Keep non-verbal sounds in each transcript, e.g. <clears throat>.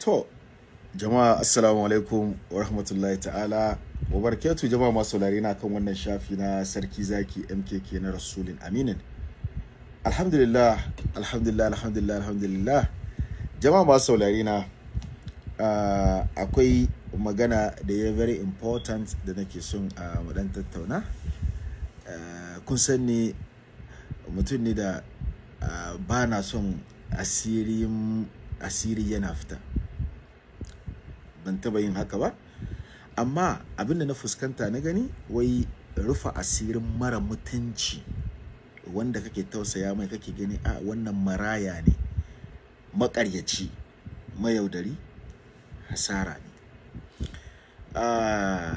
To, jama'a assalamu alaikum wa rahmatullahi ta'ala. Wabarakatu jama'a masu larina na kan wannan shafi na Sarki Zaki MKK na Rasulin Aminin. Alhamdulillah, alhamdulillah, alhamdulillah, alhamdulillah. Jama'a masu saurari na akwai magana da ya very important da nake son a madan tattauna. kun san ni mutum ne da ba na son asiri yana fita ban taba yin haka ba amma abin da na fuskanta na gani wai rufa asirin mara mutunci wanda kake tausaya mai kake gani a wannan maraya ne maƙaryaci mayaudari hasara ne ah,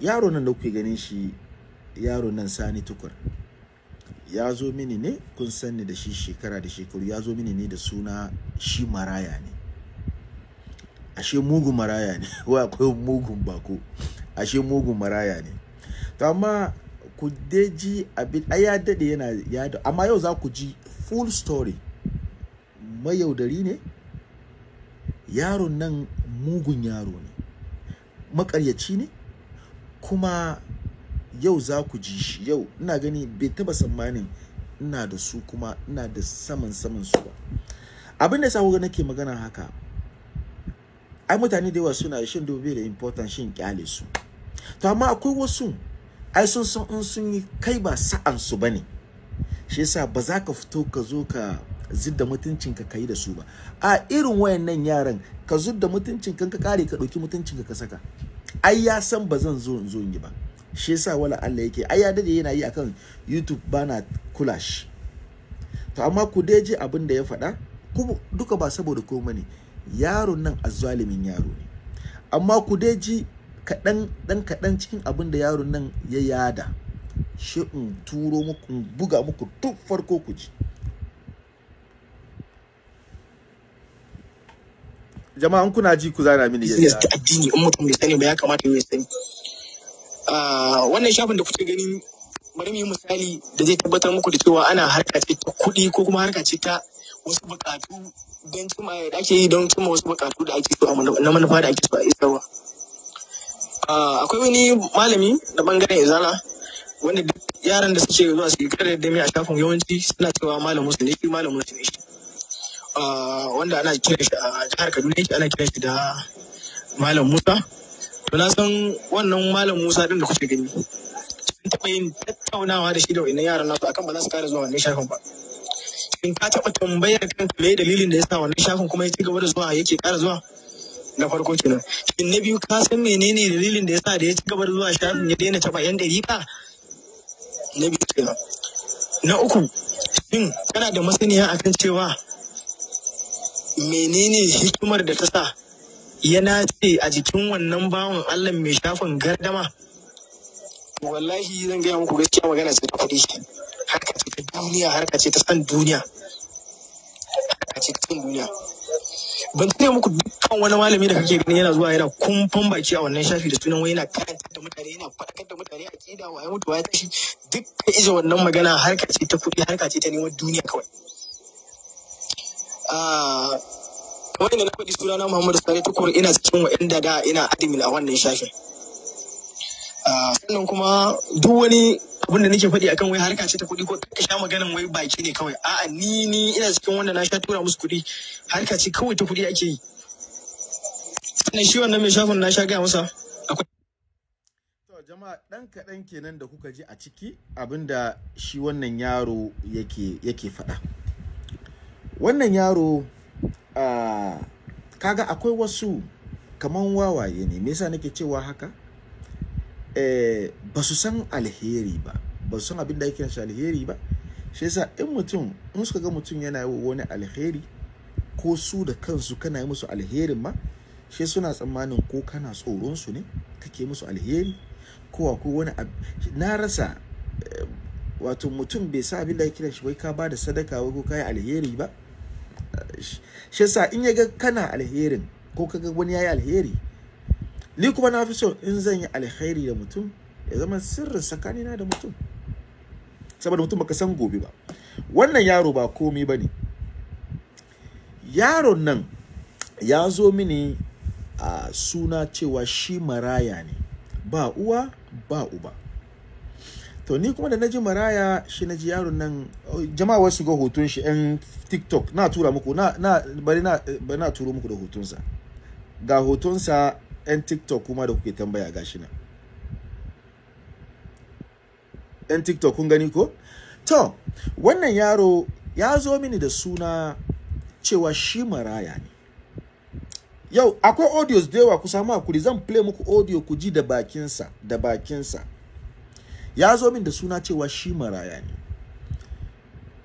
yaro nan da kuke ganin shi yaro nan sani tukur ya zo mini ne kun sani da shi shekara da shekaru ya zo mini ne da suna shi maraya ne ashe mugun maraya ne <laughs> wa akwai mugun bako ashe mugun maraya ne to amma ku deji abin ya dade yana ya amma yau za ku ji full story mayaudari ne yaron nan mugun yaro ne makaryaci ne kuma yau za ku ji shi yau ina gani bai taba tsammanin ina da su kuma ina da saman saman su ba abin da sa ku ga nake magana haka ai mutane da yawa suna shin dobe da important shin kyale su to amma akwai wasu ai sun san in sun yi kai ba sa'an su bane shi yasa ba za ka fito ka zo ka zidda mutuncinka ka yi da su ba a irin wayannan yaran ka zidda mutuncin ka kare ka ɗauki mutuncin ka saka ai ya san ba zan zo in zo in yi ba shi yasa wala Allah yake ai ya dade yana yi akan YouTube bana kulash to amma ku dai ji abin da ya faɗa duka ba saboda komai ne yaron nan azzalimin yaro ne amma ku dai ji kaɗan ɗan kaɗan cikin abin da yaron nan ya yada shi in turo muku buga muku tun farko ku ji jama'an kuna ji ku zana mini yadda. yes, addini in mutum bai sani ba ya kamata ya sani ah, wannan shafin da kuke ganin bari mu yi misali da zai tabbatar muku da cewa ana harka ce ta kuɗi ko kuma harka ce ta wasu buƙatu don cimma da ake yi don cimma wasu bukatu da ake so na manufa da ake so a isarwa. Ah, akwai wani malami na bangaren izala wanda yaran da suke zuwa su kare da a shafin yawanci suna cewa malam musu ne shi malam musu ne shi. Ah, wanda ana kiran shi a jihar Kaduna yake ana kiran shi da malam Musa. To na san wannan malam Musa din da kuke gani. Sun taɓa yin tattaunawa da shi da wa'innan yaran nasu akan ba za su kare zuwa wannan shafin ba. in ka taɓa tambayar kanka me dalilin da ya sa wannan shafin kuma ya ci gaba da zuwa yake ƙara zuwa na farko kenan shin na biyu ka san menene dalilin da ya sa da ya ci gaba da zuwa shafin ya daina taɓa yan ɗariƙa na biyu kenan na uku shin kana da masaniya akan cewa menene hikimar da ta sa ya nace a jikin wannan bawan Allah mai shafin gardama wallahi zan gaya muku gaskiya magana sai ta kuɗi harka ce ta duniya harka ce ta san duniya harka ce ta san duniya ban tsaye muku dukkan wani malami da kake gani yana zuwa yana kumfan baki a wannan shafi da sunan wai yana karanta da mutane yana faɗakar da mutane a kida wa ya mutu wa ya tashi dukkan ije wannan magana harka ce ta kuɗi harka ce ta neman duniya kawai ah, kamar yadda na faɗi sunana Muhammadu Sare Tukur ina cikin wa'inda da ina adimin a wannan shafin ah, sannan kuma duk wani abin da nake faɗi akan wai harka ce ta kuɗi ko ka sha maganan wai baki ne kawai a'a ni ni ina cikin wanda na sha tura musu kuɗi harka ce kawai ta kuɗi ake yi sannan shi wannan mai shafin na sha gaya masa akwai to jama'a dan kaɗan kenan da kuka ji a ciki abinda shi wannan yaro yake yake faɗa wannan yaro ah, kaga akwai wasu kaman wawaye ne me yasa nake cewa haka Eh, ba su san alheri ba ba su san abin da yake shi alheri ba shi yasa in mutum in suka ga mutum yana yi wani alheri ko su da kansu kana yi musu alherin ma shi suna tsammanin ko kana tsoron su ne kake musu alheri ko akwai wani na rasa eh, wato mutum bai sa abin da yake shi wai ka ba da sadaka wai ko ka yi alheri ba eh, shi yasa in ya ga kana alherin ko ka ga wani ya yi alheri ni kuma na fi so in zan yi alkhairi da mutum ya zama sirrin tsakanina da mutum saboda mutum baka san gobe ba wannan yaro ba komi ba ne yaron nan ya zo mini a suna cewa shi maraya ne ba uwa ba uba to ni kuma da naji maraya shi naji yaron nan jama'a wasu ga hoton shi yan tiktok na tura muku na na bari na bari na turo muku da hotonsa ga hotonsa 'yan tiktok kuma da kuke tambaya gashi nan 'yan tiktok kun gani ko to wannan yaro ya zo mini da suna cewa shi maraya ne yau akwai audios da yawa ku samu hakuri zan play muku audio ku ji da bakinsa da bakinsa ya zo min da suna cewa shi maraya ne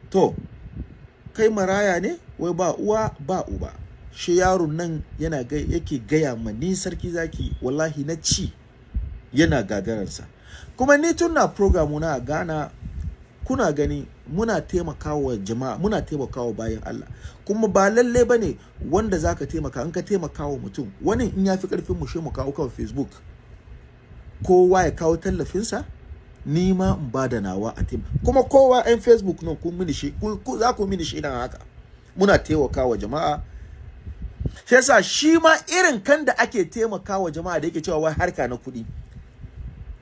to kai maraya ne wai ba uwa ba uba shi yaron nan yana yake gaya ma ni sarki zaki wallahi na ci yana gagararsa kuma ni tun na program na a Ghana kuna gani muna taimakawa jama'a muna taimakawa bayan Allah kuma ba lalle bane wanda zaka taimaka in ka taimakawa mutum wani in yafi karfin mu shi mu kawo kan Facebook kowa ya kawo tallafinsa ni ma in ba da nawa a tim kuma kowa 'yan facebook nan kun mini shi za ku mini shi haka muna taimakawa jama'a shi yasa shi ma irin kan da ake taimakawa jama'a da yake cewa wai harka na kuɗi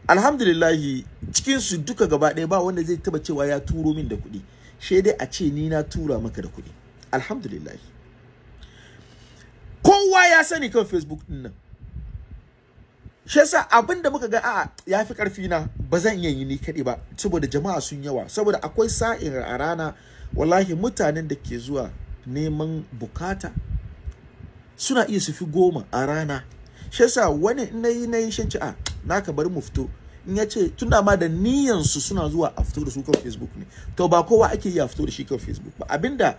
alhamdulillahi cikin su duka gaba ɗaya ba wanda zai taba cewa ya turo min da kuɗi shi dai a ce ni na tura maka da kuɗi alhamdulillahi kowa ya sani kan facebook din nan shi yasa abin da muka ga a'a ya fi ƙarfi na ba zan iya yi ni kaɗai ba saboda jama'a sun yawa saboda akwai sa'in a rana wallahi mutanen da ke zuwa neman bukata suna iya su fi goma a rana shi yasa wani in nayi nayi shan ah, naka bari mu fito in ya ce tun da ma da niyan suna zuwa a fito da su kan Facebook ne to ba kowa ake yi a fito da shi kan Facebook ba abinda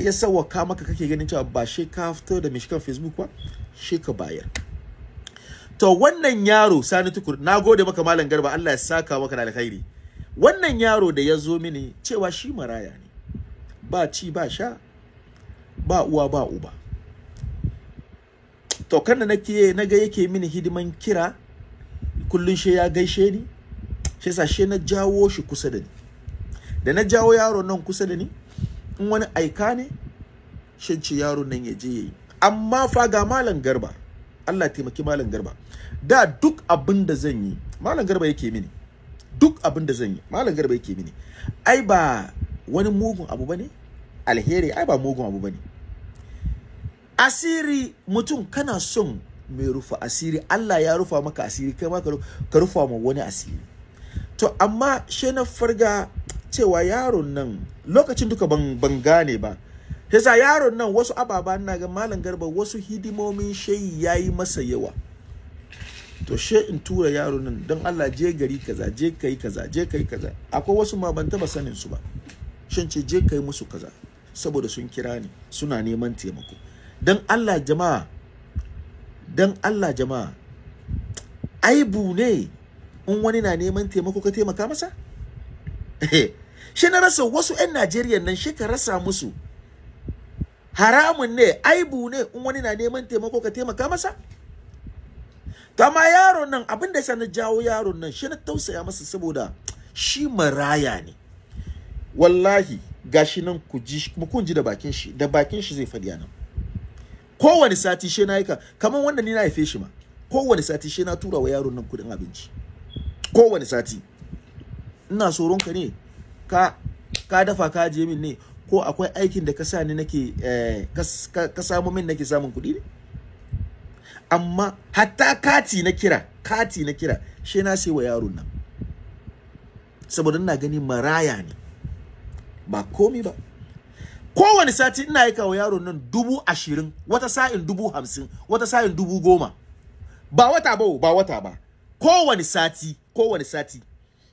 ya sawaka maka kake ganin cewa ba shi ka fito da shi kan Facebook ba shi ka bayar to wannan yaro sani tukur na gode maka malam garba Allah ya saka maka da alkhairi wannan yaro da ya zo mini cewa shi maraya ne ba ci ba sha ba uwa ba uba to kan da nake naga yake mini hidiman kira kullun she ya gaishe ni shi yasa she na jawo shi kusa da ni da na jawo yaro nan kusa da ni in wani aika ne shin ce yaro nan ya je yayi amma fa ga malam garba Allah taimaki malam garba da duk abin da zan yi malam garba yake mini duk abin da zan yi malam garba yake mini ai ba wani mugun abu bane alheri ai ba mugun abu bane asiri mutum kana son mai rufa asiri Allah ya rufa maka asiri kai ma ka rufa ma wani asiri to amma she na farga cewa yaron nan lokacin duka ban ban gane ba yasa yaron nan wasu ababa na ga malam garba wasu hidimomin shayi yayi masa yawa to she in tura yaron nan don Allah je gari kaza je kai kaza je kai kaza akwai wasu ma ban taba sanin su ba shin ce je kai musu kaza saboda sun kira ni suna neman taimako dan Allah jama'a dan Allah jama'a aibu ne in wani na neman taimako ka taimaka masa eh, shi na rasa wasu 'yan Najeriya nan shi ka rasa musu haramun ne aibu ne in wani na neman taimako ka taimaka masa to yaron nan abin da sani jawo yaron nan shi na tausaya masa saboda shi maraya ne wallahi gashi nan ku ji kuma kun ji da bakin shi da bakin shi zai faɗi nan kowane sati she na yi ka kamar wanda ni na haife shi ma kowane sati she na tura wa yaron nan kudin abinci kowane sati ina tsoron ka ne ka ka dafa ka je min ne ko akwai aikin da ka sa ni nake eh, ka samu min nake samun kuɗi ne amma hatta kati na kira kati na kira she na sai wa yaron nan saboda ina gani maraya ne ba komi ba kowane sati ina aika wa yaro nan dubu ashirin wata sa'in dubu hamsin wata sa'in dubu goma ba wata ba ba wata ba kowane sati kowane sati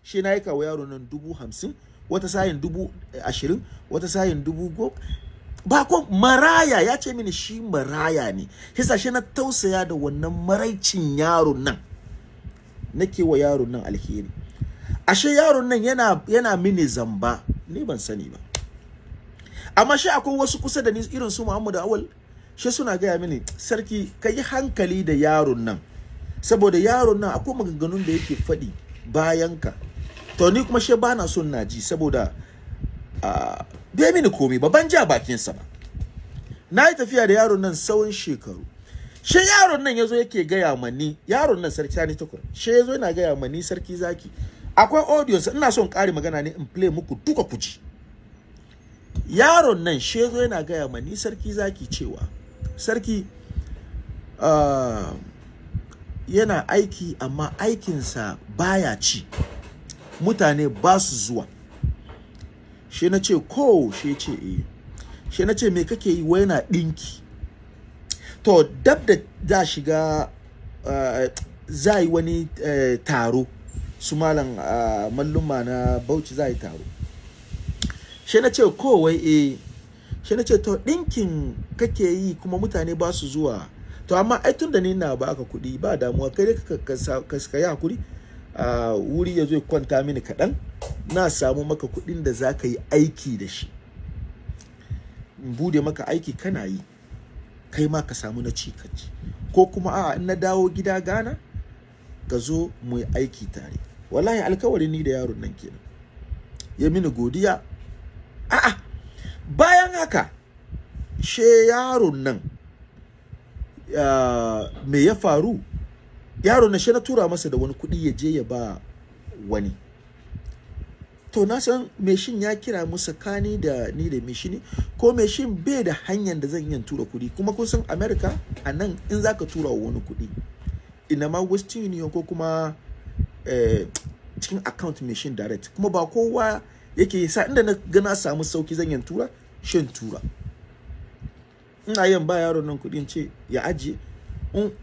shi na aika wa yaro nan dubu hamsin wata sa'in dubu ashirin wata sa'in dubu goma ba ko maraya ya ce mini shi maraya ne hisa shi na tausaya da wannan maraicin yaron nan nake wa yaron nan alheri ashe yaron nan yana yana mini zamba ni ban sani ba amma shi akwai wasu kusa da ni irin su Muhammadu Awal shi suna gaya mini sarki ka yi hankali da yaron nan saboda yaron nan akwai maganganun da yake faɗi bayan ka to ni kuma shi bana son na ji saboda bai mini komai ba ban ja bakinsa ba na yi tafiya da yaron nan tsawon shekaru shi yaron nan yazo yake gaya mani yaron nan sarki sani tukur shi yazo yana gaya mani sarki zaki akwai audio ina son kare magana ne in play muku duka kuji yaron nan shi zo yana gaya ma ni sarki zaki cewa sarki uh, yana aiki amma aikinsa baya ci mutane ba su zuwa shi na ce ko shi ce eh shi na ce me kake yi wai yana ɗinki to dab da za shiga uh, za yi wani uh, taro su malam ah, malluma na bauchi za yi taro shi na ce kowai e eh. shi na ce to ɗinkin kake yi kuma mutane ba su zuwa to amma ai tun da ni na ba baka kuɗi ba damuwa kai dai ka ka yi hakuri a wuri ya zo kwanta mini kaɗan na samu maka kuɗin da za ka yi aiki da shi in bude maka aiki kana yi kai ma ka samu na ci kaci ko kuma a in na dawo gida gana ka zo mu yi aiki tare wallahi alkawari ni da yaron nan kenan ya mini godiya a'a bayan haka she yaron nan uh, me ya faru yaron nan she na tura masa da wani kuɗi ya je ya ba wani to na san shin ya kira mu tsakani da ni da shine ko shin bai da hanyar da zan yi tura kuɗi kuma kun san america a nan in za ka tura wani kuɗi ina ma western union ko kuma eh, cikin account machine direct kuma ba kowa yake sa inda na ga na samu sauki zan yin tura shin tura ina yin ba yaron nan kuɗi ce ya ajiye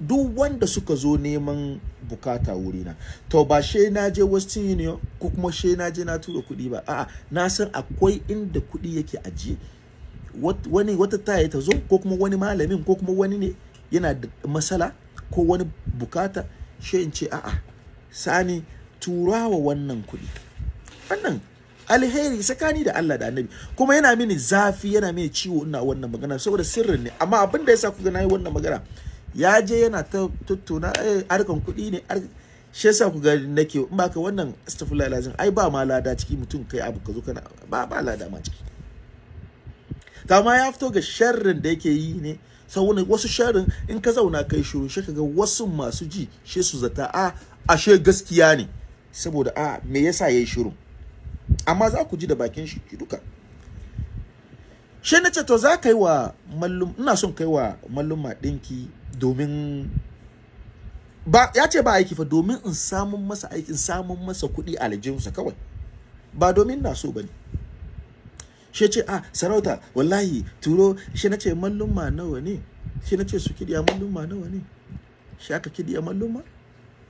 duk wanda suka zo neman bukata wurina to ba she na je western union ko kuma she na je na tura kuɗi ba a'a na san akwai inda kuɗi yake ajiye wani wata taya ta zo ko kuma wani malamin ko kuma wani ne yana da masala ko wani bukata she in ce a'a sani turawa wannan kuɗi wannan alheri tsakani da Allah da annabi kuma yana mini zafi yana mini ciwo ina wannan magana saboda sirrin ne amma abin da yasa kuga nayi wannan magana ya je yana ta tattauna eh, harkan kuɗi ne shi yasa ku ga nake in ba ka wannan astaghfirullah lazim ai ba ma lada ciki mutum kai abu ka zo kana ba ba lada ma ciki kama ya fito ga sharrin da yake yi ne sau wasu sharrin in ka zauna kai shiru shi ka ga wasu masu ji shi su zata a ah, ashe gaskiya ne saboda a ah, me yasa yayi shiru amma za ku ji da bakin shi duka shi na ce to za ka yi wa mallum ina son kai wa malluma ɗinki domin ba ya ce ba aiki fa domin in samun masa aiki in samun masa kuɗi a aljihunsa kawai ba domin ina so ba ne shi ce a ah, sarauta wallahi turo shi na ce malluma nawa ne shi na ce su kidiya malluma nawa ne shi aka kidiya malluma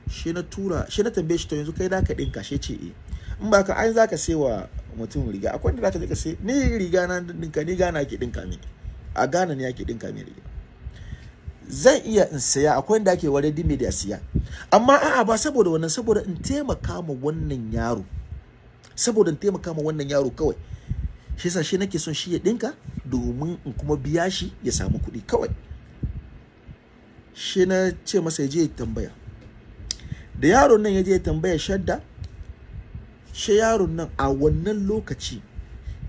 shi na tura shi na tambaye shi to yanzu kai da ka dinka shi ce eh in ba ka an zaka sai wa mutum riga akwai da zaka je ka sai ni riga na dinka ni gana ke dinka mini a gana ne ake dinka mini riga zan iya in saya akwai da ake ware dimi da siya amma a'a ba saboda wannan saboda in taimaka ma wannan yaro saboda in taimaka ma wannan yaro kawai shi yasa shi nake son shi ya dinka domin in kuma biya shi ya samu kuɗi kawai shi na ce masa ya je ya tambaya da yaron nan ya je ya tambaya shadda she yaron nan a wannan lokaci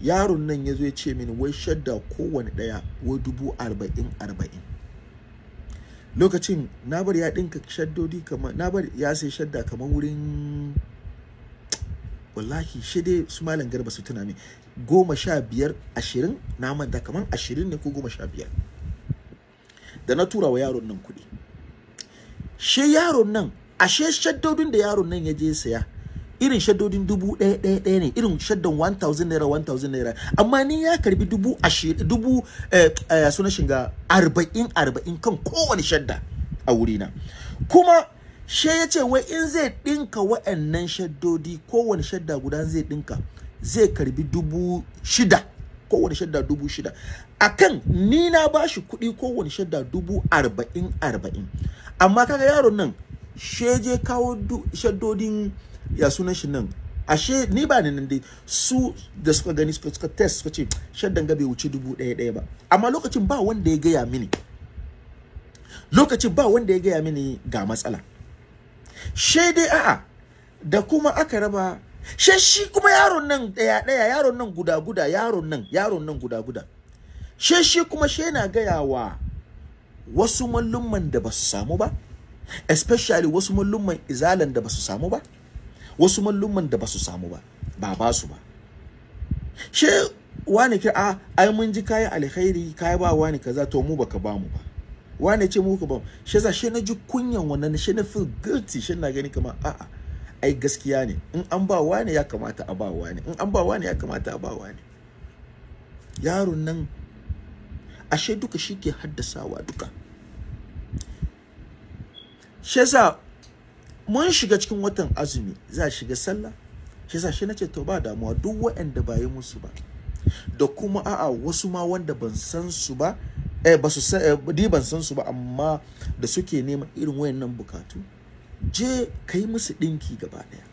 yaron nan ya zo ya ce mini wai shadda kowane ɗaya wai dubu arba'in arba'in lokacin na bar ya ɗinka shaddodi kamar na bar ya sai shadda kamar wurin wallahi shi dai su malam garba su tuna min goma sha biyar ashirin na manta kamar ashirin ne ko goma sha biyar da na tura wa yaron nan kuɗi shi yaron nan ashe shaddodin da yaron nan ya je saya irin shaddodin dubu ɗaya ɗaya ɗaya ne irin shaddan 1000 naira 1000 naira amma ni ya karbi dubu ashirin dubu eh, eh, suna shiga arba'in arba'in kan kowane shadda a wurina kuma she ya ce wai in zai ɗinka wa'annan shaddodi kowane shadda guda zai ɗinka zai karbi dubu shida kowane shadda dubu shida A kan ni na ba shi kuɗi kowane shadda dubu arba'in arba'in amma kaga yaron nan je kawo shaddodin ya sunan shi nan ashe ni ba ni nan dai su da suka gani suka suka test suka ce shaddan ga bai wuce dubu ɗaya ɗaya ba amma lokacin ba wanda ya gaya mini lokacin ba wanda ya gaya mini ga matsala she dai a'a da kuma aka raba she shi kuma yaron nan ɗaya ɗaya yaron nan guda guda yaron nan yaron nan guda guda she shi kuma she na gaya wa wasu mallumman da ba su samu ba especially wasu mallumman izalan da ba su samu ba wasu malluman da ba su samu ba ba ba su ba she wani ke a ah, ai mun ji kai alkhairi kai ba wani kaza to mu baka ba mu ba wani ce mu ka ba she za she na ji kunyan wannan she na feel guilty she na gani kamar a'a ai gaskiya ne in an ba wani ya kamata a ba wani in an ba wani ya kamata a ba wani yaron nan ashe duka shi ke haddasawa duka shi mun shiga cikin watan azumi za shiga sallah shi yasa shi nace to ba damuwa duk waɗanda ba yi musu ba da kuma a'a wasu ma wanda ban san su ba eh ba su di eh, ban san su ba amma da suke neman irin wayannan bukatu je kai musu dinki gaba daya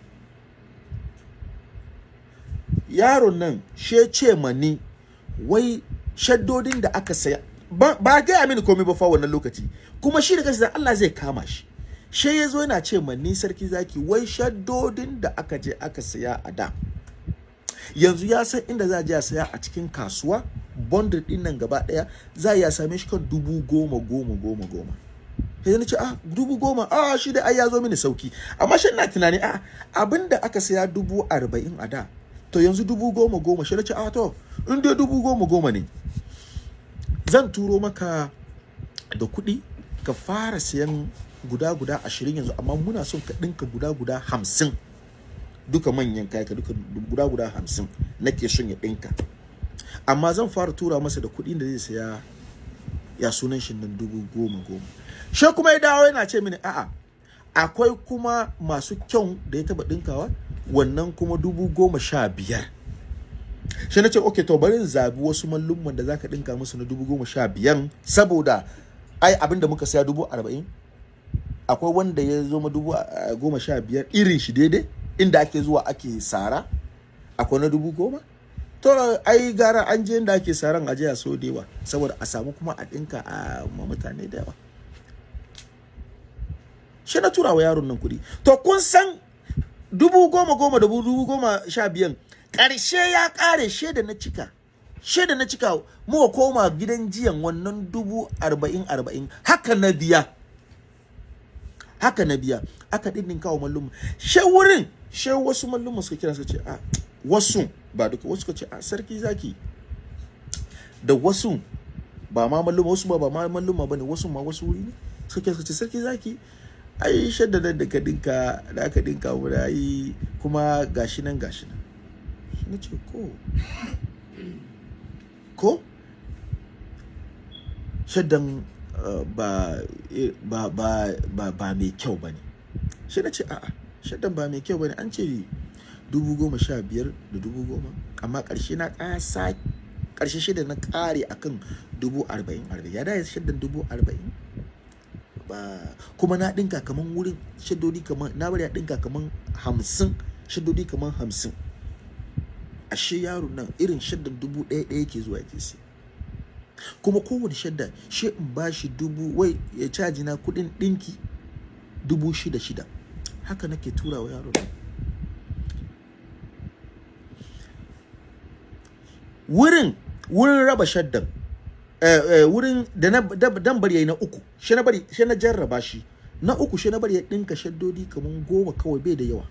yaron nan she ce mani wai shaddodin da aka saya ba ga mini komai ba fa wannan lokaci kuma shi da kansa Allah zai kama shi shi ya zo yana ce manni sarki zaki wai shaddodin da aka je aka saya a da yanzu ya san inda za a je a saya a cikin kasuwa bundle din nan gaba daya za ya same shi kan dubu goma goma goma goma sai na ce ah dubu goma ah shi dai ai ya zo mini sauki amma shi na tunani ah abin da aka saya dubu arba'in a da to yanzu dubu goma goma shi na ce ah to in dai dubu goma goma ne zan turo maka da kuɗi ka fara sayan guda guda ashirin yanzu amma muna son ka ɗinka guda guda hamsin duka manyan kai ka duka guda guda hamsin nake son ya ɗinka amma zan fara tura masa da kuɗin da zai saya ya sunan shi nan dubu goma goma shi kuma ya dawo yana ce mini a'a akwai kuma masu kyau da ya taba ɗinkawa wannan kuma dubu goma sha biyar shi na ce ok to bari zabi wasu mallumman da zaka ɗinka musu na dubu goma sha biyar saboda ai abinda muka saya dubu arba'in akwai wanda ya zo ma dubu eh, goma sha biyar irin shi daidai inda ake zuwa ake sara akwai na dubu goma to ai gara an je inda ake saran aje a so da yawa saboda a samu kuma a ɗinka a mutane da yawa shi na tura wa yaron nan kuɗi to kun san dubu goma goma da dubu goma sha biyan ƙarshe ya ƙare shaida na cika shaida na cika mu koma gidan jiyan wannan dubu arba'in arba'in haka na biya haka na biya aka dindin kawo mallum she wurin she wasu mallum suka kira suka ce a ah, wasu ba duka wasu suka ce a ah, sarki zaki da wasu ba ma mallum wasu ba ba ma mallum bane wasu ma wasu wuri ne suka kira suka ce sarki zaki ai shadda nan da ka dinka da aka dinka mu da kuma gashi nan gashi nan na ce ko ko shaddan ba mai kyau ba ne shi na ce a'a shaddan ba mai kyau ba ne an ce dubu goma sha biyar da dubu goma amma ƙarshe na ƙasa ƙarshe shida na ƙare kan dubu arba'in arba'in ya daya shaddan dubu arba'in ba kuma na ɗinka kaman wurin shaddodi kaman na bari ya ɗinka kaman hamsin shaddodi kaman hamsin ashe yaron nan irin shaddan dubu ɗaya ɗaya ke zuwa ke sai kuma kowane shadda shi in ba shi dubu wai ya caji na kudin dinki dubu shida shida haka nake tura wa yaro wurin wurin raba shaddan eh, eh, wurin da na dan bari yayi na uku shi na bari shi na jarraba shi na uku shi na bari ya dinka shaddodi kaman goma kawai bai da yawa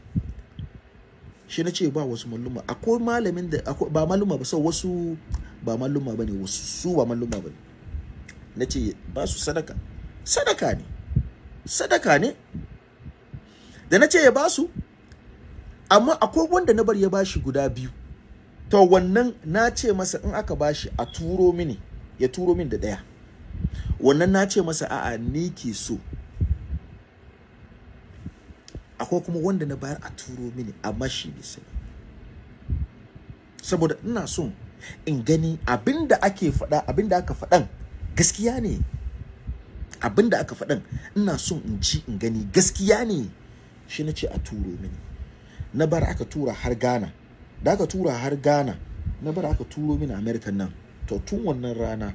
shi na ce ba wasu malluma akwai malamin da ba malluma ba sau wasu ba malluma ba ne wasu su ba malluma ba ne na ce ba su sadaka sadaka ne sadaka ne da na ce ya ba su amma akwai wanda na bar ya ba shi guda biyu to wannan na ce masa in aka ba shi a turo mini ya turo min da ɗaya wannan na ce masa a'a ni ke so akwai kuma wanda na bayar a turo mini a shi ne sani saboda ina so in gani abinda ake faɗa abinda aka faɗan gaskiya ne abinda aka faɗan ina so in ci in gani gaskiya ne shi na ce a turo mini na bar aka tura har Ghana da aka tura har Ghana na bar aka turo mini America nan to tun wannan rana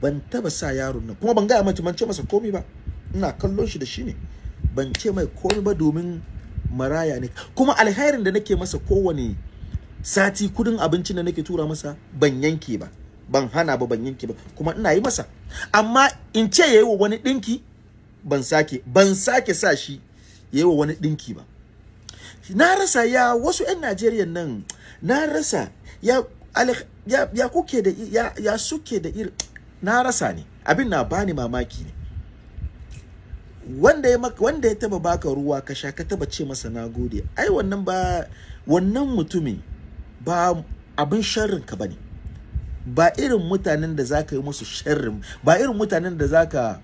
ban taba sa yaron nan kuma ban gaya mace ban masa komi ba ina kallon shi da shi ne ban ce mai komai ba domin maraya ne kuma alherin da nake masa kowane sati kudin abincin da nake tura masa ban yanke ba ban hana ba ban yanke ba kuma ina yi masa amma in ce yayi wa wani dinki ban sake ban sake sa shi yayi wa wani dinki ba na rasa ya wasu 'yan Najeriya nan na rasa ya ya, ya kuke da ya, ya suke da ir na rasa ne abin na bani mamaki ne wanda ya maka wanda ya taba baka ruwa ka sha ka taba ce masa nagode ai wannan ba wannan mutumin ba abin sharrin ka bane ba irin mutanen da zaka yi musu sharrin ba irin mutanen da zaka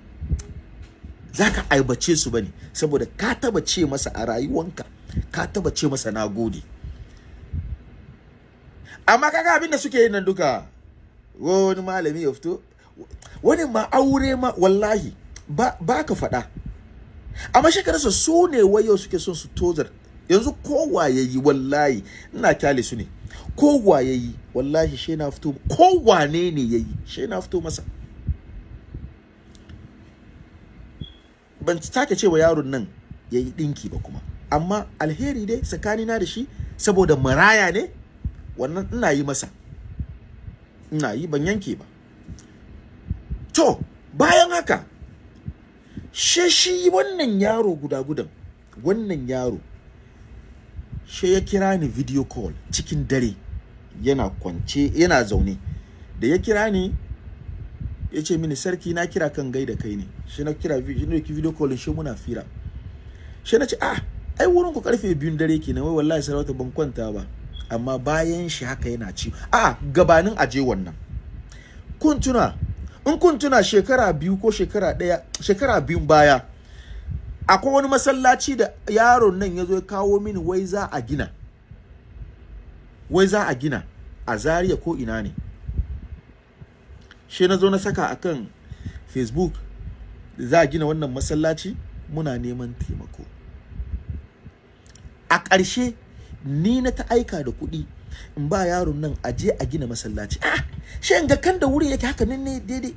zaka aibace su bane saboda ka taba ce masa a rayuwanka ka taba ce masa nagode amma kaga abin da suke yin nan duka wani malami ya fito wani ma aure ma wallahi ba, ba ka faɗa amma shekararsa su ne wayo suke son su tozar yanzu kowa ya yi wallahi ina kyale su ne kowa ya yi wallahi shi na fito kowa ne ne ya yi shi na fito masa ban take cewa yaron nan ya yi ɗinki ba kuma amma alheri dai tsakanina da shi saboda maraya ne wannan ina yi masa ina yi ban yanke ba to bayan haka she shi wannan yaro guda gudan wannan yaro she ya kira ni video call cikin dare yana kwance yana zaune da ya kira ni ya ce mini sarki na kira kan gai da kai ne shi na kira video call shi muna fira shi na ce ah ai wurin ku karfe biyun dare ke kenan wai wallahi sarauta ban kwanta ba amma bayan shi haka yana ci ah gabanin aje wannan kun tuna in kun tuna shekara biyu ko shekara ɗaya shekara biyun baya akwai wani masallaci da yaron nan ya zo ya kawo mini wai za a gina wai za a gina a zariya ko ina ne shi na zo na saka akan facebook za a gina wannan masallaci muna neman taimako a ƙarshe ni na ta aika da kuɗi in ba yaron nan a je a gina masallaci ah shi ga kan da wuri yake haka nan ne daidai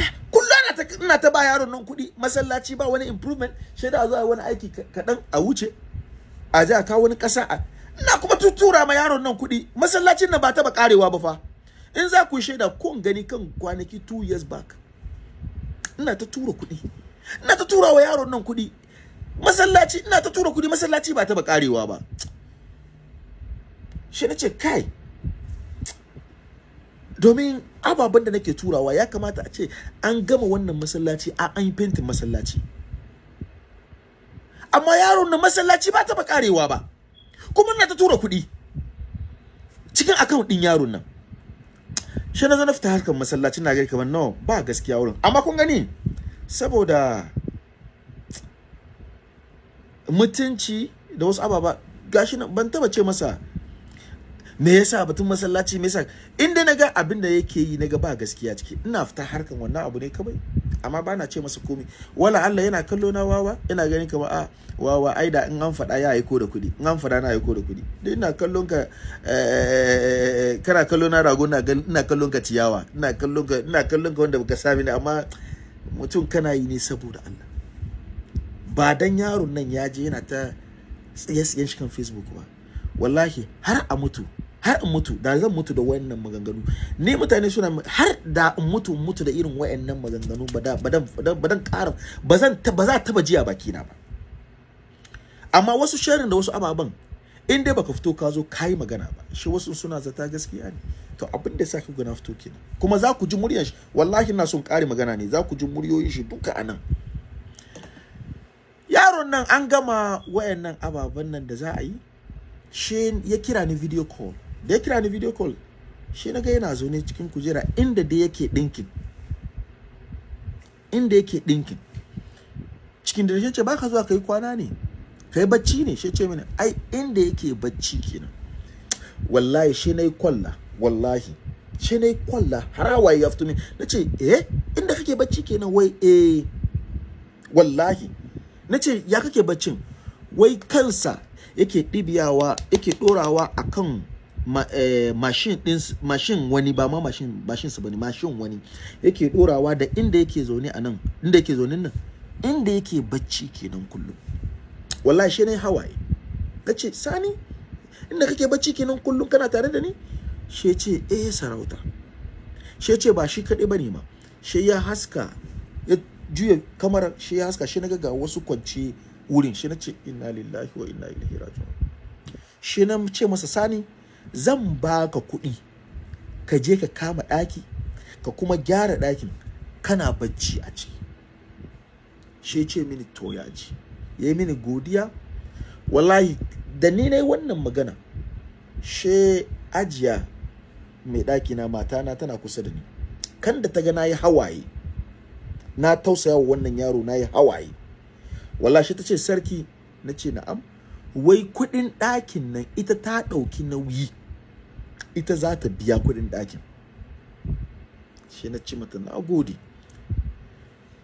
ah, kullum ina ta ba yaron nan kuɗi masallaci ba wani improvement shi da zuwa wani aiki kaɗan a wuce a je a kawo wani ƙasa a ina kuma tutura ma yaron nan kuɗi masallacin nan ba taɓa ƙarewa ba fa in za ku shaida ko in gani kan kwanaki two years back ina ta tura kuɗi ina ta tura wa yaron nan kuɗi masallaci ina ta tura kuɗi masallaci ba taɓa ƙarewa ba shi na ce kai domin ababen da nake turawa ya kamata a ce an gama wannan masallaci a an yi fentin masallaci amma yaron na masallaci ba taɓa karewa ba kuma na ta tura kuɗi cikin akawun ɗin yaron nan shi na zana fita harkar masallacin na gari kamar nawa ba gaskiya wurin amma kun gani saboda mutunci da wasu ababa gashi ban taba ce masa me yasa batun masallaci me yasa in dai naga abin da yake yi naga ba gaskiya ciki ina fita harkan wannan abu ne kawai amma ba na ce masa komai wala Allah yana kallo na wawa ina ganin ka ba a ah, wawa ai da in an fada ya aiko da kuɗi in an fada na aiko da kuɗi dai ina kallon ka eh, kana kallo na rago ina kallon ka ciyawa ina kallon ka ina kallon ka wanda baka sami ni amma mutum kana yi ne saboda Allah ba dan yaron nan ya je yana ta tsiye-tsiyen shi kan Facebook ba wallahi har a mutu har in mutu da zan mutu da wayannan maganganu ni mutane suna har da in mutu mutu da irin wayannan maganganu ba da ƙara ba zan ba za ta bajiya baki na ba amma wasu sharin da wasu ababen in dai baka fito ka zo kai magana ba shi wasu suna zata gaskiya ne to abin da sake gana fito kenan kuma za ku ji muryar shi wallahi ina son ƙari magana ne za ku ji muryoyin shi duka anan yaron nan an gama wayannan ababen nan da za a yi shin ya kira ni video call da ya kira ni video call shi na ga yana zaune cikin kujera inda da yake dinkin inda yake dinkin cikin da shi ce baka zuwa kai kwana ne kai bacci ne shi ce mini ai inda yake bacci kenan wallahi shi na yi kwalla wallahi shi na yi kwalla harawa ya fito ne na ce eh inda kake bacci kenan wai eh wallahi na ce ya kake baccin wai kansa yake dibiyawa yake dorawa akan mashin eh, wani ba ma mashin mashin su bane mashin wani yake dorawa da inda yake zaune a nan inda yake zaune nan inda yake bacci kenan kullum wallahi shi ne hawaye ce, sani inda kake bacci kenan kullum kana tare da ni she ce eh sarauta she ce ba shi ba ne ma she ya haska ya juya kamar she ya haska shi na ga wasu kwance wurin shi ce, inna lillahi wa inna ilaihi raji'un shi na ce masa sani zan ba ka kuɗi ka je ka kama ɗaki ka kuma gyara ɗakin kana bacci a ciki shi ce mini to ya ji ya yi mini godiya wallahi da ni na wannan magana she ajiya mai ɗaki na matana tana kusa da ni kan da ta ga na yi hawaye na tausaya wa wannan yaro na yi hawaye wallahi ta ce sarki na ce na'am wai kuɗin ɗakin nan ita ta ɗauki nauyi ita za ta biya kuɗin ɗakin shi na ce mata na gode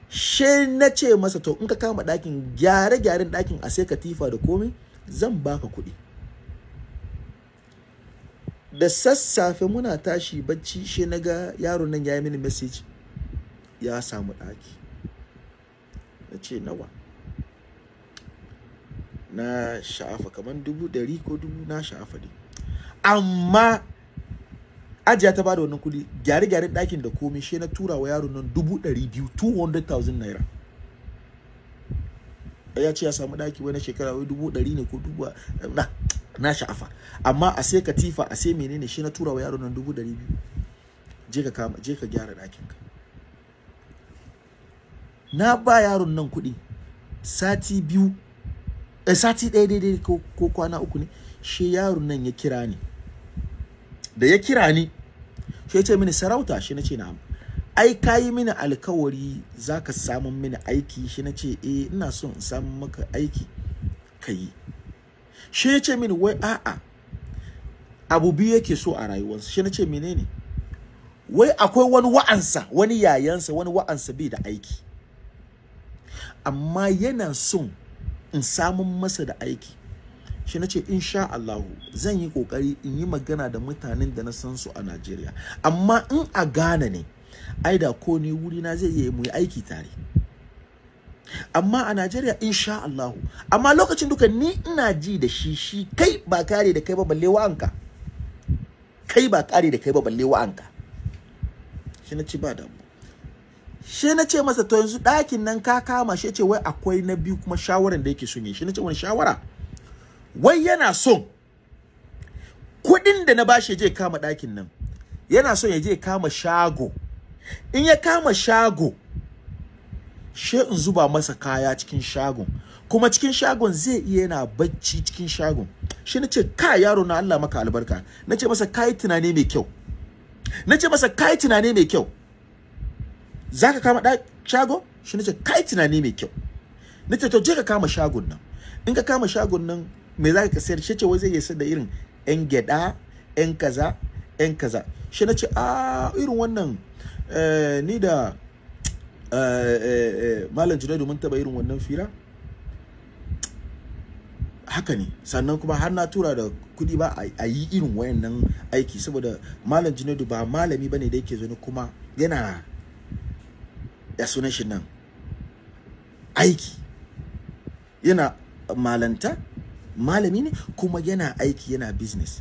she na ce masa to in ka kama ɗakin gyare-gyaren ɗakin a sai katifa da komai zan baka kuɗi da sassafe muna tashi bacci shi na ga yaro nan ya yi mini message ya samu ɗaki na ce nawa na sha'afa kamar dubu dari ko dubu na sha'afa ne amma ajiya ta bada wannan kuɗi gyare-gyaren ɗakin da komai shi na tura wa yaron nan dubu ɗari biyu 200,000 naira ya ce ya samu ɗaki wani shekara wai dubu ɗari ne ko dubu na na sha'afa amma a sai katifa a sai menene shi na tura wa yaron nan dubu ɗari biyu je ka kama je ka gyara ɗakinka na ba yaron nan kuɗi sati biyu Eh, sati ɗaya daidai ko kwana uku ne shi yaron nan ya kira ni da ya kira ni shi ya ce mini sarauta shi na ce na'am ai ka yi mini alkawari za ka samu mini aiki shi na ce eh ina son in samu maka aiki ka yi shi ya ce mini wai a'a abu biyu yake so a rayuwarsa shi na ce menene wai akwai wani wa'ansa wani yayansa wani wa'ansa bai da aiki amma yana son in samun masa da aiki shi na ce insha Allahu zan yi kokari in yi magana da mutanen da na san su a Najeriya amma in a Ghana ne ai da ko ni wuri na zai yi mu yi aiki tare amma a Najeriya insha Allahu amma lokacin duka ni ina ji da shi shi kai ba kare da kai ba balle wa'anka kai ba kare da kai ba balle wa'anka shi na ce ba damu shi na ce masa to yanzu ɗakin nan ka kama shi ce wai akwai na biyu kuma shawaran da yake son yi shi na ce wani shawara wai yana son kuɗin da na bashi ya je kama ɗakin nan yana son ya je kama shago in ya kama shago she in zuba masa kaya cikin shagon kuma cikin shagon zai iya yana bacci cikin shagon shi na ce ka yaro na Allah maka albarka na ce masa kai tunani mai kyau na ce masa kai tunani mai kyau za ka kama shago shi nace kai tunani mai kyau nace to je ka kama shagon nan in ka kama shagon nan me za ka sayar shi ce wai zai iya sayar da irin yan gyada yan kaza yan kaza shi nace a ah, irin wannan eh, ni da eh, eh, malam junaidu mun taɓa irin wannan fira haka ne sannan kuma har na tura da kuɗi ba a yi irin wayannan aiki saboda malam junaidu ba malami ba ne da yake zo kuma yana ya sunan shi nan aiki yana malanta malami ne kuma yana aiki yana business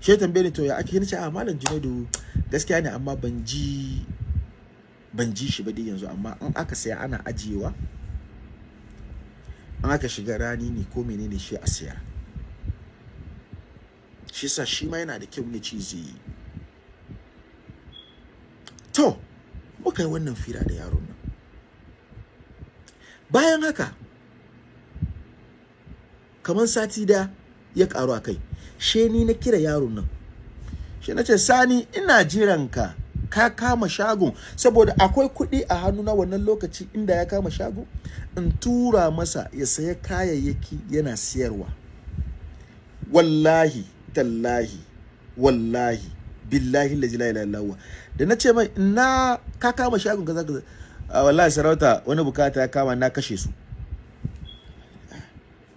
shi tambaye ni to ya ake nace a ah, malam Junaidu gaskiya ne amma ban ji ban ji shi ba dai yanzu amma in aka saya ana ajiyewa an aka shiga rani ne ko menene shi a siya shi sa shi ma yana da kyau ne ci zai to muka yi wannan fira da yaron nan bayan haka kamar sati da ya karu a kai she ni na kira yaron nan she na ce sani ina jiran ka ka kama shagon saboda akwai kuɗi a hannu na wannan lokaci inda ya kama shago in tura masa ya saya kayayyaki yana siyarwa wallahi tallahi wallahi billahi la ilaha illallah da na ce mai na ka kama shagon kaza kaza ah, wallahi sarauta wani bukata ya kama na kashe su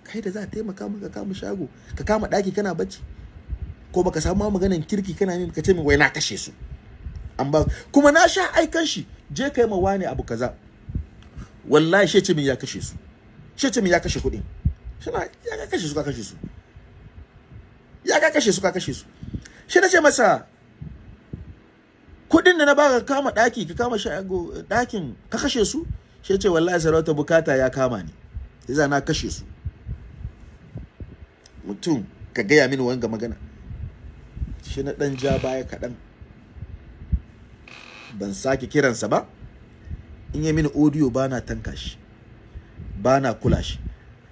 kai da za a taimaka maka kama shago ka kama daki kana bacci ko baka samu ma maganan kirki kana min ka ce min wai na kashe su an ba kuma na sha aikan shi je kai ma wani abu kaza wallahi shi ce min ya kashe su she ce min ya kashe kuɗin shina ya ka kashe su ka kashe su ya ka kashe su ka kashe su shi na ce masa kuɗin da na baka kama ɗaki ka kama shago ɗakin ka kashe su shi ce wallahi sarauta bukata ya kama ni Iza na kashe su mutum ka gaya mini wanga magana shi na ɗan ja baya kaɗan ban sake kiransa ba in yi mini audio ba na tanka shi ba na kula shi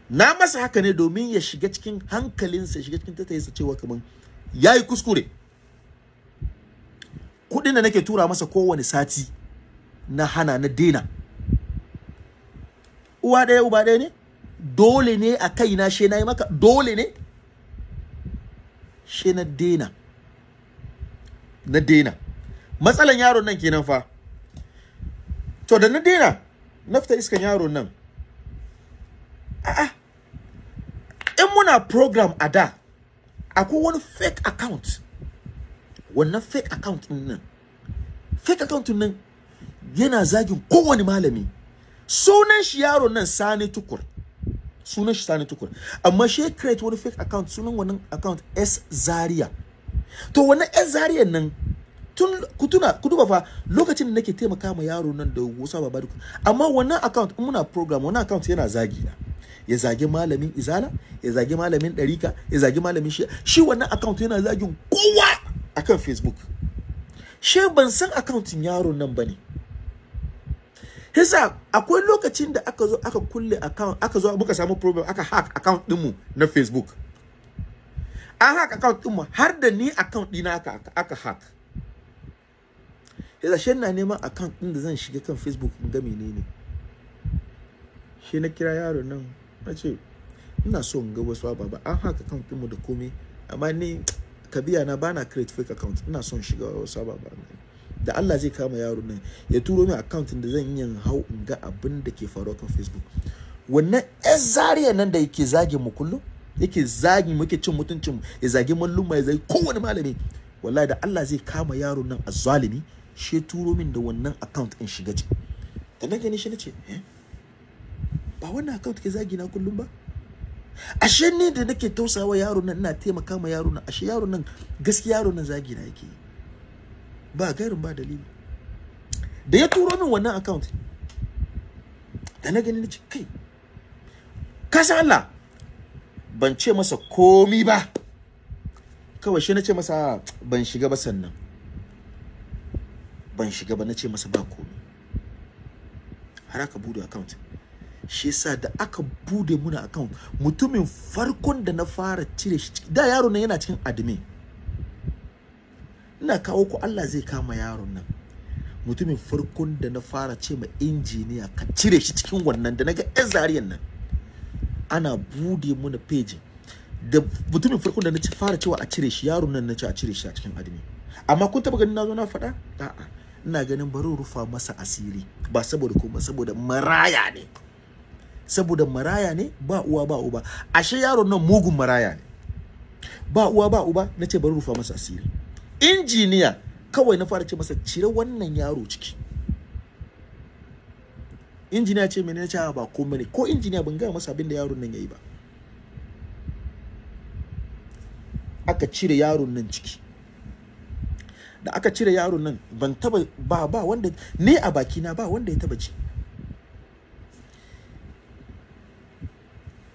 na masa haka ne domin ya shiga cikin hankalinsa shiga cikin tattayinsa cewa kamar ya yi kuskure kuɗin da nake tura masa kowane sati na hana na dena uwa ɗaya uba ɗaya ne dole ne a kai na she na yi maka dole ne she na dena na dena matsalan yaron nan kenan fa to da na dena na fita iskan yaron nan a'a in muna program a da akwai wani fake account wannan fake account din nan fake account din nan yana zagin kowane malami sunan shi yaro nan sani tukur sunan shi sani tukur amma shi create wani fake account sunan wannan account S Zaria to wannan S Zaria nan tun ku tuna ku duba fa lokacin da nake taimaka ma yaro nan da Musa Babadu amma wannan account in muna program wannan account yana zagi na ya zagi malamin Izala ya zagi malamin Darika ya zagi malamin shi shi wannan account yana zagin kowa akan facebook shi ban san akauntin yaron nan bane hisa akwai lokacin da aka zo aka kulle account aka zo muka samu problem aka hack account dinmu na facebook an hack account dinmu har da ni account dina aka aka hack hisa she na neman account din da zan shiga kan facebook in ga menene shi na kira yaron nan na ce ina so in ga wasu ababa an hack account dinmu da komai amma ni biya na bana create fake account ina son shiga wasu ababa da Allah zai kama yaro nan ya turo min account da zan yi hau in ga abin da ke faruwa kan Facebook wannan yan zariya nan da yake zage mu kullum yake zagi mu yake cin mutuncin mu ya zage malluma ya zage kowane malami wallahi da Allah zai kama yaro nan a zalimi she turo min da wannan account in shiga ji da nan gani shi nace eh ba wannan account ke zagi na kullum ba ashe ne da nake tausawa yaro nan ina taimaka ma yaro nan ashe yaro nan gaskiya yaro nan zagi na yake ba gairin ba dalili da ya turo min wannan account da na gani nace kai ka Allah ban ce masa komi ba kawai shi na ce masa ban shiga ba sannan ban shiga ba na ce masa ba komi har aka bude account shi yasa da aka bude muna account mutumin farkon da na fara cire shi da yaro nan yana cikin admin ina kawo ku Allah zai kama yaron nan mutumin farkon da na fara ce ma injiniya ka cire shi cikin wannan da naga yan zariyan nan ana bude muna page da mutumin farkon da na fara cewa a cire shi yaron nan na ci a cire shi a cikin admin amma kun taba ganin na zo na faɗa a'a ina ganin bari rufa masa asiri ba saboda kuma saboda maraya ne saboda maraya ne ba uwa ba uba ashe yaron nan mugun maraya ne ba uwa ba uba na ce bari rufa masa asiri injiniya kawai na fara ce masa cire wannan yaro ciki injiniya ce mene ce ah, ba komai ne ko injiniya ban gaya masa abin da yaron nan yayi ba aka cire yaron nan ciki da aka cire yaron nan ban taba ba ba wanda ne a baki na ba wanda ya taba ci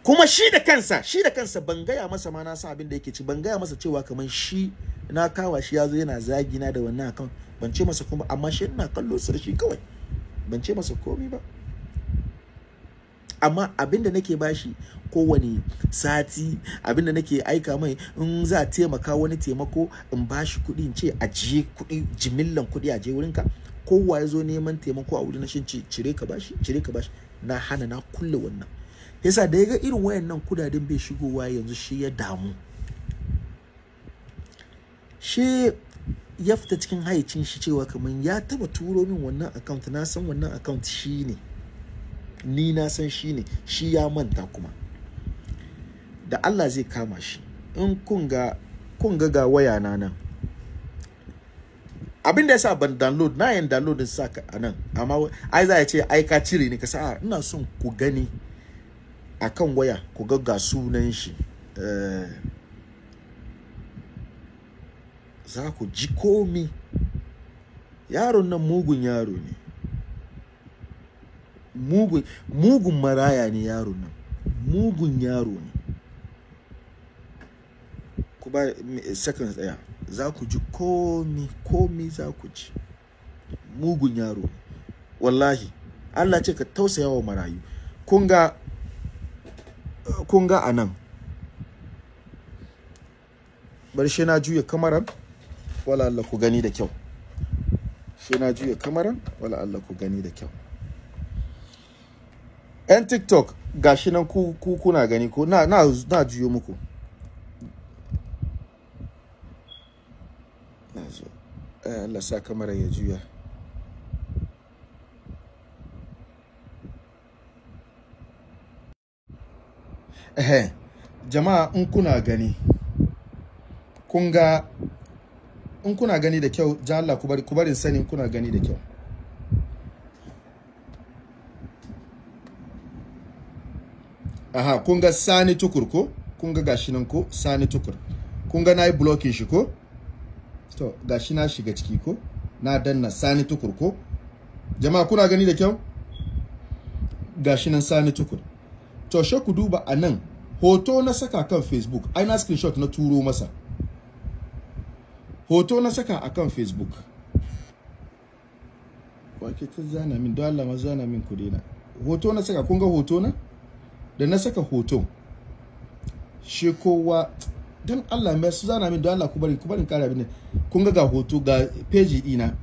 kuma shi da kansa shi da kansa ban gaya masa ma na san abin da yake ci ban gaya masa cewa kamar shi na kawa shi yazo yana zagi na da wannan akan ban ce masa kuma amma shi ina kallo su da shi kawai ban ce masa komai ba amma abin da nake bashi kowane sati abin da nake aika mai in za a taimaka wani taimako in bashi kuɗi in ce ajiye kuɗi jimillan kuɗi aje wurinka kowa ya zo neman taimako a wurin na shi cire ka bashi cire ka bashi na hana na kulle wannan yasa da ya ga irin wayannan kudaden bai shigowa yanzu shi ya damu shi ya fita cikin haicin shi cewa kamar ya taba turo min wannan account na san wannan account shi ne ni na san shi ne shi ya manta kuma da Allah zai kama shi in kun ga ga waya na nan abin da yasa ban download na yan download din saka a amma ai za ya ce ai ka cire ni ka sa ah, ina son ku gani a kan waya ku ga sunan shi eh, za ku ji komi yaron nan mugun yaro ne mugun, mugun maraya ne yaron nan mugun yaro ne ku ba second tsaya za ku ji komi komi za ku ji mugun yaro ne wallahi Allah ce ka tausaya wa marayu kun ga kun ga a nan bari shi na juya kamaran wala Allah ku gani da kyau shi na juya kamaran wala Allah ku gani da kyau yan tiktok ga shi nan ku kuna gani ko na juyo muku eh, Allah sa kamar ya juya ehe jama'a in kuna gani kun ga in kuna gani da kyau ja Allah ku barin sani kuna gani da kyau aha kun ga sani tukur ko kun ga gashi nan ko sani tukur kun ga nayi blocking shi ko to gashi na shiga ciki ko na danna sani tukur ko jama'a kuna gani da kyau gashi nan sani tukur to she ku duba a nan hoto na saka kan facebook ai na screenshot na turo masa hoto na saka a kan facebook wake ta zana min dole ma zana min ku dena hoto na saka kun ga hoto na da na saka hoto shi kowa don Allah mai su zana min don Allah ku bari ku bari kare abin kun ga ga hoto ga page dina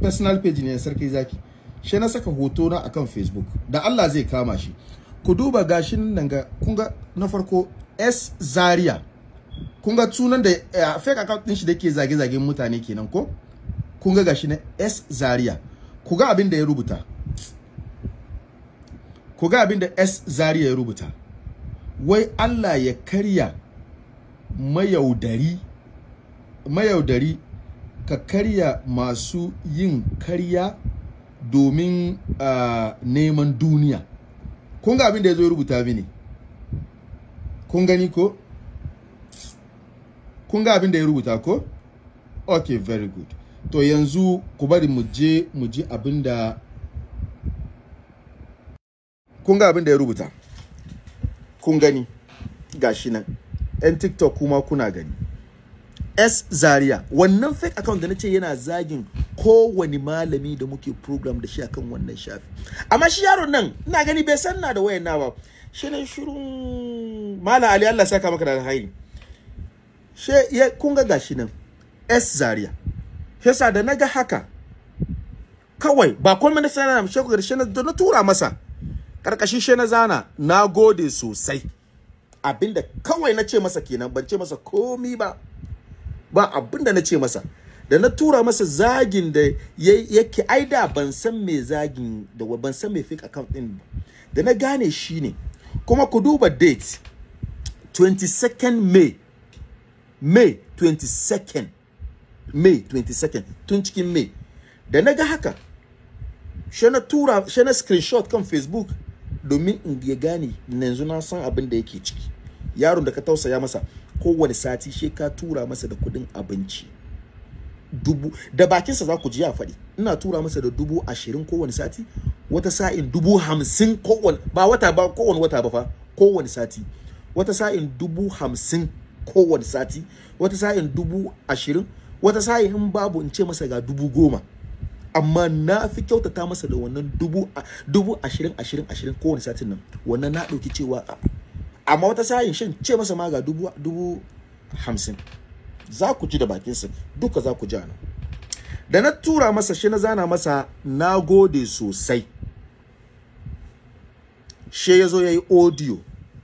personal page ne sarki zaki shi na saka hoto na akan facebook da Allah zai kama shi ku duba gashin nan ga kun ga na farko S Zaria kun ga sunan da eh, fake account din shi dake zage-zage mutane kenan ko kun ga gashi na S Zaria ku ga abin da ya rubuta ku ga abin da S Zaria ya rubuta wai Allah ya karya mayaudari mayaudari ka karya masu yin karya domin uh, neman duniya kun ga abin da ya zo rubuta mini kun gani ko kun ga abin da ya rubuta ko okay very good to yanzu ku bari mu je mu ji abin da kun ga abin da ya rubuta kun gani gashi nan 'yan tiktok kuma kuna gani S Zaria wannan fake account da nace yana zagin kowani malami da muke program da shi akan wannan shafi amma shi yaron nan ina gani bai san da wayan na ba shi ne mala ali Allah saka maka da alhairi she ya kun ga gashi nan S Zaria sa da naga haka kawai ba kuma na sanar da shi karshe na na tura masa karkashin she na zana nagode sosai abinda kawai na ce masa kenan ban ce masa komi ba ba abinda na ce masa da na tura masa zagin da yake ai da ban san me zagin da ban san me fake account din da na gane shi ne kuma ku duba date 22nd May May 22nd May 22nd tun cikin May da na ga haka shi na tura shi na screenshot kan Facebook domin in ya gane yanzu na san abin da yake ciki yaron da ka tausaya masa kowane sati she ka tura masa da kuɗin abinci dubu da bakinsa za ku ji ya faɗi ina tura masa da dubu ashirin kowane sati wata sa'in dubu hamsin kowane ba wata ba kowane wata ba fa kowane sati wata sa'in dubu hamsin kowane sati wata sa'in dubu ashirin wata sa'in in babu in ce masa ga dubu goma amma na fi kyautata masa da wannan dubu ashirin ashirin ashirin kowane satin nan wannan na ɗauki cewa amma wata sa'in shin ce masa ma ga dubu, hamsin za ku ji da bakinsa duka za ku ji ana da na tura masa shi na zana masa na gode sosai she ya zo ya yi audio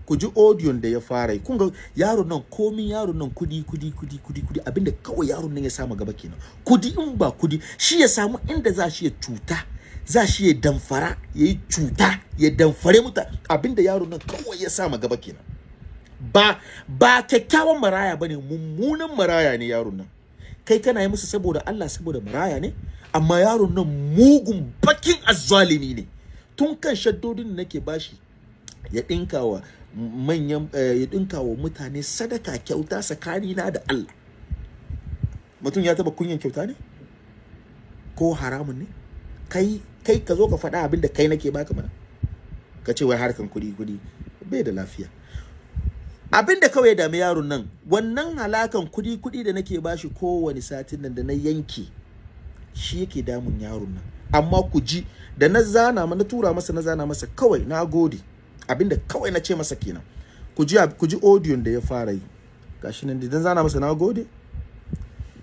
ku ji audio da ya fara yi kunga yaron nan komin yaron nan kudi kudi kudi kudi kudi abinda kawai yaron nan ya samu gaba kenan kudi in ba kudi shi ya samu inda za shi ya cuta za shi ya damfara ya yi cuta ya damfare muta abinda yaro nan kawai ya sa ma gaba kenan ba ba kyakkyawan maraya bane mummunan maraya ne yaron nan kai kana yi musu saboda Allah saboda maraya ne amma yaron nan mugun bakin azzalimi ne tun kan shaddodin nake bashi ya dinka wa manyan eh, ya dinka wa mutane sadaka kyauta tsakanina da Allah mutum ya taba kunyan kyauta ne ko haramun ne kai kai ka zo ka faɗa abin da kai nake baka mana ka ce wai harkan kuɗi kuɗi bai da lafiya abin da kawai dami yaron nan wannan halakan kuɗi kuɗi da nake bashi kowane satin nan da na yanke shi yake damun yaron nan amma ku ji da na zana na tura masa na zana masa kawai na gode abin da kawai na ce masa kenan ku ji ku ji audio da ya fara yi gashi nan da zana masa na gode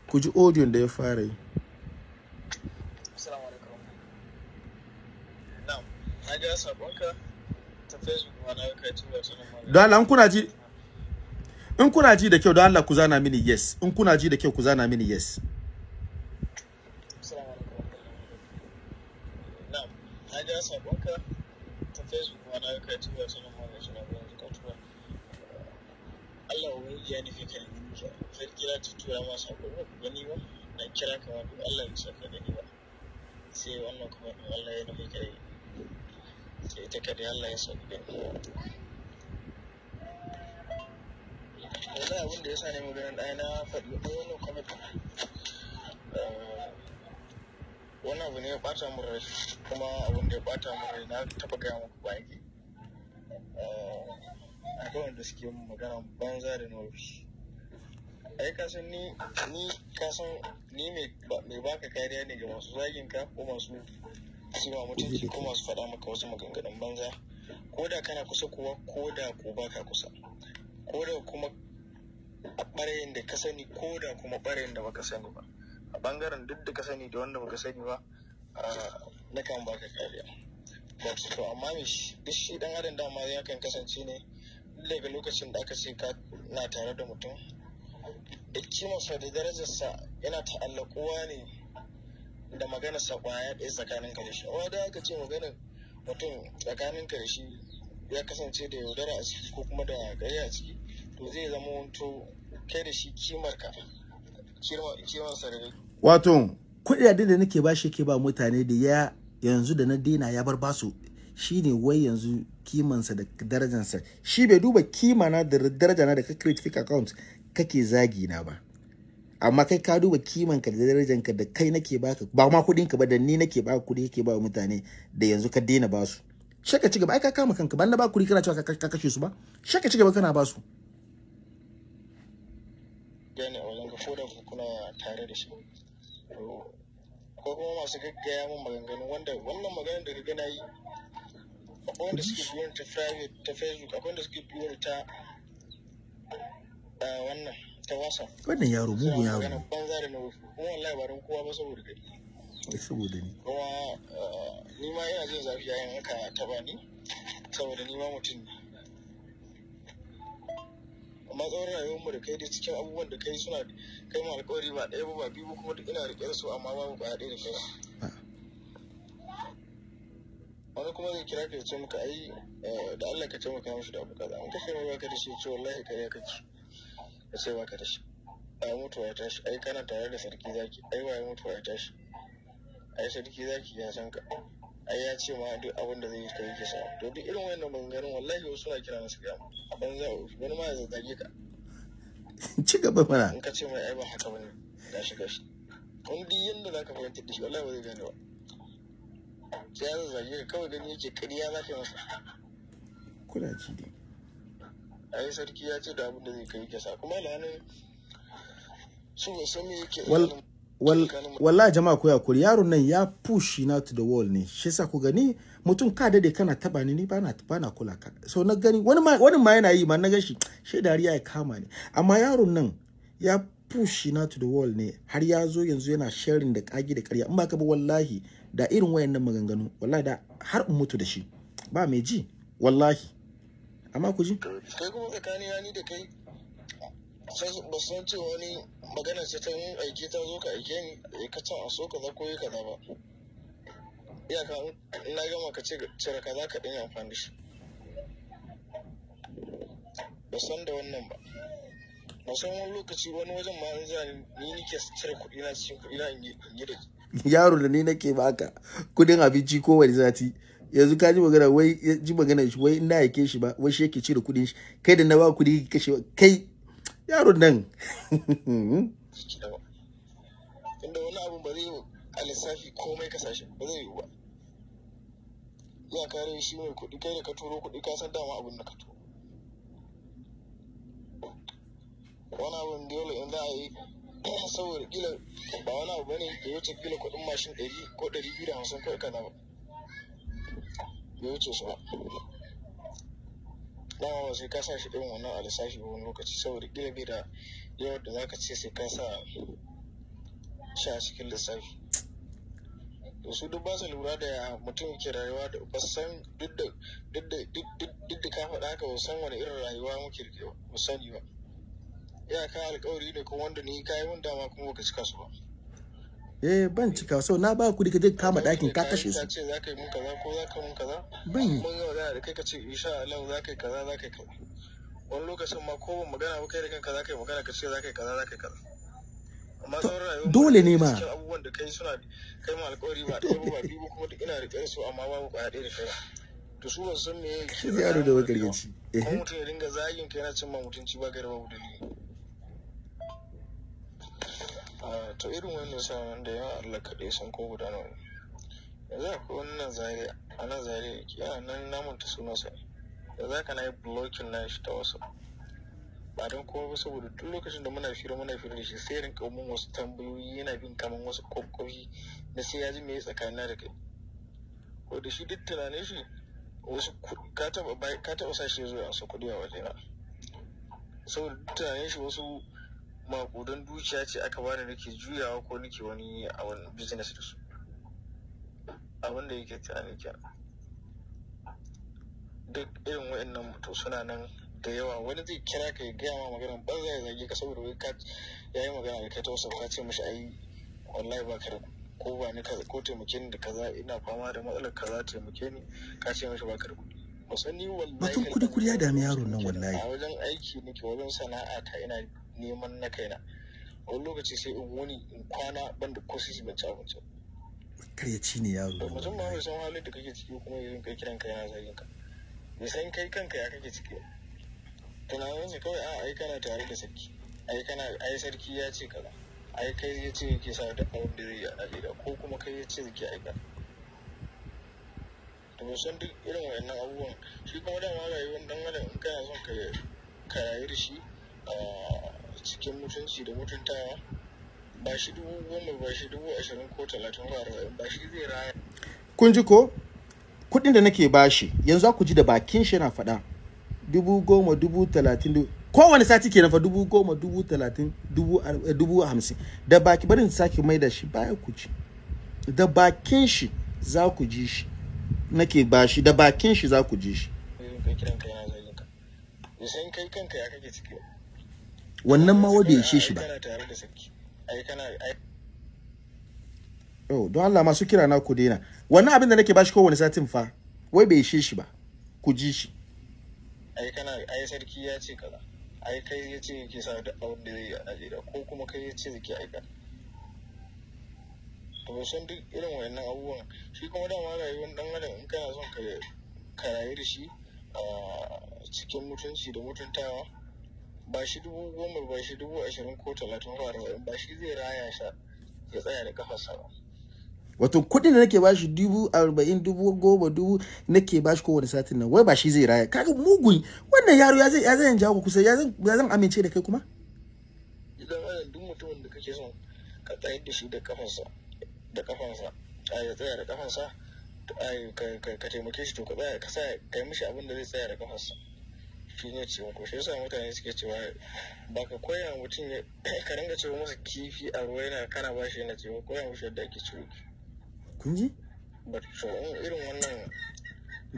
ku ji audio da ya fara yi ga sabonka na Allah in kuna ji in kuna ji da kyau don Allah ku zana mini yes in kuna ji da kyau ku zana mini yes ta facebook Allah wani ya nufi ka kira tura gani ba na kira ka Allah ya saka gani ba sai wannan kuma Allah ya nufi ka sai ita kada Allah ya sauke wallahi abin da ya sa ne maganin ɗaya na faɗi ko wani kwamitin wani abu ne ya ɓata mun rai kuma abin da ya ɓata mun rai na taɓa gaya muku ba yake eh, akwai wanda suke magana banza da nobi ai kasan san ni ni ka san ni mai baka kariya ne ga masu zagin ka ko masu cewa mutunci ko masu faɗa maka wasu maganganun banza ko da kana kusa kuwa ko da ko baka kusa ko da kuma a ɓarayin da ka sani ko da kuma ɓarayin da baka sani ba a ɓangaren duk da ka sani da wanda baka sani ba ah, na kan baka kariya but to amma me duk shi dan adam dama ya kan kasance ne daga lokacin da aka ce ka na tare da mutum da kimarsa da darajarsa yana ta'allakuwa ne da magana sa kwaya ɗaya tsakanin ka da shi a da aka ce magana mutum tsakanin ka da shi ya kasance da yaudara a ciki ko kuma da gari a ciki to zai zama wanto kai da shi kimar ka kimar sa da wato kuɗaɗen da nake bashi ke ba mutane da ya yanzu da na dina ya bar basu shine wai yanzu kimansa da darajansa shi bai duba kimana da darajana da ka create fake account kake zagi na ba amma kai ka duba kiman ka da darajar ka da kai nake baka ba ma kudin ka ba da ni nake baka kudi yake ba mutane da yanzu ka daina ba su shaka ci gaba ai ka kama kanka ban na ba kudi kana cewa ka kashe su ba shaka ci gaba kana ba su gane a wajen ka da kuna tare da shi ko kuma masu gaggaya mun maganganu wanda wannan maganar da gaggana yi akwai wanda suke biyar ta private ta facebook akwai wanda suke biyar ta ah, wannan ta wasa wannan yaro mugun yaro ne banza da na wasu kuma wallahi barin kowa ba saboda gari wai eh, saboda ni kuma eh, ni ma ina jin zafi yayin aka taba ni saboda ni ma mutum ne amma tsawon rayuwar mu da kai da cikin abubuwan da kai suna kai mu alƙawari ba ɗaya ba ba biyu kuma duk ina riƙe su amma babu ba ɗaya da kai ba ah. wani kuma zai kira ka ya ce maka ai eh, da Allah ka taimaka mishi da abu kaza mun kashe ce mai baka da shi ya ce wallahi kai ya kake da sai baka da a mutu ya tashi ai kana tare da sarki zaki ai waye mutu ya tashi ai sarki zaki ya san ka ai ya ce ma duk abin da zai yi kai ke sa to duk irin wannan bangaren wallahi wasu na kira masu kiyama a banza wani ma ya zazzage ka <laughs> ci gaba mana in ka ce mai ai ba haka bane gashi gashi kun duk yanda zaka fahimta da shi wallahi ba zai gane ba sai ya zazzage ka kawai gani yake kariya zaka yi masa kula dai ai ya ce da koya kuri yaron nan ya push na to the wall ne shi sa ku gani mutum ka dade kana taba ni ni bana bana kula ka so na gani wani ma wani ma yana yi ma na gashi shi dariya ya kama ni amma yaron nan ya push na to the wall ne har ya zo yanzu yana sharing da kagi da ƙarya in ba ka ba wallahi da irin wayannan maganganu wallahi da har in mutu da shi ba mai ji wallahi amma ku ji kai kuma tsakani ni da kai ba san cewa wani magana ce ta yin aiki ta zo ka aike ni eh, ka can a so za ko yi kaza ba ka na gama ka cire kaza ka ɗin amfani da shi ba san da wannan ba ba san wani lokaci wani wajen ma an ni ke cire kuɗi na cikin kuɗi na in yi da yaro da ni nake baka kuɗin abinci kowane zati. yanzu ka ji magana wai ji magana shi wai ina yake shi ba wai shi yake cire kudin shi kai da na ba kudi kashe kai yaron nan inda <laughs> wani abu ba zai yi a lissafi komai kasashe ba zai yi ba ya kare shi mai kuɗi kai da ka turo kuɗi ka san dama abin da ka turo wani abin dole in za a yi <clears throat> saboda kila ba wani abu bane da ya wuce kila kuɗin mashin ɗari ko ɗari biyu da hamsin kawai kana ba bai wuce su ba dama ba sai ka sa shi ɗin wannan a lissafi wani lokaci saboda ƙila bai da yawan da ka ce sai ka sa shi a cikin lissafi to su duk ba su lura da mutum ke rayuwa da ba san duk da da ka faɗa haka ba san wani irin rayuwa muke da ba sani ba iyaka alƙawari ne kuma wanda ni kayi mun dama kuma baka cika su ba eh ban cika so na ba kuɗi ka kama ɗakin ka kashe su ban yi ma ko ban magana ba kai da kanka dole ne ma abubuwan da kai suna kai ma alƙawari ba ɗaya ba biyu kuma duk ina riƙe su amma babu ɗaya da kai to su ba san me yaro da kuma eh. mutum ya dinga zagin kai na cin mutunci ba gaira dalili to irin wannan samun da yawa Allah kaɗai sun ko guda nawa yanzu akwai wani nan zariya a nan zariya yana nan namun ta sa da za ka na yi blocking na shi ta wasu ba don kuma ba saboda duk lokacin da muna fira muna fira da shi sai rinka mun wasu tambayoyi yana bin kaman wasu kwakwafi na sai ya ji me tsakanin da kai ko da shi duk tunanin shi wasu ka taɓa sa shi ya zo ya kuɗi a wajena saboda duk tunanin shi wasu maƙudan dukiya ce aka bani nake juyawa ko nake wani a wani business da su abin da yake tunani ke duk irin wa'annan mutum suna nan da yawa wani zai kira ka ya gaya ma magana ba zai zage ka saboda wai ka yayi yi magana da kai ta wasu ka ce mishi ai wallahi ba ka da ko ba ni kaza ko taimake ni da kaza ina fama da matsalar kaza taimake ni ka ce mishi ba ka da kuɗi musanni wallahi kudi kudi ya dami yaro nan wallahi a wajen aiki nake wajen sana'a ta ina neman na kaina wani lokaci sai in wani in kwana ban da ko sisi ban kai ya ci ne ya zo mutum ba mai san halin da kake ciki kuma yanzu kai kiran kai na zagin ka bai san kai kanka ya kake ciki tunanin su kawai a ai kana tare da sarki ai kana ai sarki ya ce kaza ai kai ya ce yake sa da abin da zai yi a dalila ko kuma kai ya ce yake aika to bai san duk irin wayannan abubuwan shi kuma dama rayuwar dan adam in kana son ka ka rayu da shi ah, cikin mutunci da mutuntawa ba shi dubu goma ba shi dubu ashirin ko talatin ba rawa, ba shi zai raya. kun ji ko kuɗin da nake bashi yanzu ku ji da bakin shi yana faɗa dubu goma dubu talatin dubu kowane sati ke nafa dubu goma dubu talatin dubu eh, hamsin da baki barin sake mai da shi baya ku ji da bakin shi za ku ji shi nake bashi da bakin shi za ku ji shi. Kai kiran kai na zai kai kanka ya kake ciki. wannan ma bai ishe shi ba oh, don Allah masu kira na ku daina wannan abin da nake bashi kowane satin fa wai bai ishe shi ba ku ji shi ai kana ai sarki ya ce kaza ai kai ya ce yake sa da abin da zai yi a jira ko kuma kai ya ce zai aika to san duk irin wayannan abubuwan shi kuma dama rayuwar dan adam in kana son ka rayu da shi a ah, cikin mutunci da mutuntawa ba shi dubu goma ba shi dubu ashirin ko talatin ko arba'in ba shi zai raya sha ya tsaya da kafarsa ba wato kuɗin da nake bashi dubu arba'in dubu goma dubu nake bashi kowane satin nan wai ba shi zai raya kaga mugun wannan yaro ya zai ya zai jawo kusa ya zan amince da kai kuma idan wannan duk mutumin da kake son ka tsayar da shi da kafansa da kafansa a ya tsaya da kafansa ka taimake shi to ka tsaya ka sa kai mishi abin da zai tsaya da kafansa shi ne ce ko shi yasa mutane suke cewa ba ka koya mutum ya <coughs> ka dinga cewa masa kifi a ruwa yana kana ba shi yana cewa koya mushi yadda ake ciwo kun ji ba to irin wannan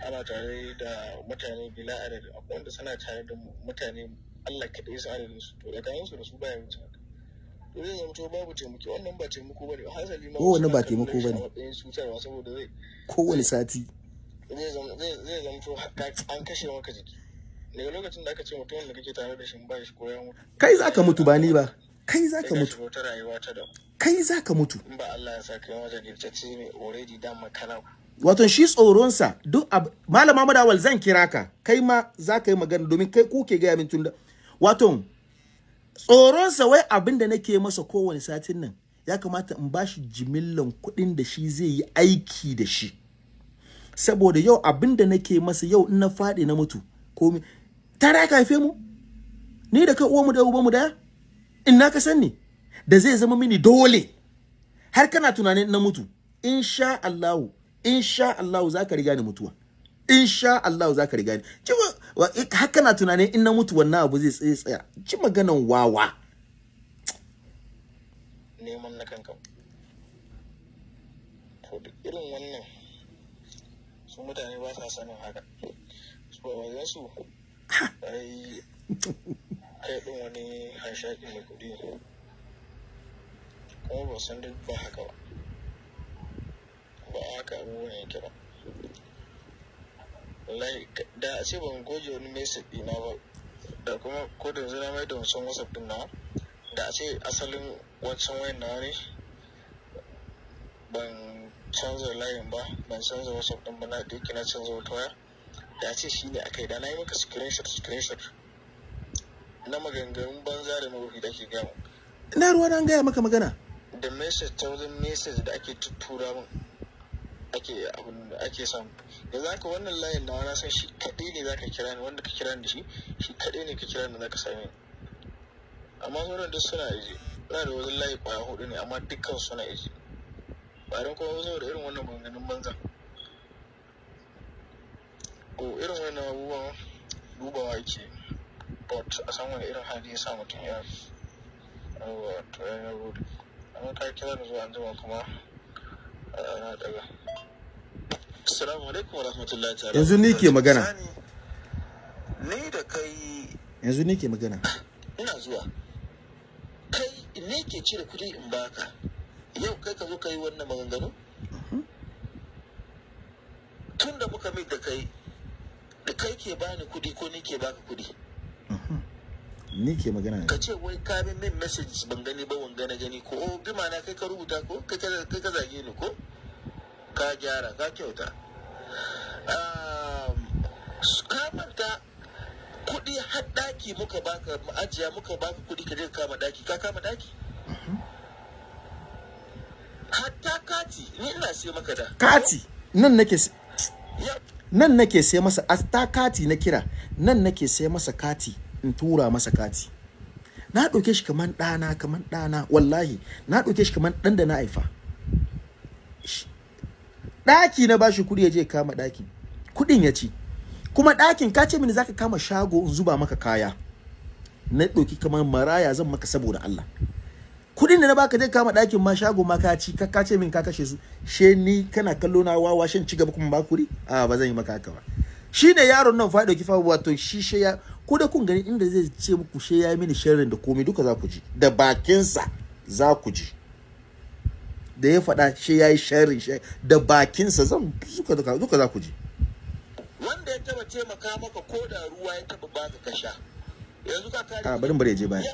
ana tare da mutane bila adadin akwai wanda suna tare da mutane Allah kaɗai su adadin su to tsakanin su da su baya wuce to zai zamto babu taimako wannan ba taimako bane hasali ma wani ba taimako bane ne? Ko wani zai sati zai zamto an kashe maka jiki daga lokacin da aka ce mutumin da kake tare da shi ba shi ko ya mutu kai zaka mutu ba ni ba kai zaka mutu kai zaka mutu ba Allah ya saka yawa da girtacce ne already dama kana wato shi tsoronsa duk ab... malama madawal zan kira ka kai ma za ka yi magana domin kai kuke gaya min tunda. da wato tsoronsa wai abin da nake masa kowane satin nan ya kamata in ba shi jimillan kuɗin da shi zai yi aiki da shi saboda yau abin da nake masa yau in na faɗi na mutu komi tare ka haife mu ni da kai uwanmu da ubanmu da in na ka san ni da zai zama mini dole har kana tunanin na mutu insha Allah insha Allah ka riga ni mutuwa insha Allah ka riga ni har kana tunanin in na mutu wannan abu zai tsaya Ji maganan wawa neman na kanka to duk irin wannan su mutane ba sa sanin haka su ba su ai kai ɗin wani hanshaki mai kuɗi kuma ba san duk ba haka ba ba haka abubuwan yake ba da a ce ban goge wani mesa ɗina ba da kuma ko da yanzu na mai da wancan whatsapp ɗin na da a ce asalin wancan wayan na ne ban canza layin ba ban canza whatsapp ɗin ba na ɗauki na canza wata waya da ce shi ne aka da na yi maka screenshot screenshot na maganganun banza da marufi da ke gama. na ruwa na gaya maka magana da message ta wajen message da ake tuttura min ake abin da ake samu da za ka wannan layin na wani san shi kaɗai ne za ka kira ni wanda ka kira ni da shi shi kaɗai ne ka kira ni za ka same ni amma sauran duk suna ije ina da wajen layi kwaya hudu ne amma dukkan suna ije ba don kuma zo da irin wannan maganganun banza to irin wani abubuwan dubawa yake but a san wani irin hali ya sa mutum ya to ya yi rudi amma ka kira da zuwa an jima kuma na daga assalamu alaikum wa rahmatullahi ta'ala yanzu ni ke magana ni da kai yanzu ni ke magana <coughs> ina zuwa kai ne ke cire kuɗi in baka yau kai ka zo ka yi wannan maganganu mm-hmm. tun da muka mai da kai da kai ke bani kudi ko ni ke baka kudi mhm. ni ke magana ka ce wai ka bi min message ban gani ba wanga na gani ko oh bi mana kai ka rubuta ko kai ka zage ni ko ka gyara ka kyauta ka manta kudi haddaki muka baka ajiya muka baka kudi ka je kama daki ka kama daki mhm. hatta kati ni ina sai maka da kati nan nake nan nake sai masa a ta kati na kira nan nake sai masa kati in tura masa kati na ɗauke shi kaman ɗana kaman ɗana wallahi na ɗauke shi kaman ɗan da na haifa ɗaki na bashi kuɗi ya je kama ɗaki kuɗin ya ci kuma ɗakin ka ce mini zaka kama shago in zuba maka kaya na ɗauki kamar maraya zan maka saboda Allah kuɗin da na baka zai kama ɗakin ma shago ma ka ci ka ce min ka kashe su she ni kana kallo na wawa shan ci gaba kuma ba kuri a ba zan yi maka haka ba shine yaron nan fa dauki fa wato shi she ya ko da kun gani inda zai ce muku she ya yi mini sharrin da komai duka za ku ji da bakinsa za ku ji da ya faɗa she ya yi sharrin she da bakinsa zan duka duka za ku ji wanda ya taba taimaka maka ko da ruwa ya taba baka ka sha yanzu ka kare a bari bari je baya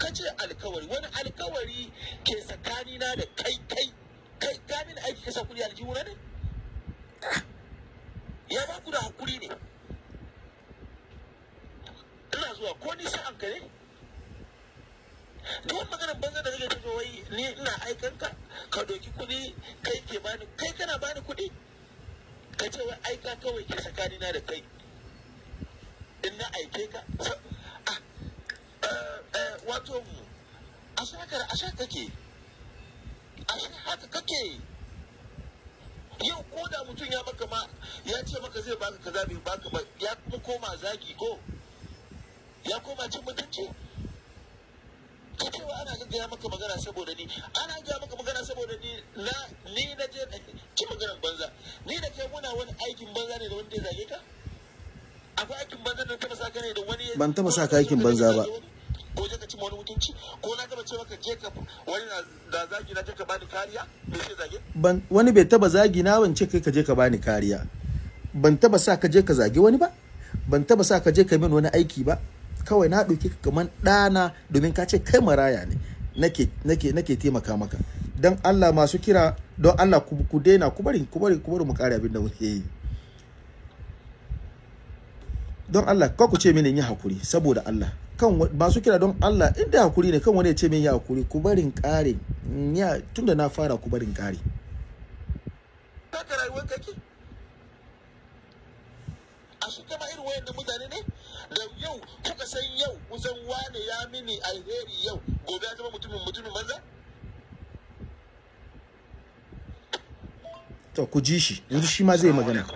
ka ce alkawari wani alkawari ke tsakanina da kai kai kai gamin aiki kasa kuri kuɗi aljihu ne ya ba ku da hakuri ne ina zuwa ko ni sa'an ka ne duk maganar banza da zai ta zo wai ni ina aikan ka ka doki kuɗi kai ke bani kai kana bani kuɗi ka ce wai aika kawai ke tsakanina da kai in na aike ka wato a shakar a shakar kake a haka kake yau ko da mutum ya maka ma ya ce maka zai baka kaza bai baka ba ya kuma koma zaki ko ya koma cin mutunci ka cewa ana gaggaya maka magana saboda ni ana gaggaya maka magana saboda ni na ni na je ci maganar banza ni da kai muna wani aikin banza ne da wanda ya zage ka akwai aikin banza da ta masaka ka ne da wani ban ta masaka ka aikin banza ba ko je ka ci wani mutunci ko na gaba cewa ka je ka wani da zagi na je ka bani kariya me ce zage ban wani bai taba zagi na ban ce kai ka je ka bani kariya ban taba sa ka je ka zage wani ba ban taba sa ka je ka min wani aiki ba kawai na ɗauke ka kaman ɗana domin ka ce kai maraya ne nake nake nake taimaka maka dan Allah masu kira don Allah ku ku daina ku bari ku bari ku bari mu kare abin da muke yi don Allah ko ku ce mini yi hakuri saboda Allah kan masu kira don Allah inda hakuri ne kan wani ya ce min ya hakuri ku barin kare mm, ya tunda na fara ku barin kare a su kama irin wayan da mutane ne da yau kuka san yau kusan wane ya mini alheri yau gobe ya zama mutumin mutumin banza to ku ji shi yanzu shi ma zai magana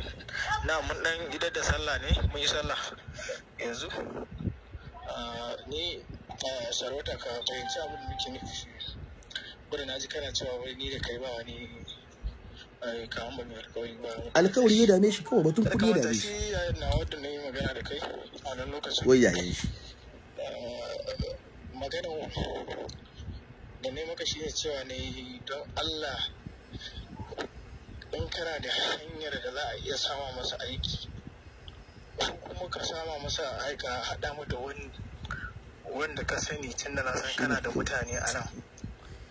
na mun dan idar da sallah ne mun yi sallah yanzu ni sarauta ka fahimci abin da muke nufi shi gudun na ji kana cewa wai ni da kai ba wani kawon bane alkawari ya dame shi kawai batun kudi ya dame shi wai yayin shi magana da ne maka shi ne cewa ne don Allah in kana da hanyar da za a iya sama masa aiki kuma ka sama masa aika haɗa mu da wani wanda ka sani tun da na san kana da mutane a nan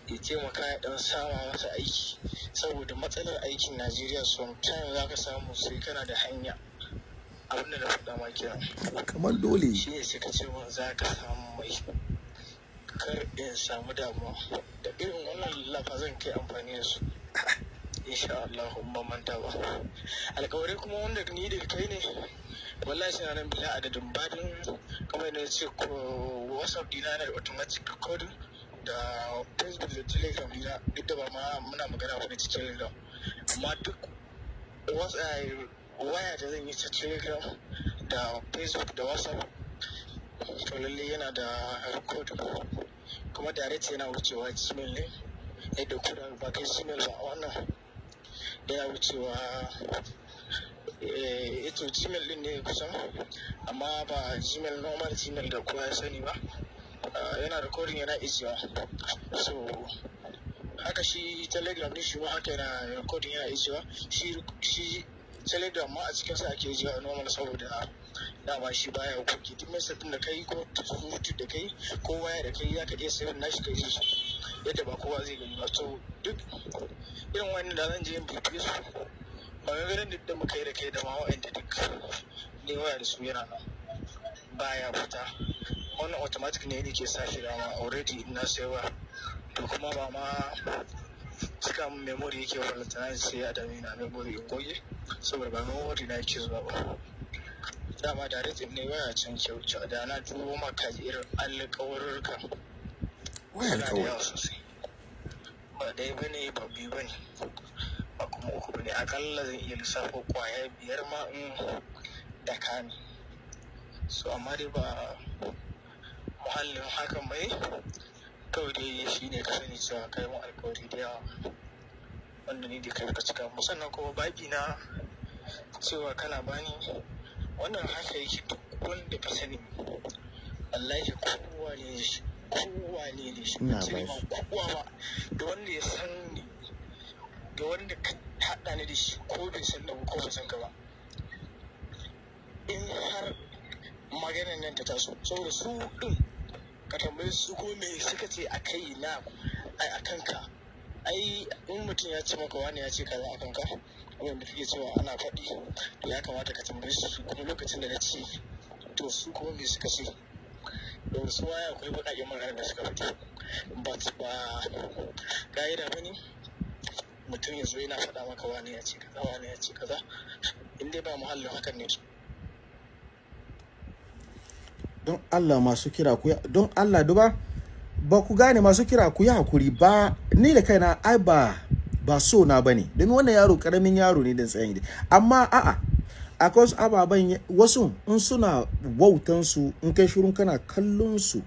ya taimaka ya ɗan sama masa aiki saboda matsalar aikin najeriya sometimes za ka samu sai kana da hanya abin da na faɗa ma kira kamar dole shi ne sai ka ce za ka samu mai kar in samu damuwa da irin wannan lafa zan kai amfani da su <laughs> insha Allah ba manta ba alkawari kuma wanda ni da kai ne wallahi suna nan bila adadin badin kuma yana ce ko whatsapp dina na automatic recording da facebook da telegram dina duk da ba ma muna magana wani cikin telegram amma duk waya da zan yi ta telegram da facebook da whatsapp to lalle yana da record kuma direct yana wucewa gmail ne yadda kuma ba kai gmail ba wannan yana wucewa ito eh, gmail din ne kusan amma ba gmail normal gmail da kowa ya sani ba ah, yana recording yana ijiya so haka shi telegram din shi ma haka yana recording yana ijiya shi telegram ma a cikin sa ake jiya normal saboda dama shi baya hukunki duk mai sabbin da kai ko youtube da kai ko waya da kai zaka iya sayar nashi ka ji yadda ba kowa zai gani ba so duk irin wani da zan je yin bibiye su maganganun duk da muka yi da kai da ma wa'anda duk ne waya da su yana baya fita wannan automatic ne ke sashi da ma already na sayawa to kuma ba ma cika min memory yake walantana sai ya dame na memory in goge saboda ba memory na yake zuwa ba dama da ritim ne waya can kyauta da na turo maka irin alƙawarurka waya alƙawar ba dai bane ba biyu bane ba kuma uku ne akalla zan iya lissafa kwaya biyar ma in da kani so amma dai ba muhallin hakan bai kawai dai shi ne ka sani cewa kai mun alkawari da yawa wanda ni da kai ka cika mu sannan kuma babi na cewa kana bani wannan haka yake duk wanda ka sani wallahi kowa ne kowa ne ne shi kowa ba da wanda ya san ni Da wanda ka haɗa ni da shi ko bai san da ko bai san ka ba in har maganar nan ta taso saboda su din ka tambaye su ko me suka ce a kai na a kanka ai in mutum ya ce maka wani ya ce kaza a kanka abin da kake cewa ana faɗi to ya kamata ka tambaye su kuma lokacin da na ce to su kuma me suka ce don su waya akwai baƙaƙen magana da suka fito ba ba ka'ida ba ne mutum ya zo yana faɗa maka wani ya ce kaza wani ya ce kaza in dai ba muhallin hakan ne don Allah masu kira ku don Allah duba ba ku gane masu kira ku yi hakuri ba ni da kaina ai ba ba so na bane domin wannan yaro karamin yaro ne din tsayin amma a'a akwai wasu ababen wasu in suna wautan su in kai shirun kana kallon su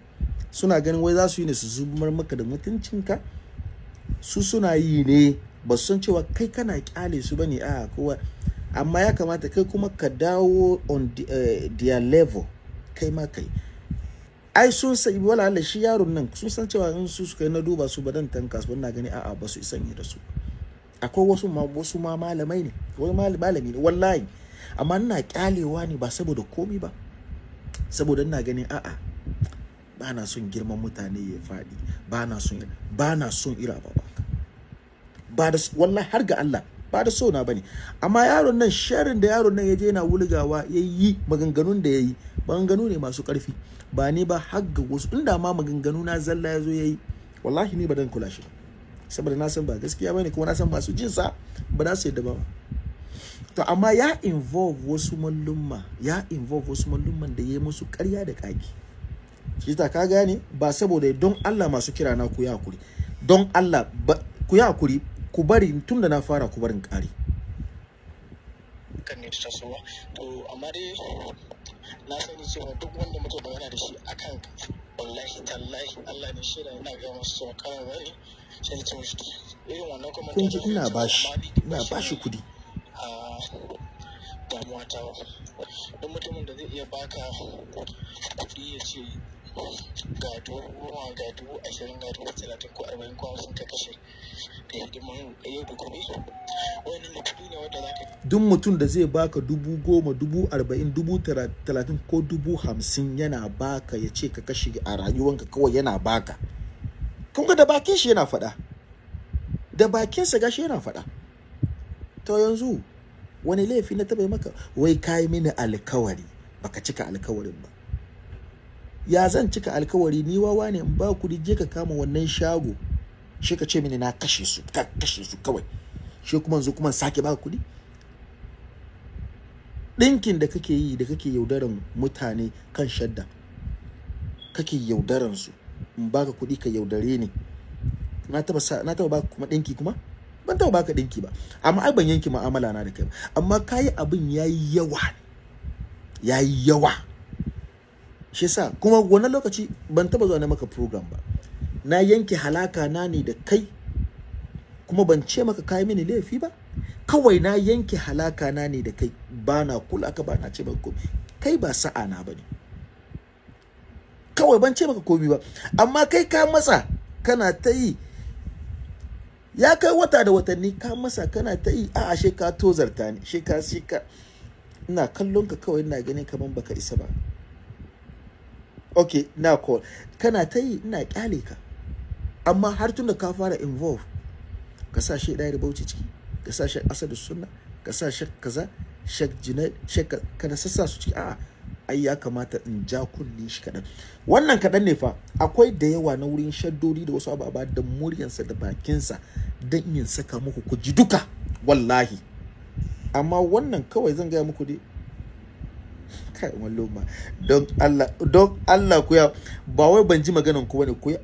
suna ganin wai za su yi ne su zubar maka da mutuncinka su suna yi ne ba su san cewa kai kana kyale su bane a kowa amma ya kamata kai kuma ka dawo on the, eh, their level kai ma kai ai sun sai wala Allah shi yaron nan sun san cewa in su suka yi na duba su badan tankas ba na gani a'a ba su isan yi da su akwai wasu ma wasu ma malamai ne wani malami ne wallahi amma ina kyalewa ne ba saboda komi ba saboda ina ganin a'a ba na son girman mutane ya faɗi ba na son ba na son ira ba ba da wallahi har ga Allah ba da sona bane amma yaron nan sharin da yaron nan ya je yana wulgawa yayi yi maganganun da yayi yi maganganu ne masu karfi ba ni ba har ga wasu inda ma maganganu na zalla yazo yayi ya yi wallahi ni ba dan kula shi ba saboda na san ba gaskiya bane kuma na san masu jin sa ba za su yadda ba to amma ya involve wasu mallumma ya involve wasu mallumman da ya yi musu karya da kaki shi ta ka gane ba saboda don Allah masu kira na ku ya hakuri don Allah ku ya hakuri ku bari tun da na fara ku barin ƙari kan na sani cewa duk wanda muke magana da shi akan wallahi Allah ne shira ina ga wasu cewa kawai eh, wani kuma kun ji ina bashi ina bashi kudi damuwa ta don mutumin da zai iya baka kudi ya ce ga dubu goma ga dubu ashirin ga dubu talatin ko arba'in ko hamsin ka kashe ka yi hidiman yau eh, da gobe wannan na kuɗi ne wanda za ka duk mutum da zai baka dubu goma dubu arba'in dubu talatin ko dubu hamsin yana baka ya ce ka kashe a rayuwanka kawai yana baka kun ga da bakin shi yana faɗa da bakinsa gashi yana faɗa to yanzu wani laifi na taɓa maka wai kayi mini alkawari baka cika alkawarin ba ya zan cika alkawari ni wawa ne in ba kuɗi je ka kama wannan shago shi ka ce mini na kashe su ka kashe su kawai shi kuma zo kuma sake ba kuɗi ɗinkin da kake yi da kake yaudaran mutane kan shadda kake yaudaran su in ka kuɗi ka yaudare ni na taba ba na taba kuma ɗinki kuma ban taba baka ɗinki ba amma ai ban yanki mu'amala na da kai amma kayi abin yayi yawa yayi yawa shi yasa kuma wannan lokaci ban taba zuwa na maka program ba na yanke halaka na ne da kai kuma ban ce maka kai mini laifi ba kawai na yanke halaka na ne da kai ba na kula ka ba na ce maka komai kai ba sa'a na bane kawai ban ce maka komai ba amma kai ka matsa kana ta yi ya kai wata da watanni ka masa kana ta yi a ashe ka tozarta ne she ka shi ka ina kallon ka kawai ina ganin kaman baka isa ba ok na call kana ta yi ina kyale ka amma har tunda ka fara involve ka sa shi ɗaya bauchi ciki ka sa shi da suna ka sa shi kaza shek shek na sassa su ciki a'a ai ya kamata in ja kunne shi kaɗan wannan kaɗan ne fa akwai da yawa na wurin shaddodi da wasu ababa da muryansa da bakinsa don in saka muku ku ji duka wallahi amma wannan kawai zan gaya muku dai kai mallon ma don Allah don Allah ku ya ba wai ban ji maganan ku bane ku ya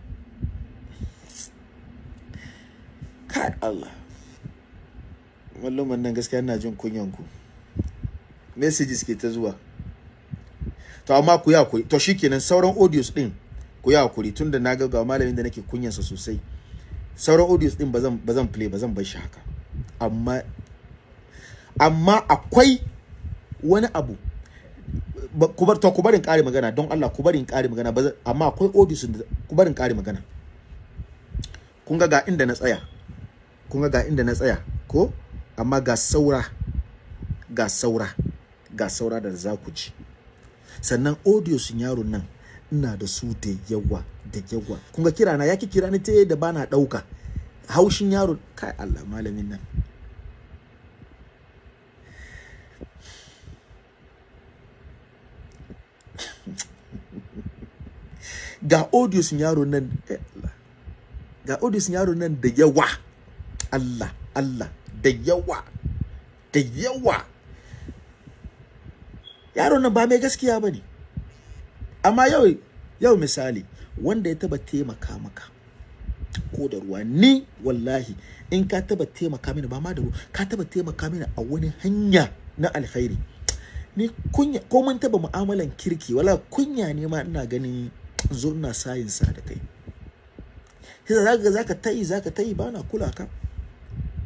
kai Allah mallon man nan gaskiya ina jin kunyan ku messages ke ta zuwa to amma ku ya ku to shikenan sauran audios din ku yi tun tunda na ga malamin da nake kunyansa sosai sauran audios din bazan bazan play bazan bar shi haka amma amma akwai wani abu ku bar to ku barin kare magana don Allah ku barin kare magana amma akwai sun ku barin kare magana kun ga ga inda na tsaya kun ga ga inda na tsaya ko amma ga saura ga saura ga saura da za ku ji sannan sun yaron nan ina da su da yawa da yawa kun ga kira na yaki kira ni te da bana dauka haushin yaron kai Allah malamin nan ga audios yaro nan eh, ga audios yaro nan da yawa Allah Allah da yawa da yawa Yaro nan ba mai gaskiya bane amma yau yau misali wanda ya taba taimaka maka ko da ruwa ni wallahi in ka taba taimaka mini ba ma da ruwa ka taba taimaka mini a wani hanya na alkhairi ni kunya ko mun taba mu'amalan kirki wala kunya ne ma ina ganin zo ina sayin sa da kai sai za ka zaka tayi zaka tayi ba na kula ka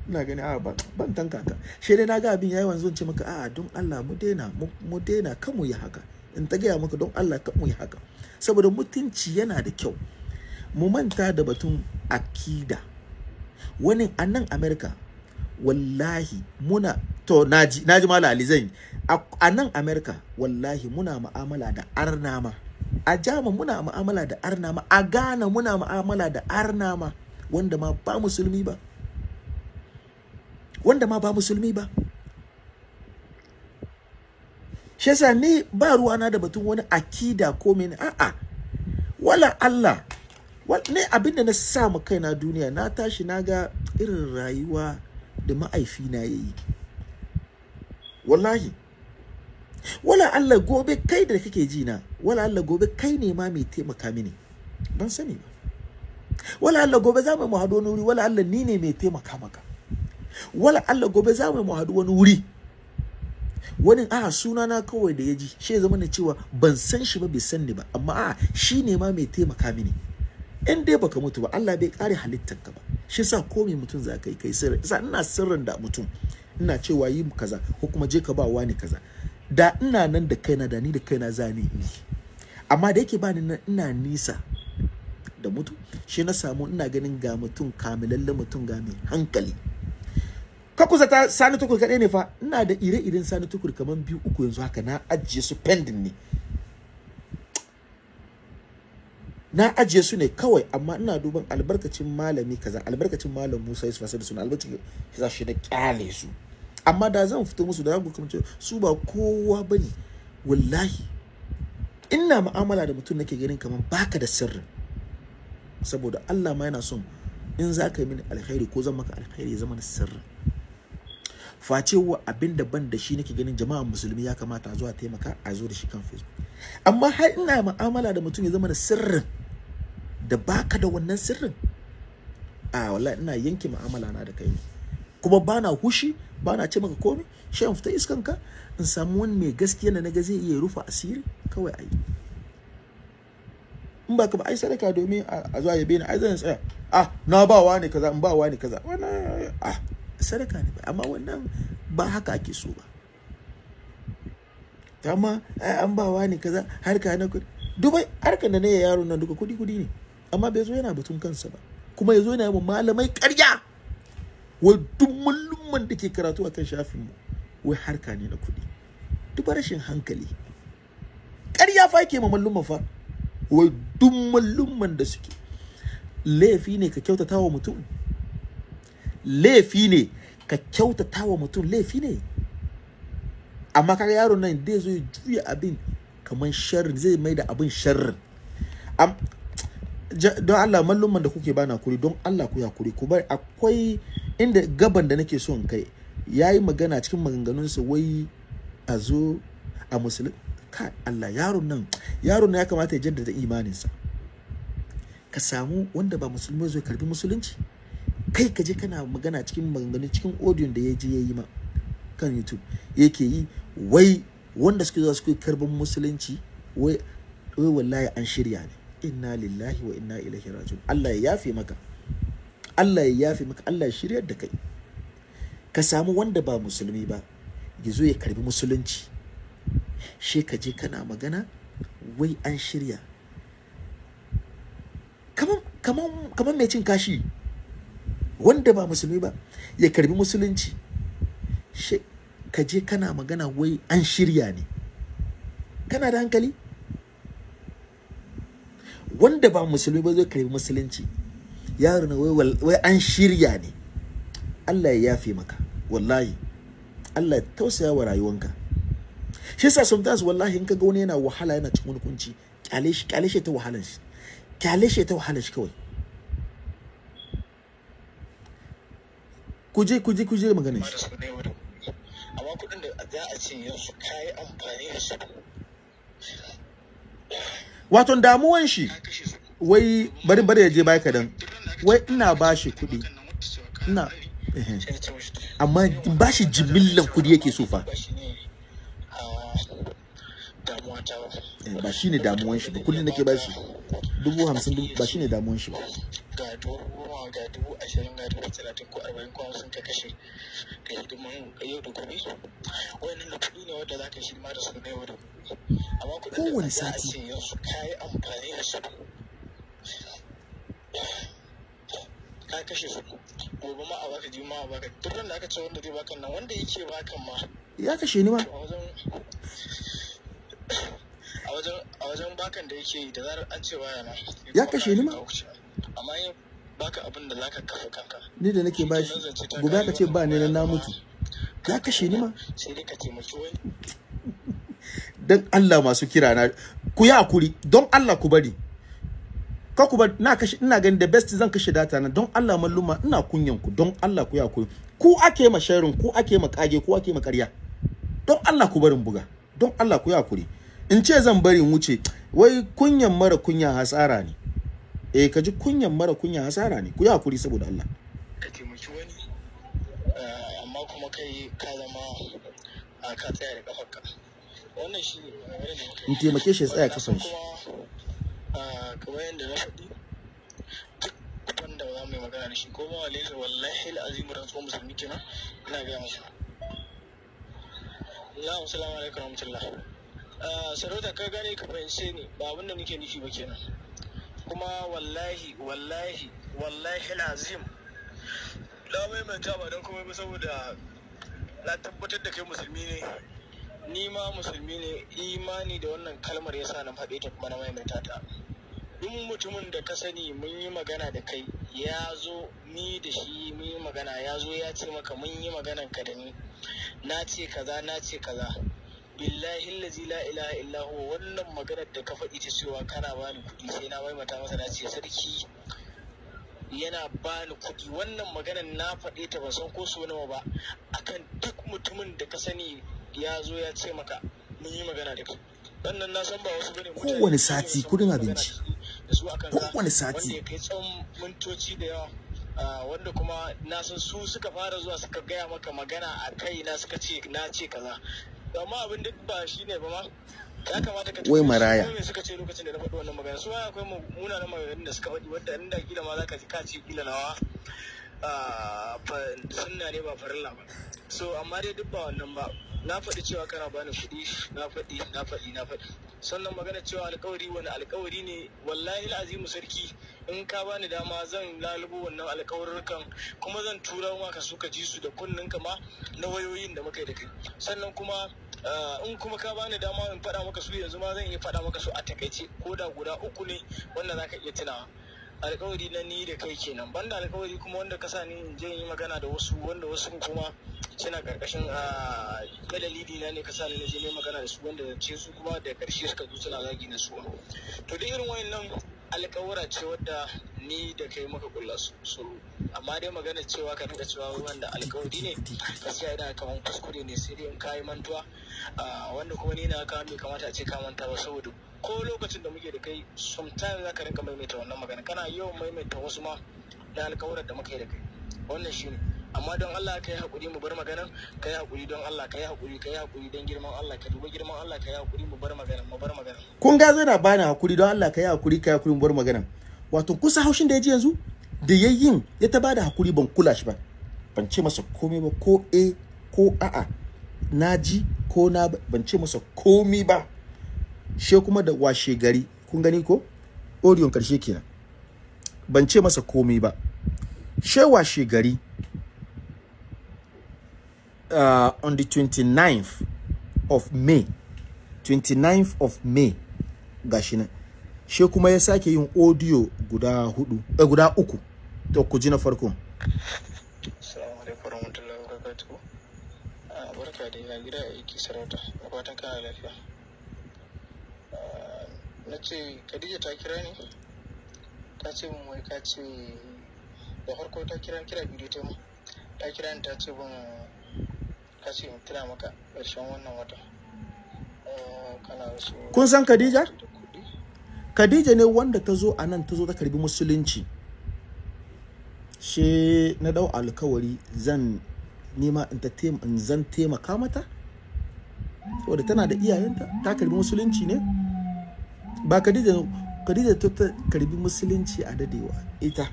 ina gani a ba ban tanka ka shi dai ga abin yayi wanzu ce maka a'a don Allah mu daina mu daina kan mu yi haka in ta gaya maka don Allah kan mu yi haka saboda mutunci yana da kyau mu manta da batun akida wani a nan America wallahi muna to naji naji mala ali zan a nan America wallahi muna mu'amala da arnama a jama muna mu'amala da arnama a ghana muna mu'amala da arnama wanda ma ba musulmi ba wanda ma ba musulmi ba shi yasa ni ba ruwana da batun wani akida ko mene a'a wala Allah ne abin da na sa mu kaina duniya na tashi na ga irin rayuwa da ma'aifina ya yi wallahi wala Allah gobe kai da kake ji na wala Allah gobe kai ne ma mai taimaka mini ban sani ba wala Allah gobe za mu mu haɗu wani wuri wala Allah ni ne mai taimaka maka wala Allah gobe za mu mu haɗu wani wuri wani a suna na kawai da ya ji shi ya zama na cewa ban san shi ba bai san ni ba amma a shi ne ma mai taimaka mini in dai baka mutu ba Allah bai kare halittar ka ba shi sa ko mutum za ka yi kai sirri sa ina sirrin da mutum ina cewa yi kaza ko kuma je ka ba wani kaza da ina nan da kaina da ni da kaina za ni amma da yake bani ina nisa da mutu shi na samu ina ganin ga mutum kamilalle mutum ga mai hankali ka kusa ta sani tukur kaɗai ne fa ina da ire-iren sani tukur kamar biyu uku yanzu haka na ajiye su pending ne na ajiye su ne kawai amma ina duban albarkacin malami kaza albarkacin malam Musa Yusuf Asadu suna albarkacin kaza shi na kyale su amma da zan fito musu da zan kuma su ba kowa bane wallahi Inna mu'amala da mutum nake ganin kamar baka da sirri. saboda Allah ma yana son in za ka yi mini alkhairi ko zan maka alkhairi ya zama da sirrin facewa abin da ban da shi nake ganin jama'a musulmi ya kamata a zuwa taimaka a zo da shi kan facebook amma har ina mu'amala da mutum ya zama da sirrin da baka da wannan sirrin a wallahi ina yanke mu'amala na da kai kuma bana hushi bana ce maka komai shan fita iskan ka in samu wani mai gaskiya na naga zai iya rufa asiri kawai yi. in ba ka ba ai sadaka domin a zuwa yabe ni ai zan tsaya ah na ba wa ne kaza in ba wa ne kaza wannan ah sadaka ne amma wannan ba haka ake so ba amma an ba wa ne kaza harka na kudi dubai harkar da na ya yaron nan duka kudi kudi ne amma bai zo yana batun kansa ba kuma ya zo yana yi malamai karya wa duk mallumman da ke karatu akan shafin mu wai harka ne na kuɗi duba rashin hankali ƙarya fa yake ma mallumman fa wai duk mallumman da suke laifi ne ka kyautata wa mutum laifi ne ka kyautata wa mutum laifi ne amma kaga yaro nan dai zo ya juya abin kamar sharri zai mai da abin sharri don Allah malluman da kuke bana kuri don Allah ku ya kuri ku bari akwai inda gaban da nake son kai ya yi magana cikin maganganunsa wai a zo a musulun ka Allah yaron nan yaron nan ya kamata ya jaddada imaninsa ka samu wanda ba musulmi zai karbi musulunci kai ka je kana magana cikin maganganun cikin audio da ya je ya yi ma kan YouTube yake yi wai wanda suke zuwa suke karbin musulunci wai wai wallahi an shirya ne inna lillahi wa inna ilaihi raji'un Allah ya yafe maka Allah ya yafe maka Allah ya shiryar da kai ka samu wanda ba musulmi ba ya zo ya karbi musulunci she ka je kana magana wai an shirya kamar mai cin kashi wanda ba musulmi ba ya karbi musulunci she ka je kana magana wai an shirya ne kana da hankali wanda ba musulmi ba zai karbi musulunci yaro na wai an shirya ne Allah ya yafe maka wallahi Allah ya tausaya wa rayuwanka shi yasa sometimes wallahi in ka ga wani yana wahala yana cikin wani kunci kyale shi kyale shi ta wahalan shi kyale shi ta wahalan shi kawai kuje kuje kuje maganar shi amma kudin da za a ce yanzu kai amfani da su wato damuwan shi wai bari bari ya je baya kadan wai ina bashi kuɗi ina Eh. amma ba shi jimillan kudi yake so fa ah, eh, ba shi ne damuwan shi ba kullum nake ba shi dubu hamsin ba shi ne damuwan shi ba kowane sati ka kashe su gobe ma a baka jima a baka duk da aka ce wanda zai baka nan wanda yake baka ma ya kashe ni ma a wajen a wajen bakan da yake yi da zarar an ce baya na ya kashe ni ma amma yin baka abin da zaka kafa kanka ni da nake bashi gobe aka ce ba ni na mutu ya kashe ni ma sai dai ka taimaki wani <laughs> dan Allah masu kira na ku yi hakuri don Allah ku bari kaku ba na kashe ina gani da best zan kashe data na don Allah malluma ina kunyan ku don Allah ku ya koyo ku ake ma sharrin ku ake ma kage ku ake ma ƙarya don Allah ku barin buga don Allah ku ya kure in ce zan bari in wuce wai kunyan mara kunya hasara ne eh ka ji kunyan mara kunya hasara ne ku ya kuri saboda Allah ka taimaki wani eh, amma kuma kai ka zama ah, ka tsaya da kafarka wannan shi ne eh, in taimake shi ya tsaya kasan shi kamar yadda na faɗi duk wanda ba za mu yi magana da shi ko ba wale wallahi al'azimu da tsohon musulmi kenan ina gaya masa na'am salamu alaikum rahmatullah ah, sarauta ka gane ka fahimce ni ba abin da nake nufi ba kenan kuma wallahi wallahi wallahi al'azim na maimaita ba don komai ba saboda na tabbatar da kai musulmi ne ni ma musulmi ne imani da wannan kalmar ya sa na faɗe ta kuma na maimaita ta duk mutumin da ka sani mun yi magana da kai ya zo ni da shi mun yi magana ya zo ya ce maka mun yi maganan ka da ni na ce kaza na ce kaza billahi lazi la ilaha wannan maganar da ka faɗi ta cewa kana bani kuɗi sai na maimata masa na ce sarki yana bani kuɗi wannan maganar na faɗe ta ba san ko so nawa ba akan duk mutumin da ka sani ya zo ya ce maka mun yi magana da kai wannan na san ba wasu bane kowane sati kuɗin abinci sati kuma na su suka fara zuwa suka gaya maka magana a kai na kaza amma abin wai maraya da na faɗi wannan magana su akwai da suka faɗi wanda kila ma zaka ji nawa sunna ba farilla dai duk ba ba na faɗi cewa kana bani kuɗi na faɗi na faɗi na faɗi sannan magana cewa alkawari wani alkawari ne wallahi azimu sarki in ka bani dama zan lalubo wannan kan kuma zan tura ma ka suka ji su da kunnen ma na wayoyin da muka yi da kai sannan kuma eh, in kuma ka bani dama in faɗa maka su yanzu ma zan iya faɗa maka su a takaice ko da guda uku ne wanda zaka iya tunawa alkawari na ni da kai kenan banda alkawari kuma wanda ka sa ni in je yi magana da wasu wanda wasu kuma suna karkashin a kalali na ne ka sa ni je magana da su wanda ce su kuma da karshe suka zo suna zagi na su to duk irin wayannan alkawura ce wadda ni da kai maka kulla su amma dai magana cewa ka rinka cewa wanda alkawari ne gaskiya yana kaman kuskure ne sai dai in kayi mantuwa wanda kuma ni na kawo mai kamata a ce ka manta ba saboda ko lokacin da muke da kai sometimes za ka rinka maimaita wannan magana kana yawan maimaita wasu ma da alkawarar da muka yi da kai wannan shi ne, amma don Allah ka yi hakuri mu bar magana, ka yi hakuri don Allah ka yi hakuri ka yi hakuri don girman Allah ka dubi girman Allah ka yi hakuri mu bar magana mu bar magana. kun ga zai na bani hakuri don Allah ka yi hakuri ka yi hakuri mu bar magana. wato kusa haushin da ya ji yanzu da ya yin ya ta bada hakuri ban kula shi ba ban ce masa komai ba ko eh ko a'a na ji ko na ban ce masa komai ba she kuma da washe gari kun gani ko oriyon karshe kenan ban ce masa komai ba she washe gari uh, on the 29th of May 29th of May gashi nan she kuma ya sake yin audio guda hudu eh, guda uku to ku ji na farko assalamu alaikum warahmatullahi wabarakatuh ah, barka da gida aiki sarauta fatan kana lafiya na ce khadija ta kira ne ta ce min wai ka ce da farko ta kira kira bidiyo ta mu ta kira ni ta ce min ka ce in tuna maka ƙarshen wannan wata eh, kun san khadija khadija ne wanda ta zo a nan ta zo ta karbi musulunci she na dau alkawari zan nema in zan taimaka mata saboda tana da iyayenta ta karbi musulunci ne ba Khadija Khadija ta karbi musulunci a dadewa ita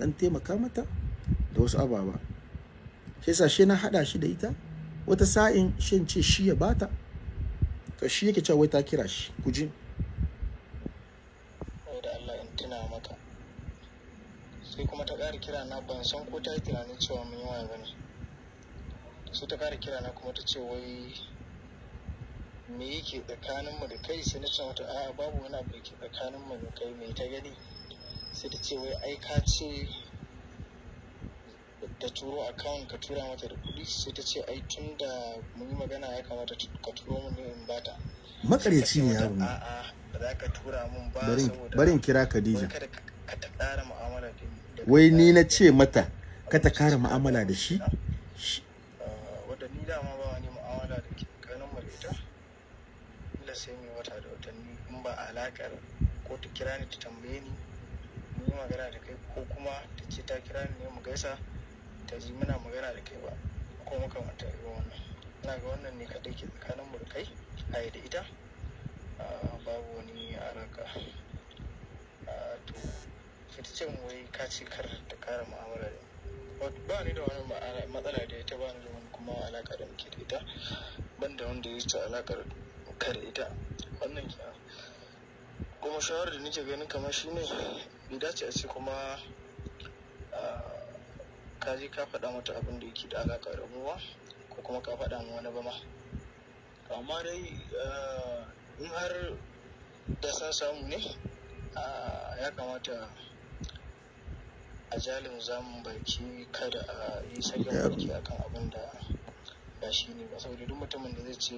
an taimaka mata da wasu ababa sai sa shi na hada shi da ita wata sa'in shi ce shi ya bata to shi yake cewa wai ta kira shi kuji da Allah in tuna maka sai kuma ta ƙara kira na ban san ko ta yi tunanin cewa mun yi waya bane sai ta ƙara kira na kuma ta ce wai me yake tsakanin mu da kai sai na ce mata a'a babu wani abu da ke tsakanin mu da kai me ta gani sai ta ce wai ai ka ce ta turo a kan ka tura mata da kuɗi sai ta ce ai tun da mun yi magana ya kamata ka turo mun ne in bata makaryaci ne yaro ne za ka tura mun ba saboda barin kira Khadija ka ta ƙara mu'amala da wai ni na ce mata ka ta ƙara mu'amala da shi wadda ni dama alaƙar ko ta kira ni ta tambaye ni mu yi magana da kai ko kuma ta ce ta kira ni ne mu gaisa ta ji muna magana da kai ba ko makamanta irin wannan ina ga wannan ne kaɗai ke tsakanin mu da kai a da ita babu wani alaƙa to ita ce wai ka ce kar ta kara mu'amala da ba ni da wani matsala da ita ba ni da wani kuma alaƙa da muke da ita ban da wanda ya ce alaƙar kar ita wannan kenan kuma shawarar da nake ganin kamar shi ne bai dace a ce kuma ah, ka je ka faɗa mata abin da yake da alaƙa da ruwa ko kuma ka faɗa mu wani ba ma amma dai ah, in har da sa samu ne ah, ya kamata a jalin zamun baki kada a yi sakin baki kan abin da ba shi ne ba saboda duk mutumin da zai ce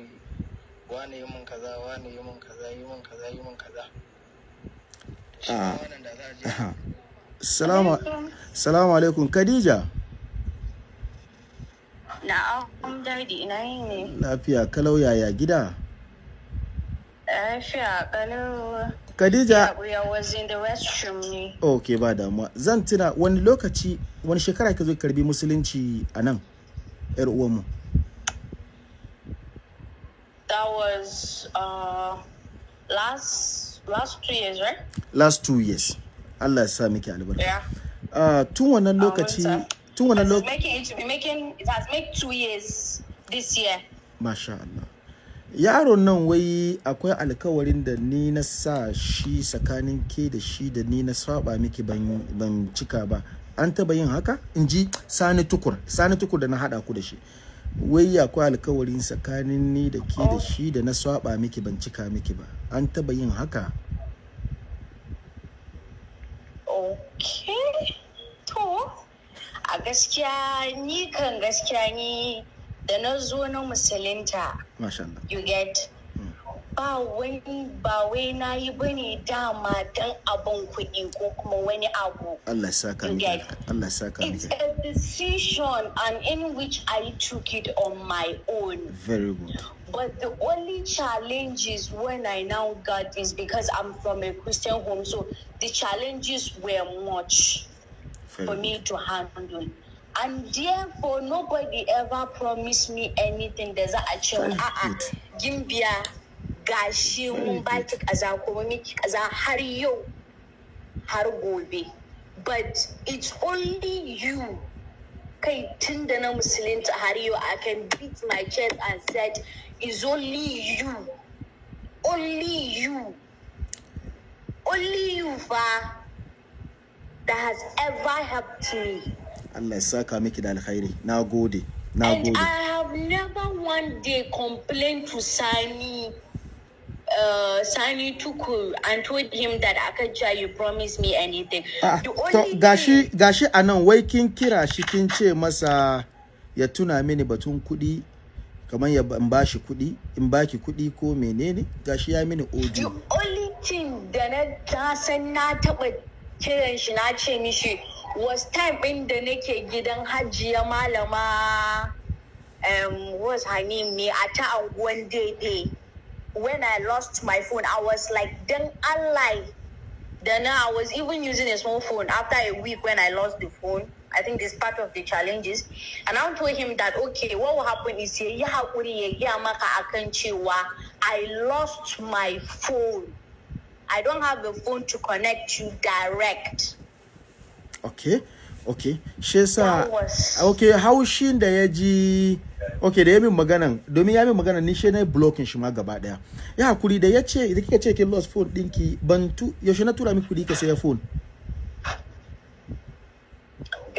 wane yi min kaza wane yi min kaza yi min kaza yi min kaza Salamu alaikum Khadija. Na'am dadi ina yi ne. Lafiya kalau yaya gida? Lafiya kalau. Khadija. Ya was in the restroom ne. Okay ba damuwa. Zan tuna wani lokaci wani shekara ka zo karbi musulunci a nan yar uwanmu. That was uh, last last two years right last two years Allah ya sa miki albarka yeah. uh, tun wannan lokaci tun wannan lokaci it has make two years this year masha Allah yaron nan wai akwai alkawarin da ni na sa shi tsakanin ke da shi da ni na saba miki ban cika ba an taba yin haka in ji sani tukur sani tukur da na hada ku da shi wai akwai alkawarin tsakanin ni da ke da oh. shi da na saba miki ban cika miki ba an taba yin haka okay to a gaskiya ni kan gaskiya ni da na zo na musulunta you get ba wani ba wai na yi ba ne dama don abin kuɗi ko kuma wani abu. Allah saka Allah saka It's a decision and in which I took it on my own. Very good. But the only challenges when I now got is because I'm from a Christian home, so the challenges were much Fair for me to handle. And therefore, nobody ever promised me anything. There's a child, A'a, Gimbia, gashi, mun baki kaza kuma miki kaza Hario, yau, But it's only you kai tun da Hario, i can beat my chest and said is only you. Only you. Only you, Fa, that has ever helped me. Allah saka miki da alkhairi. Na gode. Na gode. And I have never one day complained to Sani uh, Sani Tuku and told him that Akaja, you promised me anything. Ah, the only gashi, gashi anan wai kin kira shi kin ce masa ya tuna mini batun kuɗi kamar ya in ba shi kuɗi in ba ki kudi ko menene gashi ya mini audio the only thing da na san na taɓa kiran shi na ce mishi was time ɗin da nake gidan hajiya malama um, was her name ne a ta anguwan daidai when I lost my phone I was like dan Allah da na I was even using a small phone after a week when I lost the phone I think this part of the challenges. And I told him that okay, what will happen is ya maka cewa I lost my phone. I don't have a phone to connect you direct. Okay. Okay. Shi yasa Okay, haushin da ya ji Okay, da ya min magana, domin ya min magana ni shi na blocking shuma gaba daya. Yeah, hakuri da ya ce da kika ce kin lost phone dinki ban tu yaushe na tura miki kudi ka saya phone.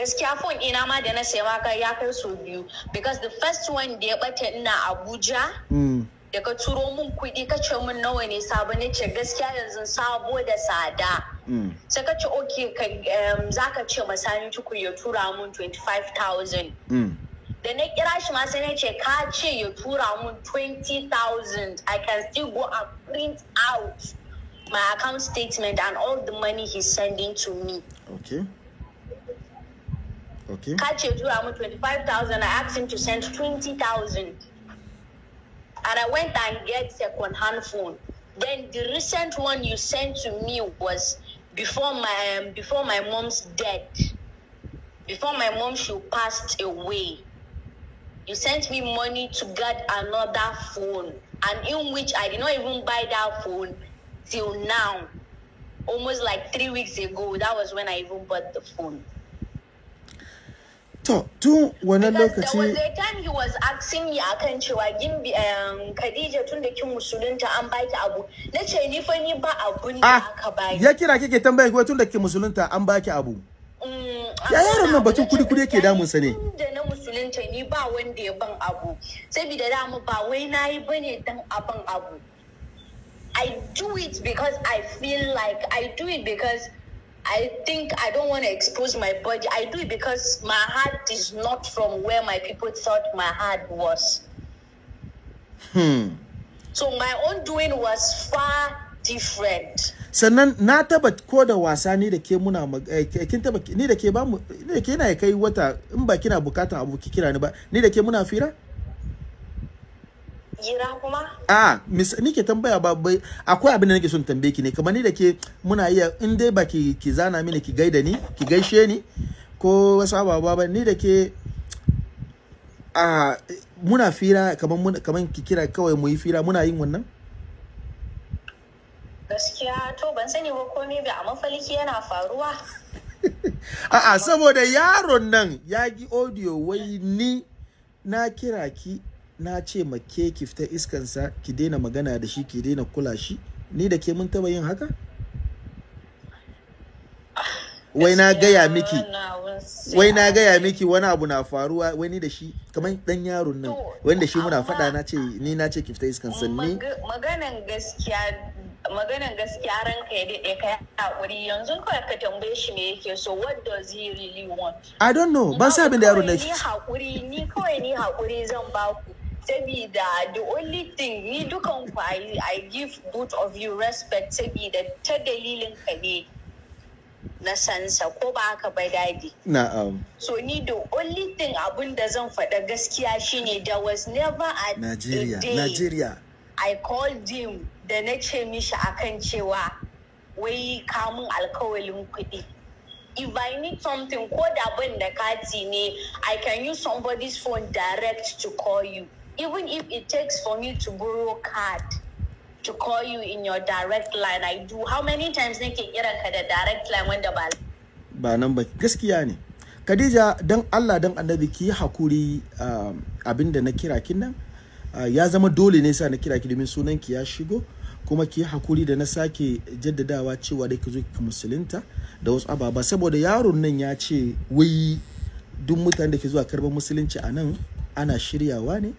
gaskiya fon ina ma da na saya ma ya kai so biyu because the first one da ya bata ina Abuja hmm. da ka turo mun kuɗi ka ce mun nawa ne sabo ne ce gaskiya yanzu sabo da tsada hmm. sai ka ce ok za ka ce masani tuku ya tura mun 25,000 hmm. da na kira shi ma sai na ce ka ce ya tura mun 20,000 I can still go and print out my account statement and all the money he's sending to me okay Okay. Kache drew Amu 25,000. I asked him to send 20,000. And I went and get second hand phone. Then the recent one you sent to me was before my um, before my mom's death. Before my mom she passed away. You sent me money to get another phone and in which I did not even buy that phone till now. Almost like three weeks ago. That was when I even bought the phone. To, tun wannan lokaci... Because there was a time he was asking me akan cewa gimbi um, Khadija tun da kin musulunta an baki abu. Na ce ni fa ni ba abun da ah, aka baki. Ya kira kike tambaye ko tun da kin musulunta an baki abu. Mm, ya yaron nan batun kudi kudi yake damun sa ne. Da na musulunta ni ba wanda ya ban abu. Saboda da mu ba wai nayi bane dan abin abu. I do it because I feel like I do it because I think I don't want to expose my body. I do it because my heart is not from where my people thought my heart was. Hmm. So my own doing was far different. Sannan na taba ko da wasa ni da ke muna eh, kin taba ni da ke ba mu ni da ke na kai wata in ba kina bukatan abu kira ni ba ni da ke muna fira? Jira kuma? A, nike tambaya ba bai akwai abin da nake son tambaye ki ne kamar ni da ke muna iya in dai ba ki ki zana mini ki gaida ni ki gaishe ni ko wasu ababa ba ni da ke muna fira kamar mun kamar ki kira kawai mu yi fira muna yin wannan? Gaskiya to ban sani ba komai ba a faliki yana faruwa. <laughs> A'a saboda yaron nan ya gi audio wai ni na kira ki na ce ma ke ki fita iskansa ki daina magana da shi ki daina kula shi ni da ke mun taba yin haka wai na gaya miki wai na gaya miki wani abu na faruwa wai ni da shi kamar dan yaron nan wanda shi muna faɗa na ce ni na ce ki fita iskansa ni maganan gaskiya maganan gaskiya ranka ya daɗe kai haƙuri yanzu kawai ka tambaye shi me yake so what does he really want I don't know ban sa abin da yaron na ni haƙuri ni kawai ni haƙuri zan ba ku sabida the only thing ni dukan ku I give both of you respect sabida ta dalilin ka ne na sansa ko ba haka ba dadi. Na'am. So ni the only thing abun da zan faɗa gaskiya shine there was never a Nigeria, day I called him da na ce mishi akan cewa wai kamun alkawalin kuɗi. If I need something ko da ban da kati ne, I can use somebody's phone direct to call you. even if it takes for me to borrow a card to call you in your direct line i do how many times nake can ka da direct line wanda ba ba nan ba gaskiya ne kadija dan Allah dan Annabi ki hakuri um, abinda na kira kin nan uh, ya zama dole ne sa na kira ki domin sunan ki ya shigo kuma ki hakuri da na sake jaddadawa cewa dai ki zo ki musulunta da wasu ababa saboda yaron nan ya ce wai duk mutanen da ke zuwa karban musulunci a nan ana shiryawa ne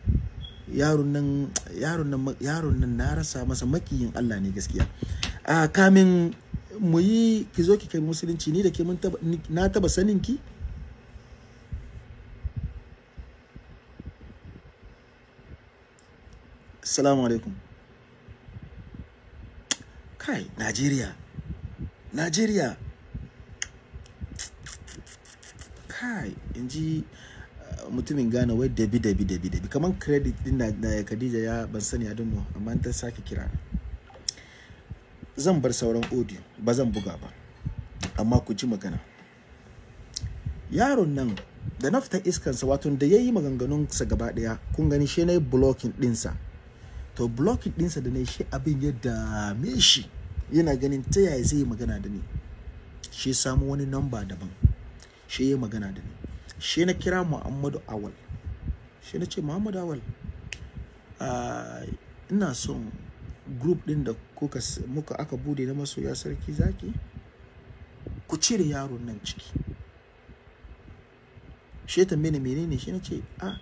yaron nan na rasa masa makiyin Allah ne gaskiya a kamin mu yi ki zo ki kai musulunci ni da ke na taba sanin ki salamu alaikum kai Najeriya Najeriya kai in ji mutumin Ghana wai dabi dabi dabi dabi kaman credit din da Khadija ya ban sani I don't know amma ta sake kira zan bar sauran audio ba zan buga ba amma ku ji magana yaron nan da na iskan sa wato da ya yi sa gaba daya kun gani shi nayi yi din dinsa to blocking ɗinsa da na yi shi abin yadda dame shi yana ganin ta yaya zai yi magana da ni shi samu wani number daban shi ya magana da ni shi na kira muhammadu awal shi na ce muhammadu awal ina son group din da kuka muka aka bude na masoya sarki zaki ku cire yaron nan ciki shi ta mene menene shi na ce a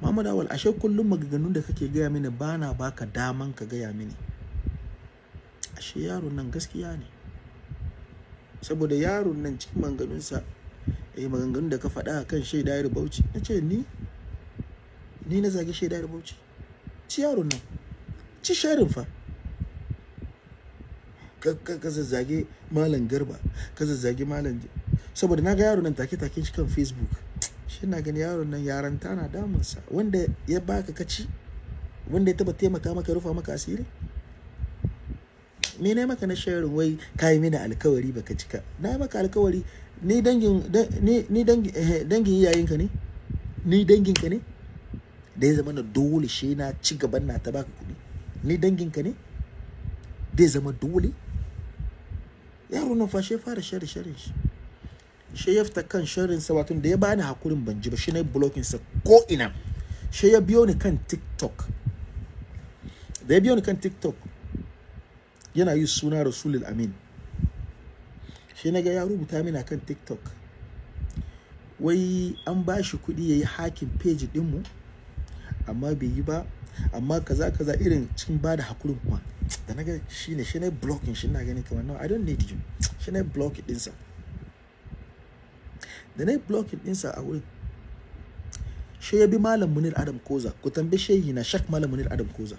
muhammadu awal ashe kullum maganganun da kake gaya mini bana baka daman ka gaya mini ashe yaron nan gaskiya ne saboda yaron nan cikin manganunsa eh maganganun da ka faɗa kan shaida da bauchi na ce ni ni na zage shaida da bauchi ci yaron nan ci sharin fa ka zazzage malam garba ka zazzage malam saboda na ga yaron nan take take shi kan facebook shi na gani yaron nan yaran na damunsa wanda ya baka kaci wanda ya taba taimaka maka rufa maka asiri me ne maka na sharing wai kai mini alkawari baka cika na maka alkawari ni dangin ni ni dangin eh, eh, dangin iyayenka ne ni danginka ne da ya zama na dole shi na ci gaban na ta baka kuɗi ni danginka ne da ya zama dole yaro nan fa shi fara share share shi shi ya fita kan sharin sa wato da ya bani hakurin ban ji ba shi na blocking sa ko ina shi ya biyo ni kan TikTok da ya biyo ni kan TikTok yana yi suna Rasulul Amin shi na ga ya rubuta mini akan tiktok wai an ba shi kuɗi ya yi hakin page mu? amma bai yi ba amma kaza kaza irin cikin ba da hakurin kuma da na ga shi ne shi ne blocking shi na gani kamar no i don't need you shi ne blocking ɗinsa da na yi blocking ɗinsa a wurin shi ya bi malam munir adam koza ku tambi shehi na shak malam munir adam koza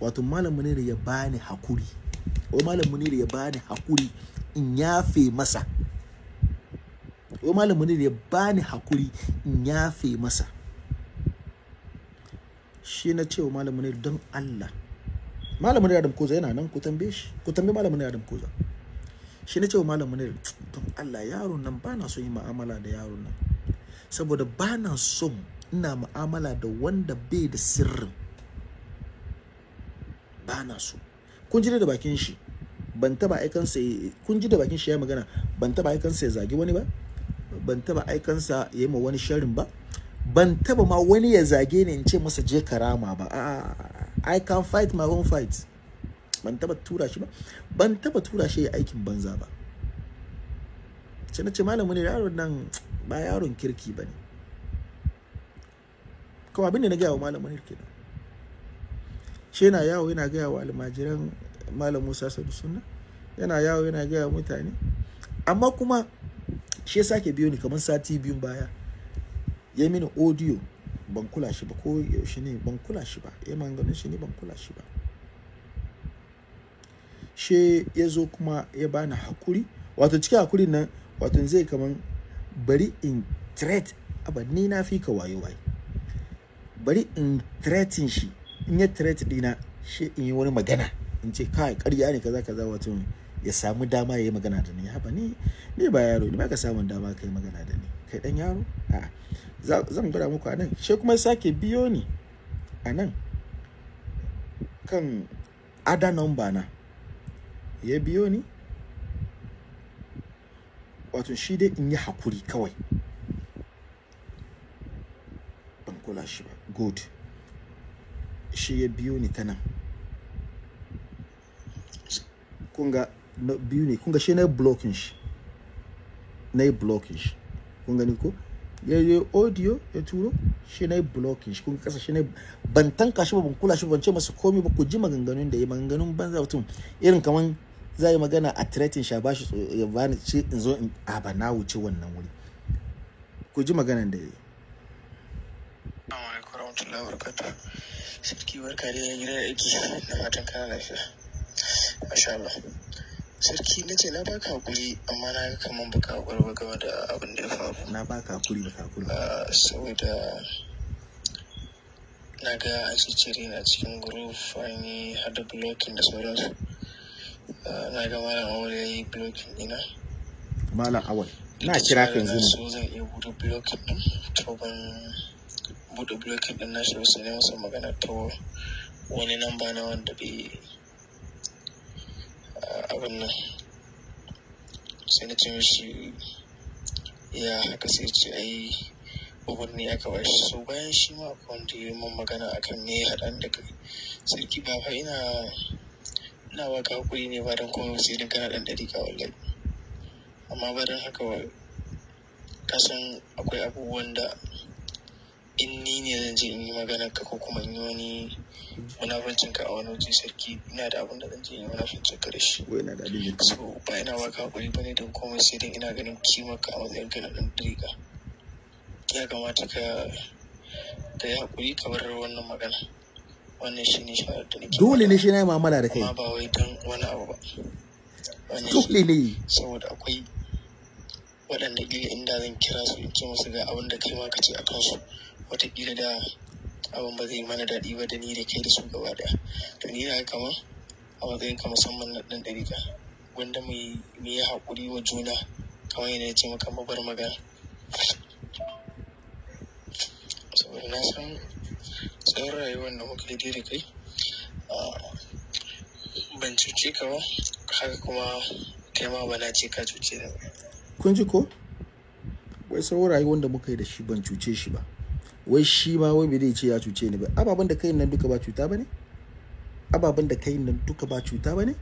wato malam munir ya bani hakuri wai malam munir ya bani hakuri in yafe masa wai malamin ne ba ni hakuri in yafe masa shi na ce wa malamin don Allah malamin Adam Koza yana nan ku tambaye shi ku tambaye malamin Adam Koza shi na ce wa malamin don Allah yaron nan ba na son yi ma'amala da yaron nan saboda ba na son ina ma'amala da wanda bai da sirrin ba na so kun ji da bakin shi ban taba aikansa kun ji da bakin shi ya magana ban taba aikansa ya zagi wani ba ban taba aikansa ya yi ma wani sharin ba ban taba ma wani ya zage ni in ce masa je karama ba i can fight my own fight ban taba tura shi ba ban taba tura shi ya aikin banza ba sai na ce malamin ne yaron nan ba yaron kirki ba ne kawai abin da na gaya wa malamin kirki ne shi yana yawo yana gaya wa almajiran malam musa sadu suna, yana yawo yana gaya mutane amma kuma shi ya sake biyo ni kamar sati biyun baya ya mini audio ban kula shi ba ko yaushe ne ban kula shi ba ya manganin shi ne ban kula shi ba shi ya zo kuma ya bani hakuri wato cikin hakuri nan wato zai kamar bari in threat aba ni na fi ka waye-waye. bari in threatin shi in ya threat dina shi in yi wani magana in ce kai ƙarya ne kaza kaza wato ya samu dama ya yi magana da ni haba ni ni ba yaro ni baka samun dama ka yi magana da ni kai dan yaro a zan gwada muku anan nan shi kuma sake biyo ni a kan ada number na ya biyo ni wato shi dai in yi hakuri kawai ban kula shi ba good shi ya biyo ni ta nan kunga na biyu ne kunga shi na blocking shi na yi blocking shi kunga ni ko ya yi audio ya turo shi na yi blocking shi kunga kasa shi na ban tanka shi ba ban kula shi ban ce masa komi ba ku ji maganganun da ya maganganun banza mutum irin kaman za yi magana a threatin shi ba shi ya ni ce in zo in a ba na wuce wannan wuri ku ji maganan da ya yi Assalamu alaikum warahmatullahi wabarakatuh. Sarki barka da gida aiki da fatan kana lafiya. masha Allah sarki na ce na baka hakuri amma na ga kaman baka hakuri ba game da abin da ya faru na baka hakuri baka hakuri ah, saboda na ga an cire na cikin group an yi hada blocking da sauransu ah, na ga malam awal ya yi blocking ina malam awal na kira kan zuma so zan iya buɗe blocking din to ban buɗe blocking din na shi wasu ne masa magana ta wani namba na wanda bai abin nan sai na ce shi ya haka sai ce ai umarni aka ba shi so bayan shi ma wanda magana akan me ya haɗan da kai sarki baba ina ina waka hakuri ne ba don kuma sai na kana ɗan ka wallahi amma ba don haka kasan akwai abubuwan da in ni ne zan je in yi magana ka ko kuma in yi wani munafincin ka a wani waje sarki ina da abin da zan je in yi munafincin ka da shi so ba ina baka hakuri ba ne don komai sai dai ina ganin kima ka a matsayin ka na ɗan diriga ya kamata ka ka yi hakuri ka bar wannan magana wannan shi ne shawarar da nake dole ne shi na yi mamala da kai amma ba wai don wani abu ba dole ne saboda akwai waɗanda ƙila inda zan kira su in ce musu ga abin da kai ma ka ce a kansu watakila da abin ba zai mana daɗi ba da ni da ke da su gaba da, to ni da kama a matsayin ka musamman na ɗan ɗarika wanda mu yi haƙuri wa juna kamar yadda ya ce maka mabar magana saboda na san tsawon rayuwar da muka yi da kai ban cuce ka ba haka kuma kai ma ba na ce ka cuce da kun ji ko wai tsawon rayuwar da muka yi da shi ban cuce shi ba wai shi ma wai bai ce ya cuce ni ba ababen da kai nan duka ba cuta ba ne ababen da kai nan duka ba cuta ba ne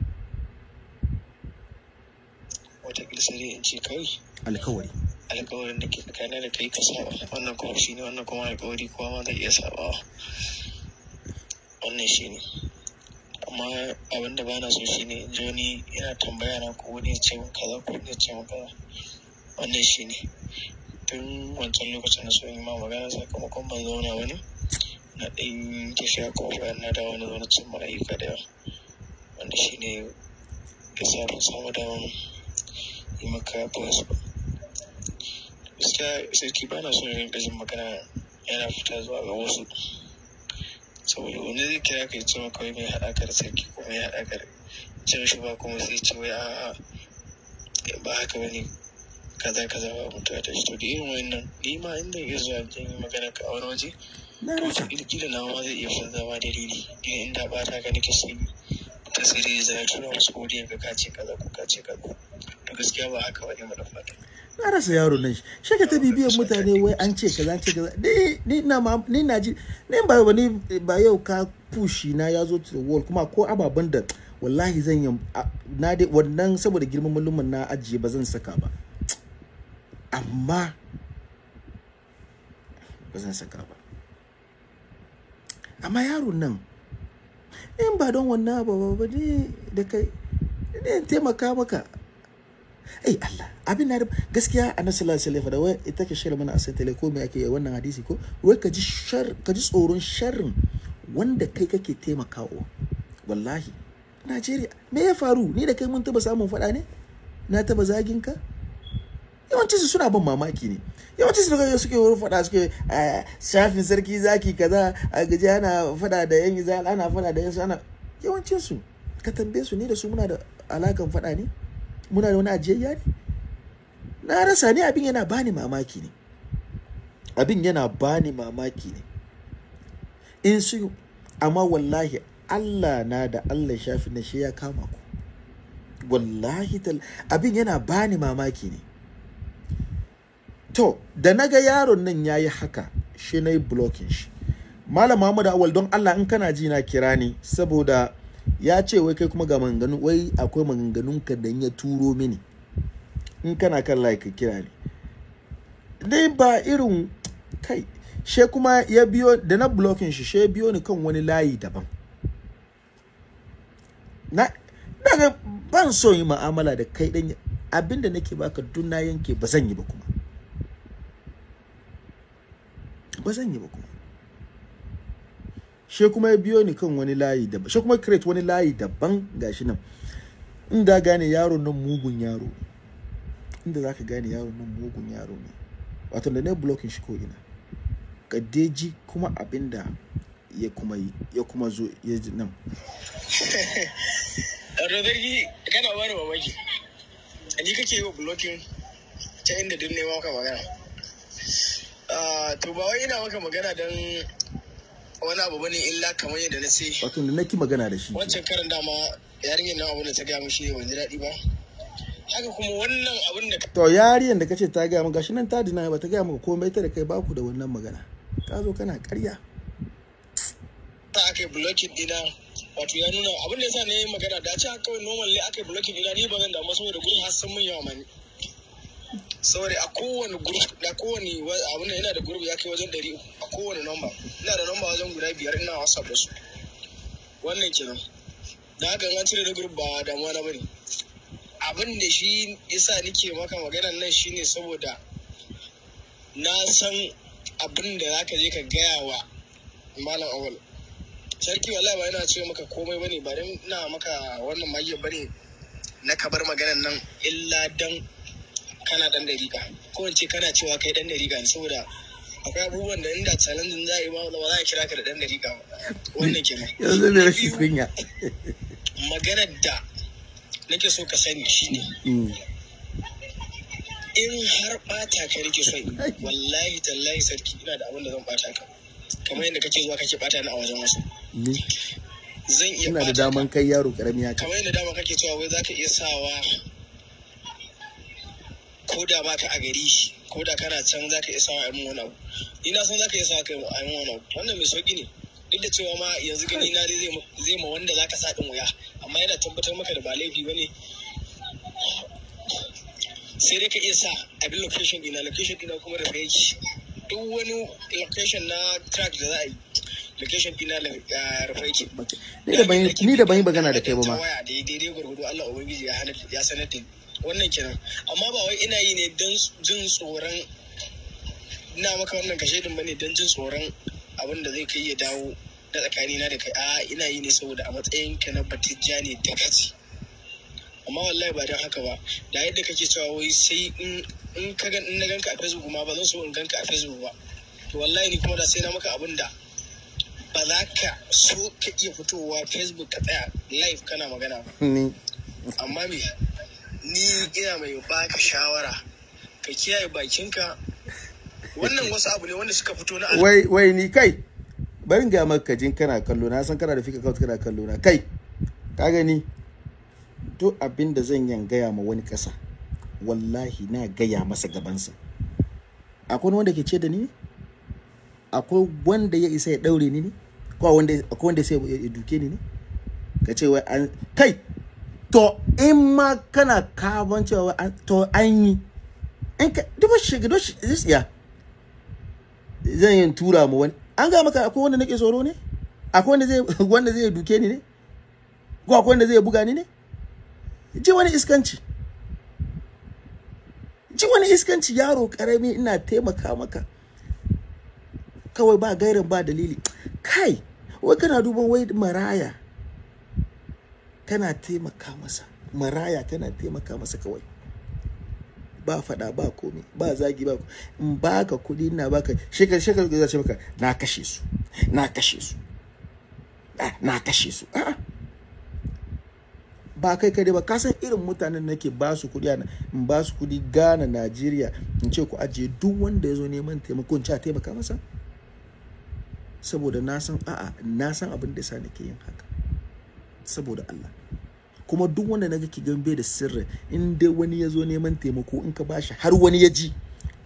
watakila sai in ce kai alkawari alkawarin da ke tsakanin da kai ka saba wannan kuma shi ne wannan kuma alkawari kuma ma zai iya saba wannan shi ne amma abin da bana so shi ne joni yana tambaya na ko wani ya ce min kaza ko wani ya ce min kaza wannan shi ne tun wancan lokacin na so in ma magana sakamakon ban zauna wani na ɗan tafiya kuma bayan na dawo na zaune cikin ma'aika da yawa wanda shi ne ya sa ban samu damar yi maka boss ba gaskiya sarki ba na so ya rinka jin magana yana fita zuwa ga wasu saboda wani zai kira ka ce maka wai mai haɗaka da sarki ko mai haɗaka da jin shi ba kuma sai ce wai a'a ba haka ba ne kaza kaza ba mutuwa ta shi to da irin nan ni ma in zan iya a zan yi magana ka a wani waje to wata kila na ma zai iya fazawa dalili irin inda ba ta ga nake sanyi ta tsire za a tura wasu godiya ga kaza ko ka ce kaza da gaskiya ba haka ba ne mu da fata na rasa yaro nan shi shi ka ta bibiyan mutane wai an ce kaza ce kaza ni na ji ni ba wani ba yau ka pushi na ya zo to wall kuma ko ababen da wallahi zan yi wannan saboda girman mulmin na ajiye ba zan saka ba amma ba zan saka ba amma yaron nan in ba don wannan ba ba ne da kai ne taimaka maka ai Allah abin na gaskiya annabi sallallahu alaihi wasallam wai ita ke shirin mana asai tele ko me ake wannan hadisi ko wai ka ji shar ka ji tsoron sharrin wanda kai kake taimakawa wallahi Najeriya me ya faru ni da kai mun taba samun fada ne na taba zagin ka yawancinsu suna ban mamaki ne yawanci su daga suke wurin fada suke a shafin sarki zaki kaza a gaji ana fada da yan izal ana fada da yan sana Yawancinsu, su ka tambaye su ne da su muna da alakan fada ne muna da wani ajiyayya ne na rasa ne abin yana bani mamaki ne abin yana bani mamaki ne in su amma wallahi Allah na da Allah shafi na shi ya kama ku wallahi abin yana bani mamaki ne to da naga yaron nan yayi haka shi nayi blocking shi malam Muhammad Awal don Allah in kana ji na kira ni saboda ya ce wai kai kuma ga maganganu wai akwai ka da ya turo mini in kana kan like kira ni dai ba irin kai she kuma ya biyo da na blocking shi she biyo ni kan wani layi daban na daga ban so yi ma'amala da kai dan abinda nake baka duk na yanke ba zan yi ba kuma ba zan yi ba kuma she kuma ya biyo ni kan wani layi daban she kuma create wani layi daban gashi nan inda gane yaro nan mugun yaro inda zaka gane yaro nan mugun yaro ne wato da ne blocking shi ko ina kaddeji kuma abinda ya kuma yi ya kuma zo ya ji nan <laughs> rodarki kana bani mamaki ni kake yi blocking ta inda duk neman ka magana Ah, to ba wai ina maka magana don wani abu bane illa kamar yadda na ce wato da naki magana da shi wancan karin dama yarinyar nan abin da ta gaya mishi ban ji daɗi ba haka kuma wannan abin da to yarinyar da kace ta gaya maka shi nan ta dina ba ta gaya maka komai ta da kai baku da wannan magana ka zo kana ƙarya ta aka blocking dina wato ya nuna abin da yasa ne magana da ce haka kawai normal ne aka blocking dina ni ba zan damu saboda gurin har sun mun yawa mani saboda a kowane group na kowane abin yana da group ya kai wajen dari a kowane number ina da number wajen guda biyar ina whatsapp da su wannan kenan da haka an cire da group ba damuwa na bane abin da shi yasa nike maka maganar nan shine saboda na san abin da zaka je ka gaya wa malam awal sarki wallahi ba yana ce maka komai bane ba dan ina maka wannan magiyar bane na kabar maganar nan illa dan kana dan dariƙa ko in ce kana cewa kai dan dariƙa ne saboda akwai abubuwan da inda challenge za a yi ba ba za a kira ka da dan dariƙa ba wannan kenan yanzu ne rashin kunya maganar da nake so ka sani shine mm. in har bata ka rike so wallahi tallahi sarki ina da abin da zan bata ka kamar yadda kake zuwa kake bata ni a wajen wasu mm. zan iya bata ka. daman kai yaro karami kamar yadda dama kake cewa wai zaka iya sawa ko da ma ka a gari shi ko da kana can za ka iya sawa a yi wani abu ni na san za ka iya sawa a yi wani abu wannan mai sauki ne duk da cewa ma yanzu gani na zai ma wanda za ka sa ɗin wuya amma yana tabbatar maka da ba laifi ba ne sai dai ka iya sa a abin location ɗina location ɗina kuma da fahimci duk wani location na track da za a yi location ɗina eh, da rufaiki ni da ban yi magana da kai ba ma daidai gwargwado Allah ubangiji ya sanar da ni wannan kenan amma ba wai ina yi ne don jin tsoron ina maka wannan kashe din bane don jin tsoron abin da zai kai ya dawo da tsakanina da kai a ina yi ne saboda a matsayin ka na batijja ne da kaci amma wallahi ba don haka ba da yadda kake cewa wai sai in ka in na ganka a facebook ma ba zan so in ganka a facebook ba to wallahi ni kuma da sai na maka abin da ba za ka so ka iya fitowa facebook ka tsaya live kana magana ba amma me ni ina mai baka shawara ka kiyaye bakinka wannan wasu abu ne wanda suka fito na wai wai ni kai bari ga maka jin kana kallo na san kana da fika kawai kana kallo na kai ka gani to abin da zan yan gaya ma wani kasa wallahi na gaya masa gabansa akwai wanda ke ce da ni akwai wanda ya isa ya daure ni ne ko wanda akwai wanda sai ya duke ni ne ka ce wai an kai to in ma kana kabon cewa to an yi in ka duba shiga don shi ya zan yin tura mu wani an ga maka akwai wanda nake tsoro ne akwai wanda zai <laughs> wanda zai duke ni ne ko akwai wanda zai buga ni ne ji wani iskanci ji wani iskanci yaro karami ina taimaka maka kawai ba gairin ba dalili kai wai kana duban wai maraya tana taimaka masa maraya tana taimaka masa kawai ba fada ba komai ba zagi ba in baka kuɗi na baka shekar shekar da zace maka na kashe su na kashe su na kashe su a'a ba kai kai ba kasan irin mutanen nake ba su kuɗi ana in ba su kuɗi gana Najeriya in ce ku ajiye duk wanda ya zo neman taimako in ce a taimaka masa saboda na san a'a na san abin da sa nake yin haka saboda Allah kuma duk wanda naga ki gan da sirri in dai wani ya zo neman taimako in ka bashi har wani ya ji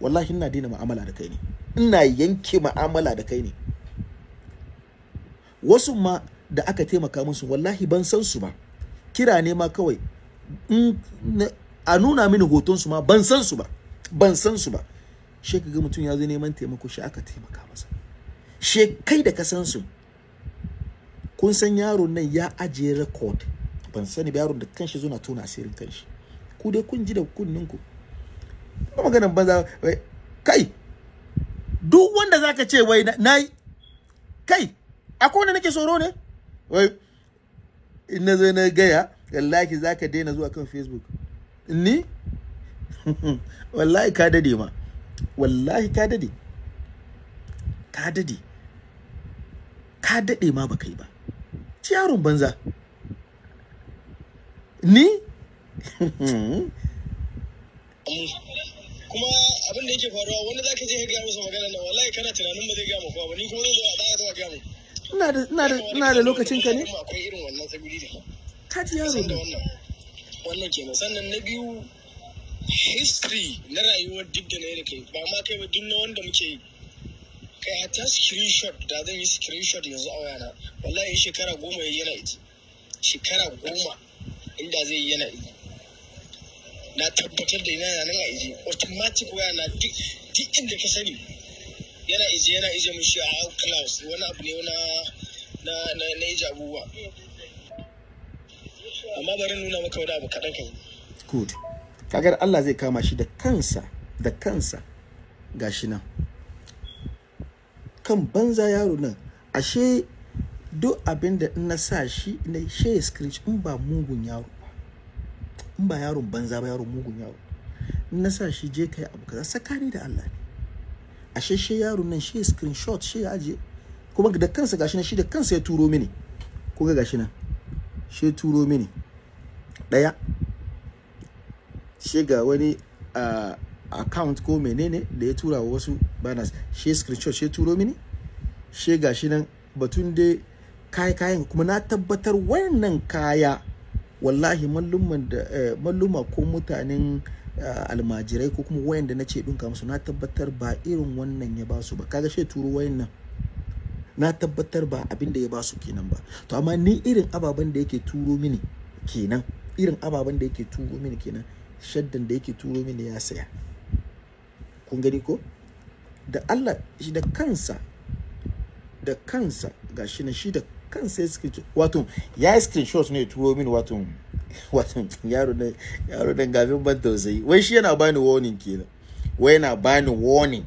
wallahi ina daina mu'amala da kai ne ina yanke ma'amala da kai ne wasu ma da aka taimaka musu wallahi ban san su ba kira ne ma kawai a nuna mini hoton su ma ban san su ba ban san su ba she ga mutum ya zo neman taimako shi aka taimaka masa Shekai da ka san su kun san yaron nan ya ajiye record ban sani ba yaron da kanshi zo na tona asirin kanshi ku dai kun ji da kunnin ku ba maganan banza kai duk wanda zaka ce wai nayi kai akwai wanda nake tsoro ne wai in na zo na gaya wallahi zaka daina zuwa kan facebook ni <laughs> wallahi ka dade ma wallahi ka dade ka dade ka dade ma baka yi ba ci yaron banza ni eh, kuma abin da yake faruwa wani za ka je ka gaya musu magana na wallahi kana tunanin ba zai gaya kowa ba ni kuma zan zo a ɗaya zuwa gaya mu ina da ina da ina da lokacin ka ne akwai irin wannan sabili da ka ji yaro ne wannan wannan kenan sannan na biyu history na rayuwar duk da na yi da kai ba ma kai ba duk na wanda muke yi kai hatta screenshot da zan yi screenshot yanzu a wayana wallahi in shekara goma ya yana iji shekara goma inda zai yi yana iji na tabbatar da yana nan a iji automatic wayana duk inda ka sani yana ije yana ije mushi a clouds wani abu ne na na na ije abubuwa amma bari nuna maka wani abu kaɗan kan good kagar Allah zai kama shi da kansa da kansa gashi nan kan banza yaro nan ashe duk abin da na sa shi na she scratch in ba mugun yaro in ba yaron banza ba yaron mugun yaro in na sa shi je kai abu kaza sakani da Allah ne ashe she yaro nan she screenshot she aje kuma da kansa gashi nan shi da kansa ya turo mini ko ga gashi nan she turo mini daya she ga wani uh, account ko menene da ya tura wa wasu banas she screenshot she turo mini she gashi nan batun dai kai kayan kuma na tabbatar wannan kaya wallahi malluman da eh, malluma ko mutanen eh, almajirai ko kuma wayanda na ce dinka musu na tabbatar ba irin wannan ya ba su ba kaga she turo wayannan na tabbatar ba abin da ya ba su kenan ba to amma ni irin ababen da yake turo mini kenan irin ababen da yake turo mini kenan shaddan da yake turo mini ya saya kun gani ko da Allah shi da kansa da kansa gashi na shi da kansa ya screenshot wato ya yi shot ne turo min wato wato yaro ne yaro da gafin ban tausayi wai shi yana bani warning kenan wai yana bani warning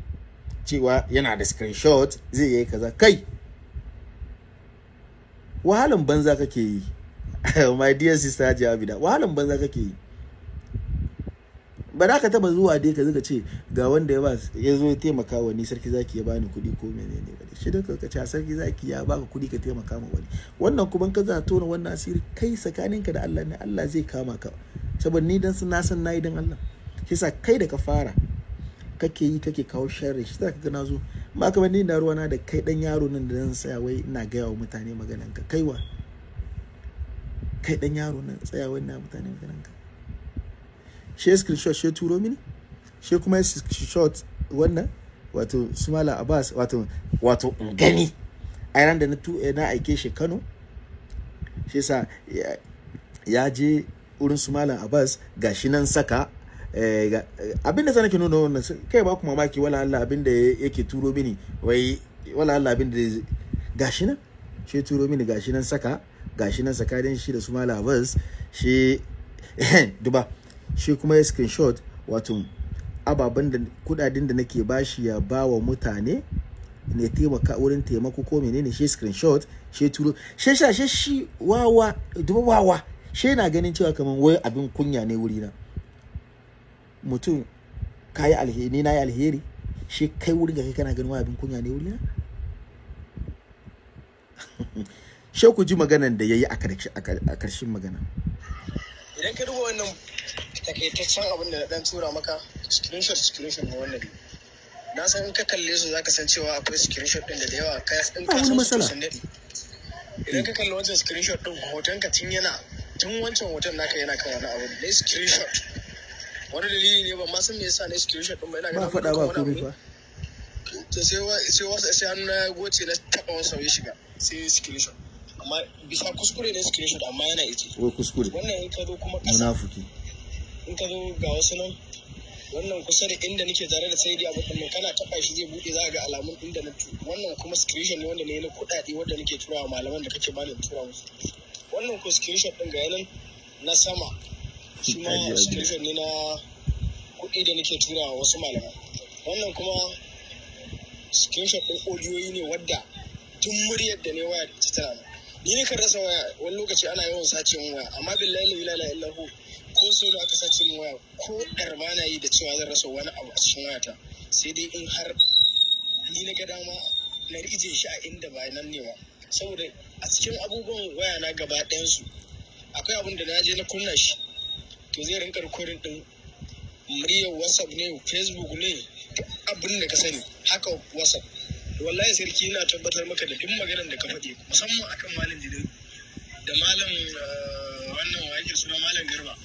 cewa yana da shot zai yi kaza kai wahalan banza kake yi <laughs> my dear sister Jabida wahalan banza kake yi ba za ka taba zuwa dai ka zuka ce ga wanda ya ba ya zo ya taimaka wani sarki zaki ya bani kuɗi ko menene ba shi da ka ce sarki zaki ya baka kuɗi ka taimaka ma wani wannan kuma ka za tona wannan asiri kai tsakaninka da Allah ne Allah zai kama ka saboda ni dan na san nayi dan Allah shi sa kai da ka fara kake yi kake kawo sharri shi sa ka ga na zo ba ka ni na ruwana da kai dan yaro nan da zan saya wai ina gaya wa mutane maganan ka kaiwa kai dan yaro nan tsaya wai mutane maganan ka shi screenshot shi turo mini shi kuma screenshot wannan wato sumala abbas wato wato gani a ran da na eh, na aike shi kano shi sa ya je wurin sumala abbas gashi nan saka eh, eh, abin da nake nuna wannan kai ba ku mamaki wala Allah abin da yake turo mini wai wala Allah abin da gashi nan shi turo mini gashi nan saka gashi nan saka din shi da sumala abbas shi <laughs> duba shi kuma ya screenshot wato ababen da kudaden da nake bashi ya ba wa mutane ne taimaka wurin taimako ko menene shi screenshot shi turo shi sha shi shi wawa duba wawa shi na ganin cewa kaman wai abin kunya ne wuri na mutum kayi alheri na yi alheri shi kai wurin ga kai kana ganin wai abin kunya ne wuri na <laughs> shi ku ji maganan da yayi a karshen magana idan ka duba wannan takaitaccen abin da na dan tura maka screenshot screenshot na wannan ne na san in ka kalle su zaka san cewa akwai screenshot din da yawa ka in ka san matsala idan ka kalli wancan screenshot din hoton ka tun yana tun wancan hoton naka yana kan wani abu ne screenshot wani dalili ne ba ma san me yasa ne screenshot din ba yana ga faɗa ba komai ba to sai wa sai wa sai an ya goce na taba wasa ya shiga sai screenshot amma bisa kuskure ne screenshot amma yana ice kuskure wannan in ka zo kuma munafiki in ka zo ga wasu nan wannan kusa da inda nake tare da saidi abokan kana taba shi zai bude za ga alamun inda na tu wannan kuma screenshot ne wanda ne na kudade wanda nake turawa malaman da kake bani tura musu wannan ko screenshot din ga yanan na sama shi ma screenshot ne na kudi da nake turawa wasu malaman wannan kuma screenshot din audiyoyi ne wadda tun muryar da ne waya da ita tana ni ne kan rasa waya wani lokaci ana yawan sace waya amma billahi la ilaha illallah ko sai da aka sace min waya ko ɗar ma na yi da cewa zan rasa wani abu a cikin wayata sai dai in har ni na ga dama na rije shi a inda ba nan ne ba saboda a cikin abubuwan waya na gaba ɗayansu akwai abin da na je na kunna shi to zai rinka rikorin ɗin muryar whatsapp ne facebook ne abin da ka sani haka whatsapp wallahi sarki yana tabbatar maka da duk maganar da ka faɗi musamman akan malam jidai da malam eh, wannan wajen suna malam garba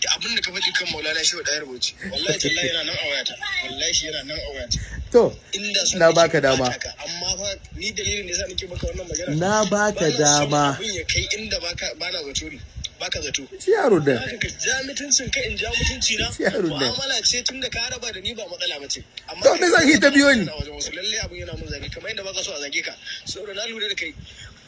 da abin da ka faɗi kan maulana shi shehu ɗaya rubuci wallahi tallahi yana nan a wayata wallahi shi yana nan a wayata to na baka dama amma fa ni dalilin ne yasa nake baka wannan magana na baka dama abin ya kai inda baka bana zato ne baka zato shi yaro da ka ja mutuncin ka in ja mutunci na ci yaro da mu'amala ce tun da ka raba da ni ba matsala ba ce amma to me zan yi ta biyo ni lalle abin yana mun zage kamar inda baka so a zage ka so da na lura da kai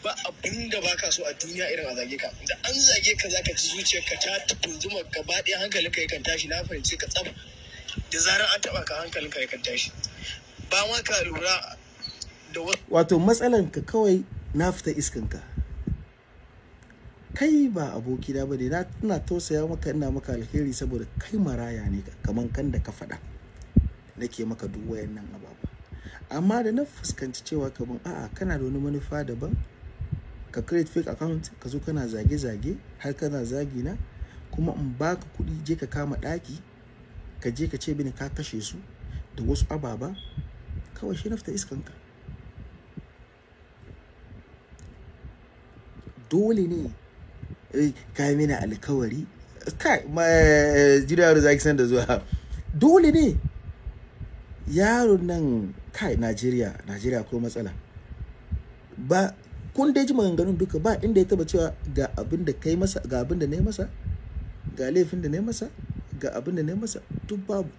ba abin da baka so a duniya irin a zage ka da an zage ka zaka ji ka ta tunzuma gaba ɗaya hankalinka kan tashi na fahimci ka tsaf da zarar an taɓa ka hankalinka kan tashi ba ma ka lura da wato matsalan ka kawai na fita ka kai ba abokina ba ne na ina tausaya maka ina maka alheri saboda kai maraya ne kaman kan da ka faɗa nake maka duk wayannan ababa amma da na fuskanci cewa kaman a'a kana da wani manufa daban ka create fake account ka zo kana zage-zage har kana zagi na kuma in baka kuɗi je ka kama ɗaki ka je ka ce mini ka kashe su da wasu ababa kawai shi nafta iskanka dole ne eh, ka yi mini alkawari kai ma eh, jira zaki san da zuwa dole ne yaron nan kai najeriya najeriya ko matsala ba kun dai ji maganganun duka ba inda ya taba cewa ga abin da kai masa ga abin da na masa ga laifin da na masa ga abin da na masa duk babu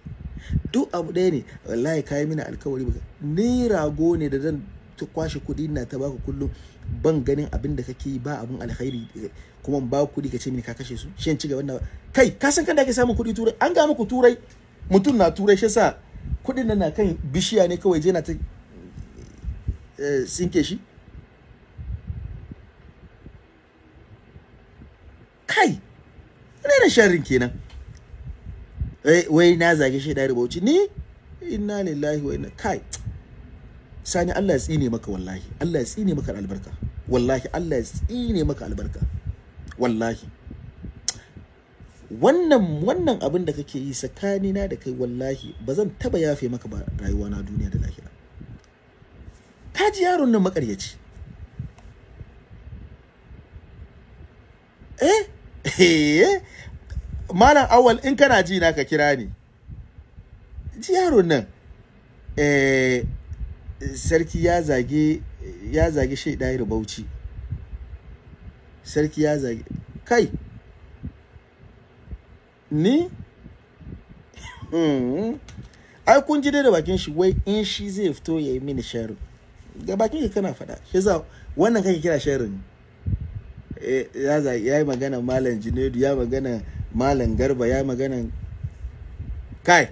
duk abu ɗaya ne wallahi kayi mini alkawari ba ni rago ne da zan ta kwashe kuɗi na ta baka kullum ban ganin abin da kake ba abin alkhairi kuma ba kuɗi ka ce mini ka kashe su shi ci gaban na kai ka san kanda ake samun kuɗi turai an ga muku turai mutum na turai shi sa kuɗin nan na kan bishiya ne kawai je na ta eh, sinke shi kai ina da sharrin kenan eh, wai na zage shi da rubauci ni inna lillahi wa inna kai sani Allah ya tsine maka wallahi Allah ya tsine maka albarka wallahi Allah ya tsine maka albarka wallahi wannan wannan abin da kake yi tsakanina da kai wallahi ba zan taba yafe maka ba rayuwa na duniya da lahira kaji ji yaron nan makaryaci eh <laughs> eh malam awal in kana ji na ka kira ni ji yaron nan eh sarki ya zage ya zage shi ɗayar bauchi sarki ya zage kai ni hmm. ai kun ji da bakin shi wai in shi zai fito ya yi mini sharri da bakin ka kana faɗa shi za wannan kake kira sharri ne Eh, ya yi magana malam junaidu ya magana malam garba ya magana kai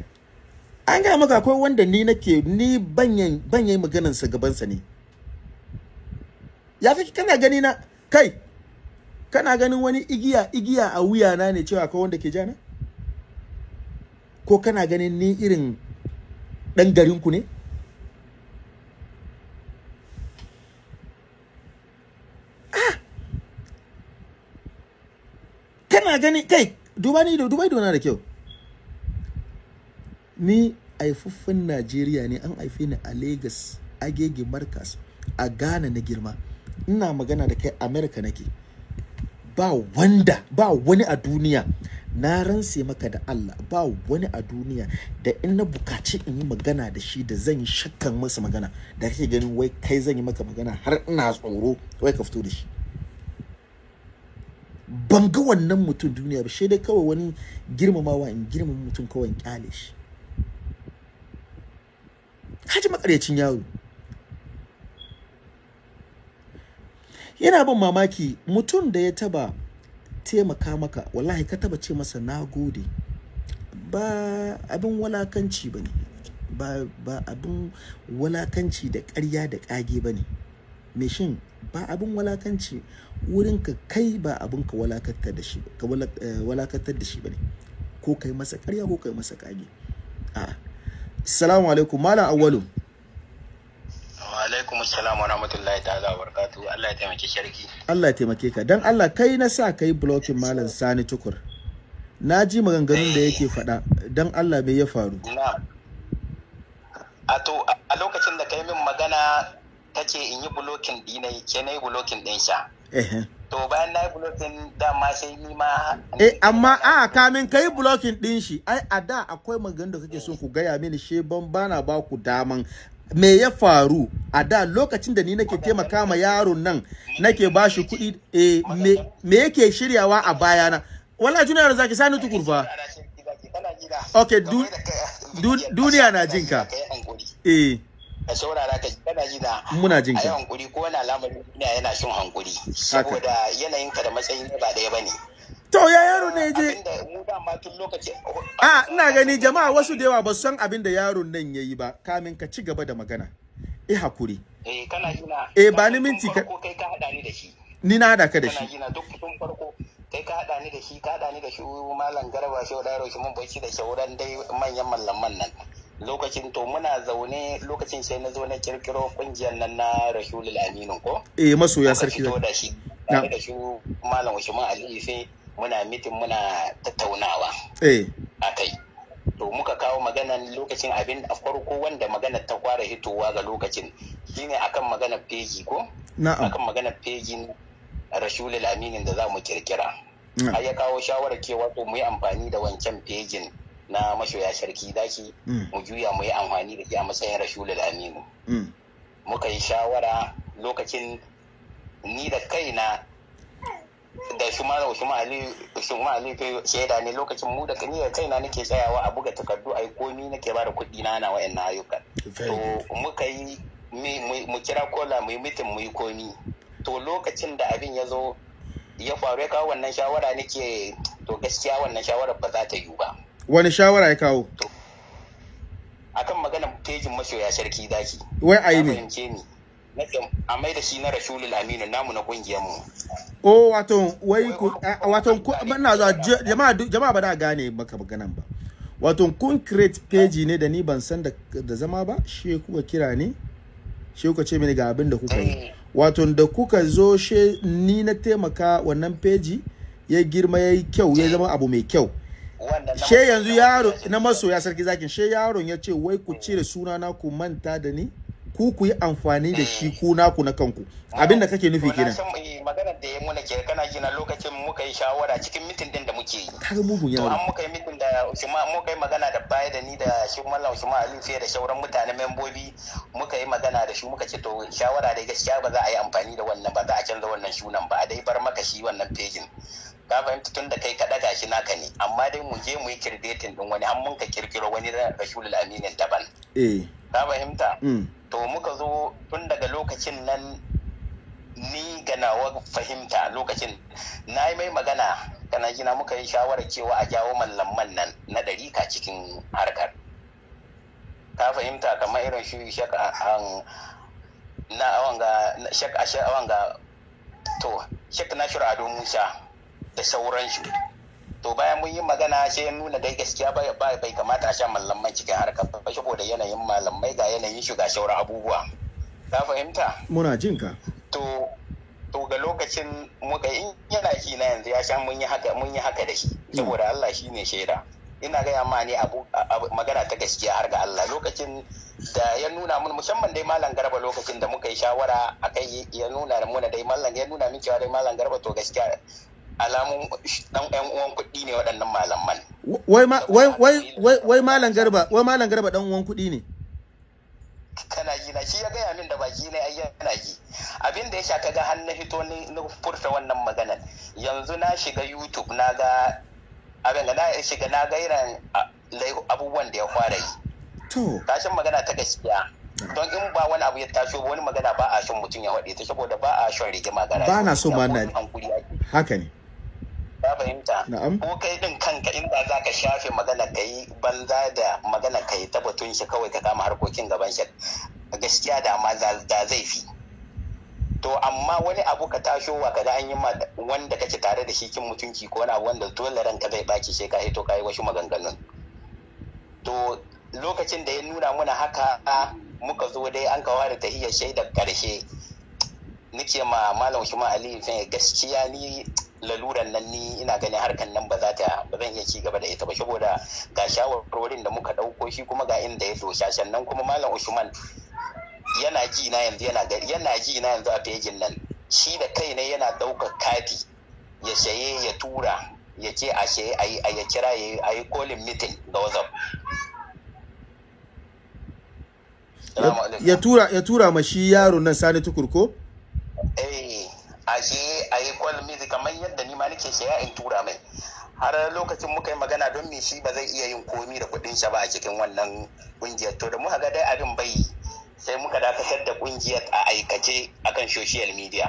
an gaya maka akwai wanda ni nake ni banyan banyan maganan ne ya fi kana gani na kai kana ganin wani igiya igiya a wuya na ne cewa akwai wanda ke jana ko kana ganin ni irin ɗan garinku ne kana gani kai duba ni da dubai dona da kyau ni haifuffin Najeriya ne an haife ni a Lagos agege Markas a Ghana na girma ina magana da kai America nake ba wanda ba wani a duniya na ranse maka da Allah ba wani a duniya da in na bukaci in yi magana da shi da zan yi shakkan masa magana da kake ganin wai kai zan yi maka magana har ina tsoro wai ka fito da shi ban ga wannan mutum duniya ba shi dai kawai wani girmamawa in girmama mutum kawai in kyale shi haji makaryacin yaro yana bin mamaki mutum da ya taba taimaka maka wallahi ka taba ce masa na gode ba abin walakanci ba ne ba, ba abin walakanci da ƙarya da ƙage ba ne shin ba abin walakanci Wurin ka kai ba abin ka walakantar da shi ka eh, walakantar da shi bane ko kai masa ƙarya ko kai masa kage a assalamu alaikum malam awwalu wa alaikum assalam wa rahmatullahi ta'ala wa barakatuhu Allah ya taimake sharki Allah ya taimake ka dan Allah kai na sa kai blocking malam Sani Tukur na ji maganganun da yake faɗa dan Allah me ya faru a to a lokacin da kai min magana ta ce in yi blocking dinai ke na yi blocking din sha to bayan na yi blocking dama sai ni ma eh amma a ah, kamin kai blocking din shi ai a da akwai magan da kake so ku gaya mini she ban bana ba ku daman me ya faru a da lokacin da ni nake taimaka ma yaron nan nake ba shi kuɗi eh me yake shiryawa a bayana wala juna zaki sani tukurfa okay duniya na jinka eh ka saurara ka muna jin ka hankuri da matsayin ba daya to ya yaro ne je a ina gani jama'a wasu da yawa ba san abin da yaron nan yayi ba kamin ka ci gaba da magana eh hakuri eh, eh ba ni minti ka ni na hada ka da shi farko kai ka haɗa ni da shi ka hada ni da shi malam garba shi wadaro shi mun bacci da shauran dai manyan mallaman nan lokacin to muna zaune lokacin sai na zo na kirkiro kungiyar nan na rahul aminu ko eh masoya sarki da shi da shi malam usman ali sai muna mitin muna tattaunawa eh akai to muka kawo maganan lokacin abin a farko wanda magana ta kwara hitowa ga lokacin shine akan magana peji ko na'am akan magana peji rahul aminin da za mu kirkira a ya kawo shawarar cewa to mu yi amfani da wancan pejin na mashoya sarki zaki mm. mu juya mu yi amfani da shi a matsayin rashulul aminu mm. muka yi shawara lokacin ni da kaina da shumara shuma ali shuma ali kai shaida ne lokacin mu da kaina kai na nake tsayawa a buga takardu ai komi nake ba da kuɗi na na wayannan ayyuka to muka yi mu kira kola mu yi mitin mu yi komi to lokacin da abin ya zo ya faru ya kawo wannan shawara nake to gaskiya wannan shawarar ba za ta yiwu ba wani shawara ya kawo akan magana pejin masoya sarki daki wai yi ne a mai da shi na rasulul aminu namu na kungiyar mu o wato wai ku wato na zuwa jama'a jama'a ba da gane maka magana ba wato kun create page ne da ni ban san da zama ba she kuka kira ne shi kuka ce mini ga abin da kuka yi eh. wato da kuka zo shi ni na taimaka wannan page ya girma ya yi kyau ya eh. zama abu mai kyau she yanzu yaro na masoya sarki zakin she yaron ya ce wai ku cire suna na ku manta da ni ku ku yi amfani da shi ku mm. naku na kanku abin da kake nufi kenan maganar da ya muna ke kana gina lokacin muka yi shawara cikin mitin din da muke yi kaga mugun yaro to an muka yi mitin da Usman muka yi magana da baya da ni da shi mallam Usman Ali fiye da shauran mutane membobi muka yi magana da shi muka ce to shawara da gaskiya ba za a yi amfani da wannan ba za a canza wannan sunan ba a dai bar maka shi wannan pejin ka fahimta tun da kai ka ɗaga shi naka ne amma dai mu je mu yi kirdetin din wani an mun ka kirkiro wani rasulul aminin daban eh. ka fahimta mm. to muka zo tun daga lokacin nan ni ga nawa fahimta lokacin na yi mai magana kana gina muka yi shawarar cewa a jawo mallaman nan na ɗarika cikin harkar ka fahimta kamar irin shi shak ah, ah, na awanga shak a ah, shak awanga to shak nashir ado musa da sauransu to bayan mun yi magana sai nuna dai gaskiya bai bai kamata a sha mallamai cikin harkar ba saboda yanayin malamai ga yanayin shi ga sauran abubuwa ka fahimta muna jin ka to to ga lokacin muka in yana shi na yanzu ya sha mun yi haka mun yi haka da shi saboda Allah shine shaida ina ga ma ne abu magana ta gaskiya har ga Allah lokacin da ya nuna mun musamman dai malam garba lokacin da muka yi shawara akai ya nuna mun dai malam ya nuna min cewa dai malam garba to gaskiya alamun dan ɗan uwan kuɗi ne waɗannan malaman wai wai malam garba wai malam garba ɗan uwan kuɗi ne kana ji na shi ya gaya min da baki ne ai yana ji abin da ya sha kaga har na fito ne na furta wannan maganar yanzu na shiga youtube na ga abin da na shiga na ga irin abubuwan da ya fara yi to tashin magana ta gaskiya don in ba wani abu ya taso ba wani magana ba a shan mutum ya waɗe ta saboda ba a shan rigima gara ba na so ma na haka ne ka fahimta ko kai din kanka inda za ka shafe magana ka yi banza da magana ka yi tabbatun shi kawai ka kama harkokin gaban shi gaskiya da ma da zai fi to amma wani abu ka tasho wa kaga an yi ma wanda kake tare da shi kin mutunci ko wani wanda dole ranka zai baki sai ka hito kai wasu maganganun to lokacin da ya nuna muna haka muka zo dai an kawo da tahiyar shaidar karshe nake ma malam Usman Ali gaskiya ni laluran nan ni ina ganin harkan nan ba za ta ba zan iya ci gaba da ita ba saboda ga shawarwarin da muka dauko shi kuma ga inda ya dosa sannan kuma malam usman yana ji na yanzu yana yana ji na yanzu a fejin nan shi da kai ne yana ɗaukar kati ya saye ya tura ya ce a saye a ya kira a yi kolin mitin ga wazaf. ya tura ya tura ma shi yaro nan sani tukurko eh ashe a yi kwal kamar yadda ni ma nake saya in tura mai har lokacin muka yi magana don me shi ba zai iya yin komi da kuɗin shi ba a cikin wannan kungiyar to da muka ga dai abin bai sai muka dakatar da kungiyar a aikace akan social media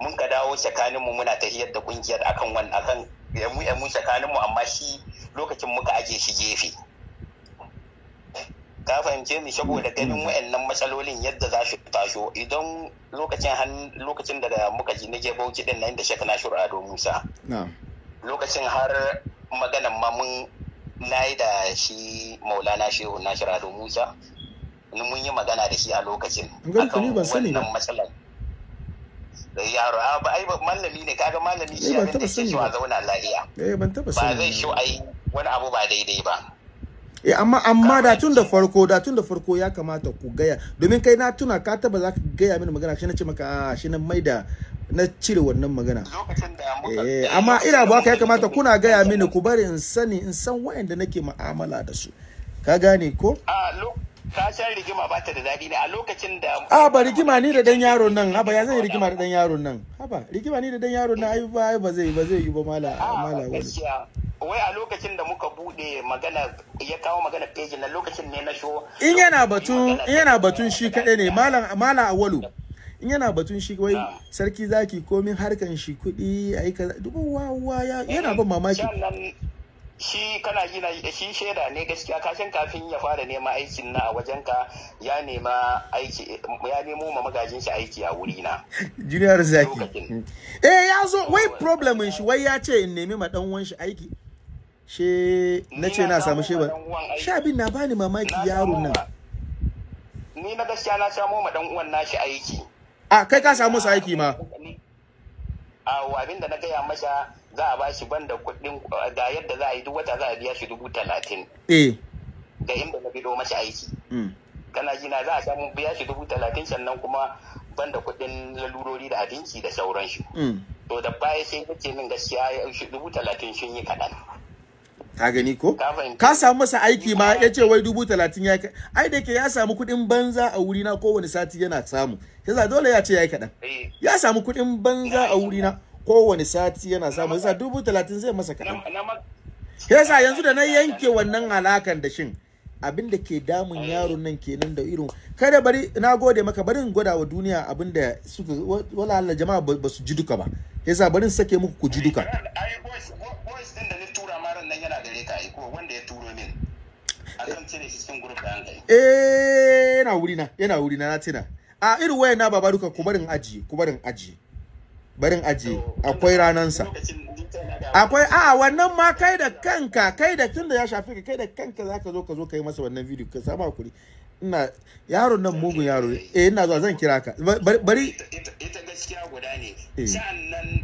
mun ka dawo tsakaninmu muna ta da kungiyar akan wannan akan yamu yamu tsakaninmu amma shi lokacin muka aje shi gefe ka fahimce mi saboda ganin wayannan matsalolin yadda za su taso idan lokacin lokacin da muka ji na gebo din nan da shek nashur ado musa lokacin har maganan ma mun na yi da shi maulana shehu nashir ado musa mun yi magana da shi a lokacin akan wannan matsalar eh, yaro ai mallami ne kaga mallami. Eh, shi abin da ke shi a zauna lahiya eh, ba zai shi ai wani abu ba daidai ba e amma amma da tun da farko da tun da farko ya kamata ku gaya domin kai na tuna ka taba za ka gaya mini magana shi na ce maka a ah, shi na maida na cire wannan magana eh, amma ina ba ka ya kamata kuna gaya mini ku bari in sani in san wayanda nake ma'amala da su ka gane ko a ah, ka san rigima ba ta da daɗi ne a lokacin da a ba rigima ni da dan yaro nan haba ya zai rigima da dan yaro nan haba rigima ni da dan yaro nan ai ba ba zai ba zai yi ba mala ah, mala wani wai a lokacin da muka bude magana ya kawo magana page na lokacin ne na sho in yana batun in yana batun shi kadai ne mala mala awalu in yana batun shi wai sarki zaki komin harkan shi kuɗi aika dubu wa ya yana ban mamaki shi kana gina shi shaida ne gaskiya kashin kafin ya fara nema aikin na a wajen ka ya nema aiki ya nemo ma magajin shi aiki a wuri na junior zaki eh ya zo wai problem shi wai ya ce in nemi ma dan uwan shi aiki she na ce na samu sheba sha bin na bani mamaki yaron nan ni na gaskiya na samo ma dan uwan nashi aiki a kai ka samu su aiki ma a abin da na gaya masa za a ba shi banda kuɗin ga yadda za a yi duk wata za a biya shi dubu talatin. Ga eh. inda na bido mashi aiki. Mm. Kana jina za a samu biya shi dubu talatin sannan kuma banda kuɗin lalurori da abinci da sauran shi. Mm. To da baya sai ya ce min gaskiya dubu talatin sun yi kaɗan. Ka gani ko? Ka samu masa aiki ma ya ce wai dubu talatin ya kai. Ai da ke ya samu kuɗin banza a wurina kowane sati yana samu. Yasa dole ya ce ya yi kaɗan. Eh. Ya samu kuɗin banza a wurina. kowane sati yana samu yasa dubu talatin zai masa kaɗan yasa yanzu da na yanke wannan alakan da shin abin da ke damun eh. yaron nan kenan da irin kada bari na gode maka bari in gwada wa duniya abin da suka wala Allah jama'a ba su ji duka ba yasa bari in sake muku ku ji duka eh, da tura nan yana wanda ya turo min cire cikin eh yana wuri na yana wuri na na tina a irin wayan na baba duka ku barin aji ku barin aji barin aji akwai ranansa akwai a wannan ma kai da kanka kai da tun da ya shafi ka kai da kanka za ka zo ka zo ka yi masa wannan video ka sama hakuri ina yaron nan mugun yaro eh ina zuwa zan kira ka bari ita gaskiya guda ne eh. sannan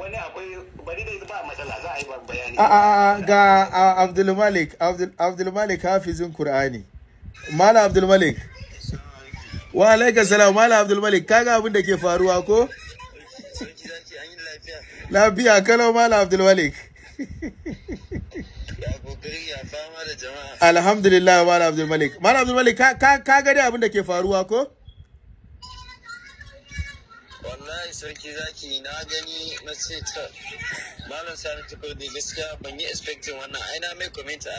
wani akwai bari da ba matsala za a yi bayani a a ga Abdul Malik Abdul Malik hafizin Qur'ani Mala Abdul Malik wa alaikum salam Mala Abdul Malik kaga abin da ke faruwa ko Lafiya kalau Malam Abdulmalik. Alhamdulillah Malam Abdulmalik. Malam Abdulmalik ka ka ka ga abin da ke faruwa ko? Wallahi sarki zaki na gani na ce ta Malam Sani Tukurdi gaskiya ban yi expecting wannan ai na mai comment a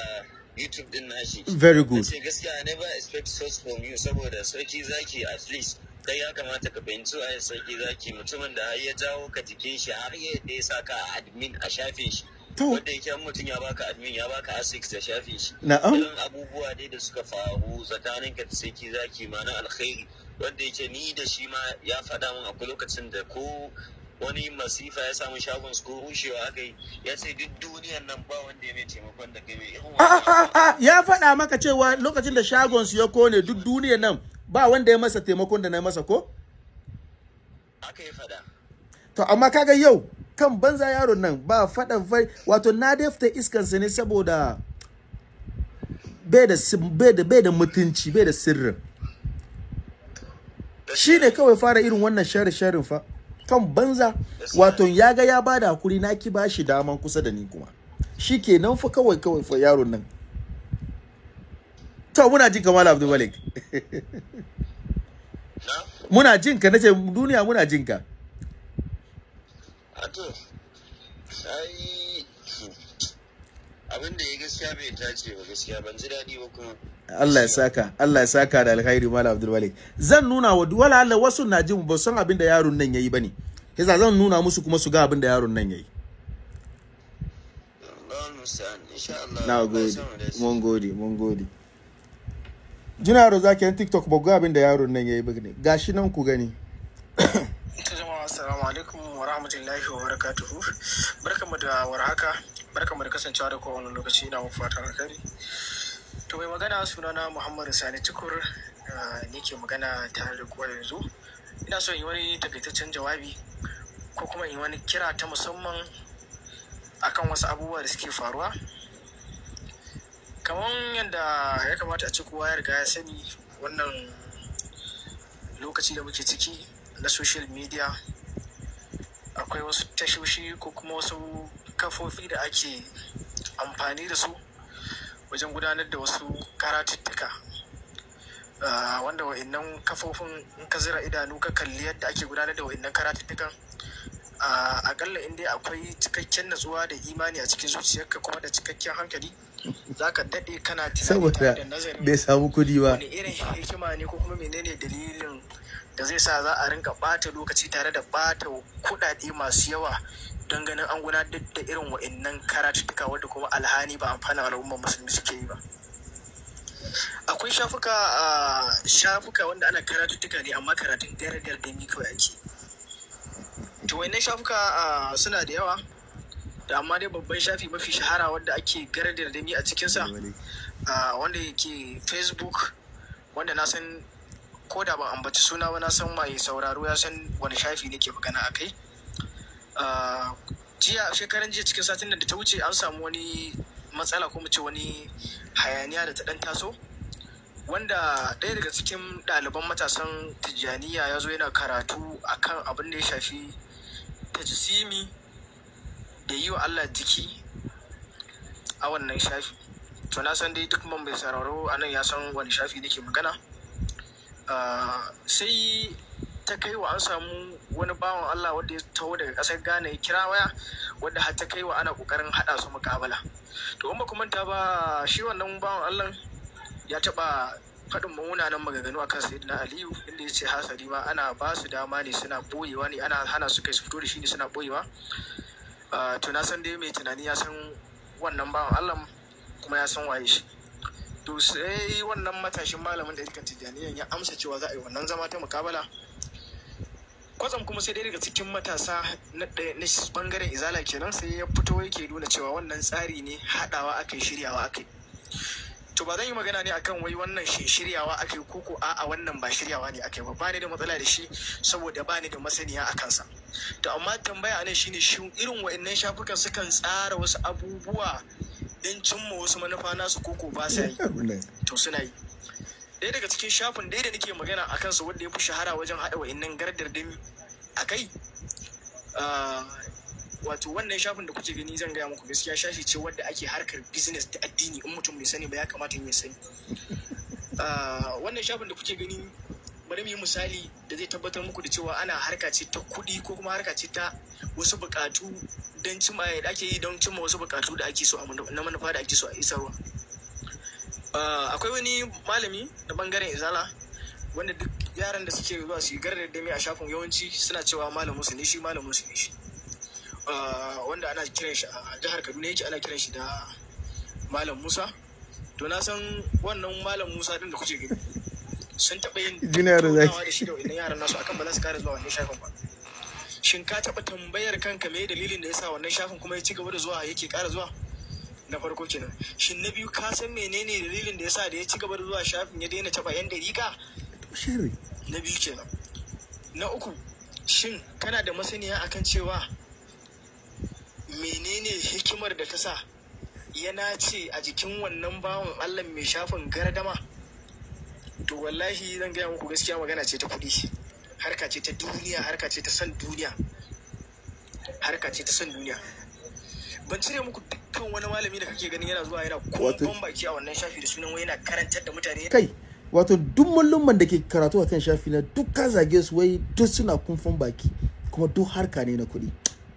YouTube din nashi. Very good. Sai gaskiya I never expect such from you saboda sarki zaki at least Sai ya kamata ka fahimci waye sarki zaki mutumin da har ya jawo ka jikin shi har ya da ya sa ka a admin a shafin shi wanda yake mutum ya baka admin ya baka asics da shafin shi na'am irin abubuwa dai da suka faru tsakanin ka da sarki zaki ma na alkhairi wanda yake ni da shi ma ya faɗa min akwai lokacin da ko wani masifa ya samu shagon su ko rushewa aka yi ya ce duk duniyan nan ba wanda ya mai taimakon da ah, ah, ah, game ya faɗa maka cewa lokacin da shagon su ya kone duk duniyan nan ba wanda ya masa taimakon da na masa ko fada to amma kaga yau kan banza yaron nan ba fada fai wato na dafta fita iskansa ne saboda bai da mutunci bai da sirrin shi ne kawai fara irin wannan share sharin fa kan banza wato ya ga ya bada hakuri na ki bashi daman kusa da ni kuma shi kenan fa kawai kawai fa yaron nan to muna jin kamar abdul malik muna jin ka nace duniya muna jin ka to sai abin da ya gaskiya bai tace ba gaskiya ban ji daɗi ba kuma Allah ya saka Allah ya saka da alkhairi malam abdul malik zan nuna wa wala Allah wasu na jin ba san abin da yaron nan yayi bane yasa zan nuna musu kuma su ga abin da yaron nan yayi insha Allah na gode mun gode mun gode jina yaro za ki tiktok ba ga abin da yaron nan ya yi birni gashi nan ku gani assalamu alaikum wa rahmatullahi wa barakatuhu barkamu da warhaka barkamu da kasancewa da kowane lokaci ina muku fatan alkhairi to mai magana sunana muhammadu sani tukur ah, ne ke magana tare da kowa yanzu ina so yi wani takaitaccen jawabi ko kuma yi wani kira ta musamman akan wasu abubuwa da suke faruwa kamar yadda ya kamata a ci kowa ya riga ya sani wannan lokaci da muke ciki na social media akwai wasu tashoshi ko kuma wasu kafofi da ake amfani da su wajen gudanar da wasu karatuttuka ah, wanda wa'annan kafofin in ka zira idanu ka kalli yadda ake gudanar da wa'annan karatuttukan akalla ah, inda akwai cikakken natsuwa da imani a cikin zuciyarka kuma da cikakken hankali zaka daɗe kana tunani da nazarin bai samu kuɗi ba wani irin hikima ne ko kuma menene dalilin da zai sa za a rinka ɓata lokaci tare da ɓata kuɗaɗe masu yawa don ganin an gudanar da irin wa'annan karatuttuka wadda kuma alhani ba amfana al'ummar musulmi suke yi ba akwai shafuka shafuka wanda ana karatuttuka ne amma karatun dare da ni kawai ake to shafuka suna da yawa da amma dai babban shafi mafi shahara wanda ake gardar da ni a cikinsa wanda yake facebook wanda na san ko da ban ambaci suna ba na san mai sauraro ya san wani shafi ne ke magana a kai jiya shekaran jiya cikin satin da ta wuce an samu wani matsala ko ce wani hayaniya da ta dan taso wanda ɗaya daga cikin ɗaliban matasan tijjaniya ya zo yana karatu akan abin da ya shafi tajisimi da yi wa Allah jiki a wannan shafi to na san dai duk man mai sauraro a nan ya san wani shafi nake magana ah, sai ta kai wa an samu wani bawan Allah wanda ya taho daga kasar Ghana ya kira waya wanda har ta kai wa ana kokarin haɗa su mukabala to amma ba ta ba shi wannan bawan Allah ya taba faɗin munanan maganganu akan sayyidina aliyu inda ya ce hasali ma ana ba su dama ne suna boyewa ne ana hana su kai su fito da shi ne suna boyewa Ah, to na san dai mai tunani ya san wannan bawan Allah kuma ya san waye shi to sai wannan matashin malamin da iskan tijjaniyan ya amsa cewa za a yi wannan zama ta mukabala kwatsam kuma sai dai daga cikin matasa na bangaren izala kenan sai ya fito yake nuna cewa wannan tsari ne haɗawa akai shiryawa akai to ba zan yi magana ne akan wai wannan shi shiryawa akai koko a'a wannan ba shiryawa ne akai ba ba ni da matsala da shi saboda ba ni da masaniya a kansa to amma tambaya ne shine shi irin wa'annan shafukan sukan tsara wasu abubuwa don cimma wasu manufa nasu koko ba sa <laughs> to suna yi ɗaya daga cikin shafin ɗaya da nake magana a kansa wanda ya fi shahara wajen haɗa wa'annan gardar a akai? Ah, wato wannan shafin da kuke gani zan gaya muku gaskiya shashi ce wadda ake harkar business ta addini in mutum bai sani ba ya kamata ya sani <laughs> ah, wannan shafin da kuke gani bari mu yi misali da zai tabbatar muku da cewa ana harka ce ta kuɗi ko kuma harka ce ta wasu buƙatu don cimma da ake yi don cimma wasu buƙatu da ake so na manufa da ake so a isarwa ah, akwai wani malami na bangaren izala wanda duk yaran da suke zuwa su yi gardar da a shafin yawanci suna cewa malamin su ne shi malamin su ne shi Uh, wanda ana kiran shi a jihar kaduna yake ana kiran shi da malam musa to na san wannan malam musa din da kuke gani sun taɓa yin tattaunawa da shi da wannan yaran nasu akan ba za su kare zuwa wannan shafin ba shin ka taɓa tambayar kanka me dalilin da yasa wannan shafin kuma ya ci gaba da zuwa yake ƙara zuwa na farko kenan shin na biyu ka san menene dalilin da yasa da ya ci gaba da zuwa shafin ya daina taɓa yan dariƙa na biyu kenan na uku shin kana da masaniya akan cewa menene hikimar da ta sa ya nace a jikin wannan bawan allah mai shafin gardama to wallahi zan gaya muku gaskiya magana ce ta kuɗi harka ce ta duniya harka ce ta san duniya harka ce ta san duniya ban cire muku dukkan wani malami da kake ganin yana zuwa yana kowon baki a wannan shafi da sunan wani yana karantar da mutane kai wato duk mallumman da ke karatu a kan shafi na duk ka zage su wai duk suna kumfan baki kuma duk harka ne na kuɗi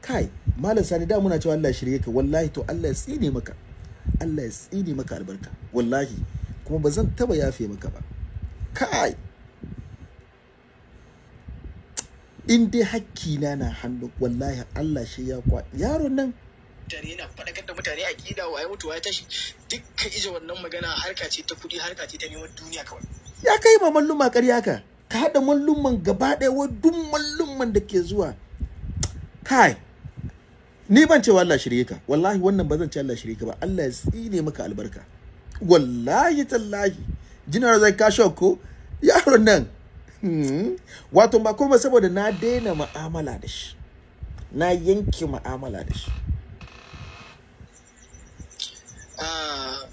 kai malam sani da muna cewa Allah shirye ka wallahi to Allah ya tsine maka Allah ya tsine maka albarka wallahi kuma ba zan taba yafe maka ba kai in dai hakki na na hannu wallahi Allah shi ya kwa yaron nan mutane yana faɗakar da mutane a kida waye mutuwa ya tashi dukkan ije wannan magana harka ce ta kuɗi harka ce ta neman duniya kawai ya kai ma malluma ƙarya ka ka haɗa malluman gaba ɗaya wa duk malluman da ke zuwa kai ni ban cewa Allah shirye ka wallahi wannan ba zan ce Allah shirye ka ba Allah ya tsine maka albarka wallahi tallahi jinar zai kashe ko yaron nan hmm. wato ba kuma saboda na daina mu'amala da shi na yanke mu'amala da shi ah,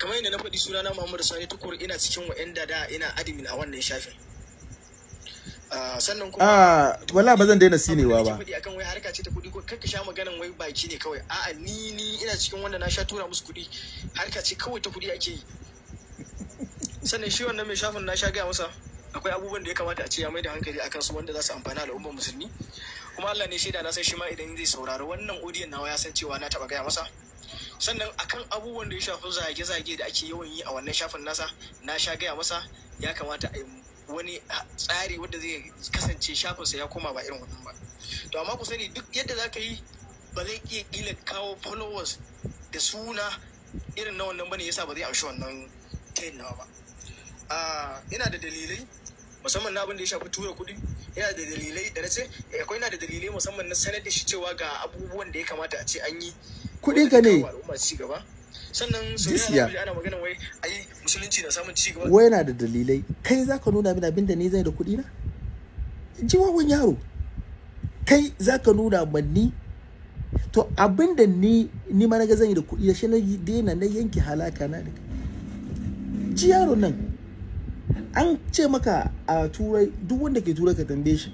kamar yadda na faɗi sunana Muhammadu Sani Tukur ina cikin wa'anda da ina admin a wannan shafin Ah, sannan kuma ah wala ba zan daina sinewa ba kuɗi akan wai harka ce ta kuɗi ko ka sha maganan wai baki ne kawai a'a ni ni ina cikin wanda na sha tura musu kuɗi harka ce kawai ta kuɗi ake yi sannan shi wannan mai shafin na sha gaya masa akwai abubuwan da ya kamata a ce ya mai da hankali akan su wanda za su amfana al'ummar musulmi kuma Allah ne shaida na san shi ma idan zai saurari wannan odiyon nawa ya san cewa na taba gaya masa sannan akan abubuwan da ya shafi zage-zage da ake yawan yi a wannan shafin nasa na sha gaya masa ya kamata a yi wani tsari wanda zai kasance shafinsa ya koma ba irin wannan ba to amma ku sani duk yadda za ka yi ba zai iya kila kawo followers da suna irin na wannan bane yasa ba zai amshi wannan tayin nawa ba ah, ina da dalilai musamman na abin da ya shafi tura kuɗi yana da dalilai da nace eh, akwai na da dalilai musamman na sanar da shi cewa ga abubuwan da ya kamata a ce an yi kuɗin ka ne sannan su ana magana wai musulunci na samun ci gaba wai yana da dalilai kai za ka nuna min abin da ni zai da kuɗi na ji wawan yaro kai za ka nuna min ni to abin da ni ni ma naga zan yi da kuɗi da shi na daina na yanke halaka na daga ji yaro nan an ce maka a turai duk wanda ke turai ka tambaye shi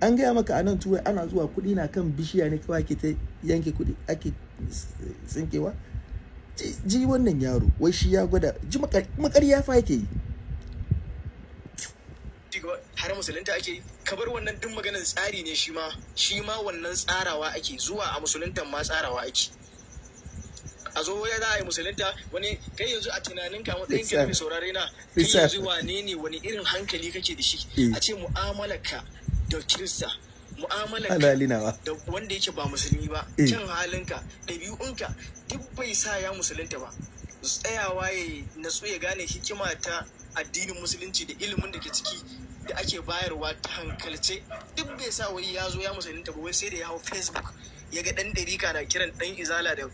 an gaya maka a nan turai ana zuwa kuɗi na kan bishiya ne kawai ake ta yanke kuɗi ake tsinkewa ji wannan yaro wai shi ya gwada ji ya fa yake yi har musulunta ake kabar wannan duk maganar tsari ne shi ma shi ma wannan tsarawa ake zuwa a musuluntan ma tsarawa ake a zo ya za a yi musulunta wani kai yanzu a tunanin ka matsayin ka mai saurare na kai yanzu wane ne wani irin hankali kake da shi eh. a ce mu'amalarka da kirista mu'amalar da wanda yake ba musulmi ba eh. cin halinka ɗabi'unka duk bai sa ya musulunta ba tsayawa ya natsu ya gane hikima ta addinin musulunci da ilimin da ke ciki da ake bayarwa ta hankalce duk bai sa wai ya zo ya musulunta ba wai sai da ya hau facebook ya ga dan ɗarika na kiran ɗan izala da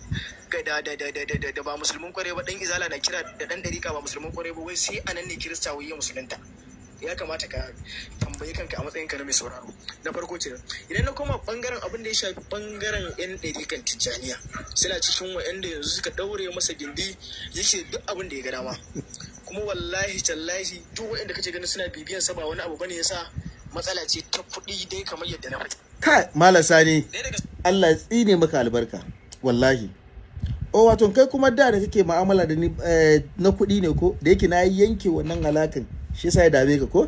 da ba musulmin kwarai ba ɗan izala na kira da ɗan ɗarika ba musulmin kwarai ba wai sai anan ne kirista wai ya musulunta ya kamata ka tambayi kanka a matsayinka na mai sauraro na farko ce idan na koma bangaren abin da ya shafi bangaren yan ɗarikan tijjaniya suna cikin wa'anda yanzu suka ɗaure masa gindi yake duk abin da ya ga dama kuma wallahi tallahi duk wa'anda kace ganin suna bibiyan sa ba wani abu bane yasa matsala ce ta kuɗi dai kamar yadda na faɗi kai Malasa sani Allah tsine maka albarka wallahi o oh, wato kai kuma da da kake ma'amala da ni eh, na kuɗi ne ko da yake na yanke wannan alakan shi yasa ya dame ka ko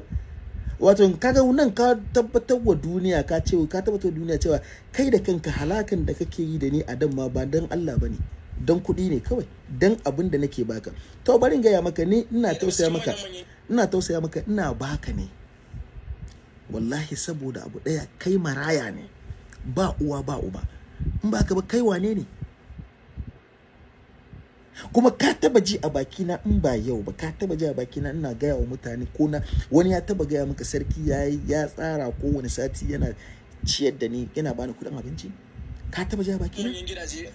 wato kaga nan ka tabbatar wa duniya ka ce ka tabbatar duniya cewa kai da kanka halakan da kake yi da ni a dan ma ba dan Allah bane dan kuɗi ne kawai dan abin da nake baka to bari in gaya maka ni ina tausaya maka ina tausaya maka ina baka ne wallahi saboda abu ɗaya kai maraya ne ba uwa ba uba in baka ba kai wane ne kuma ka taba ji a baki na in ba yau ba ka taba ji a baki na ina gaya wa mutane ko na wani ya taba gaya maka sarki ya ya tsara ko Wani sati yana ciyar da ni yana bani kuɗin abinci ka taba ji a baki na?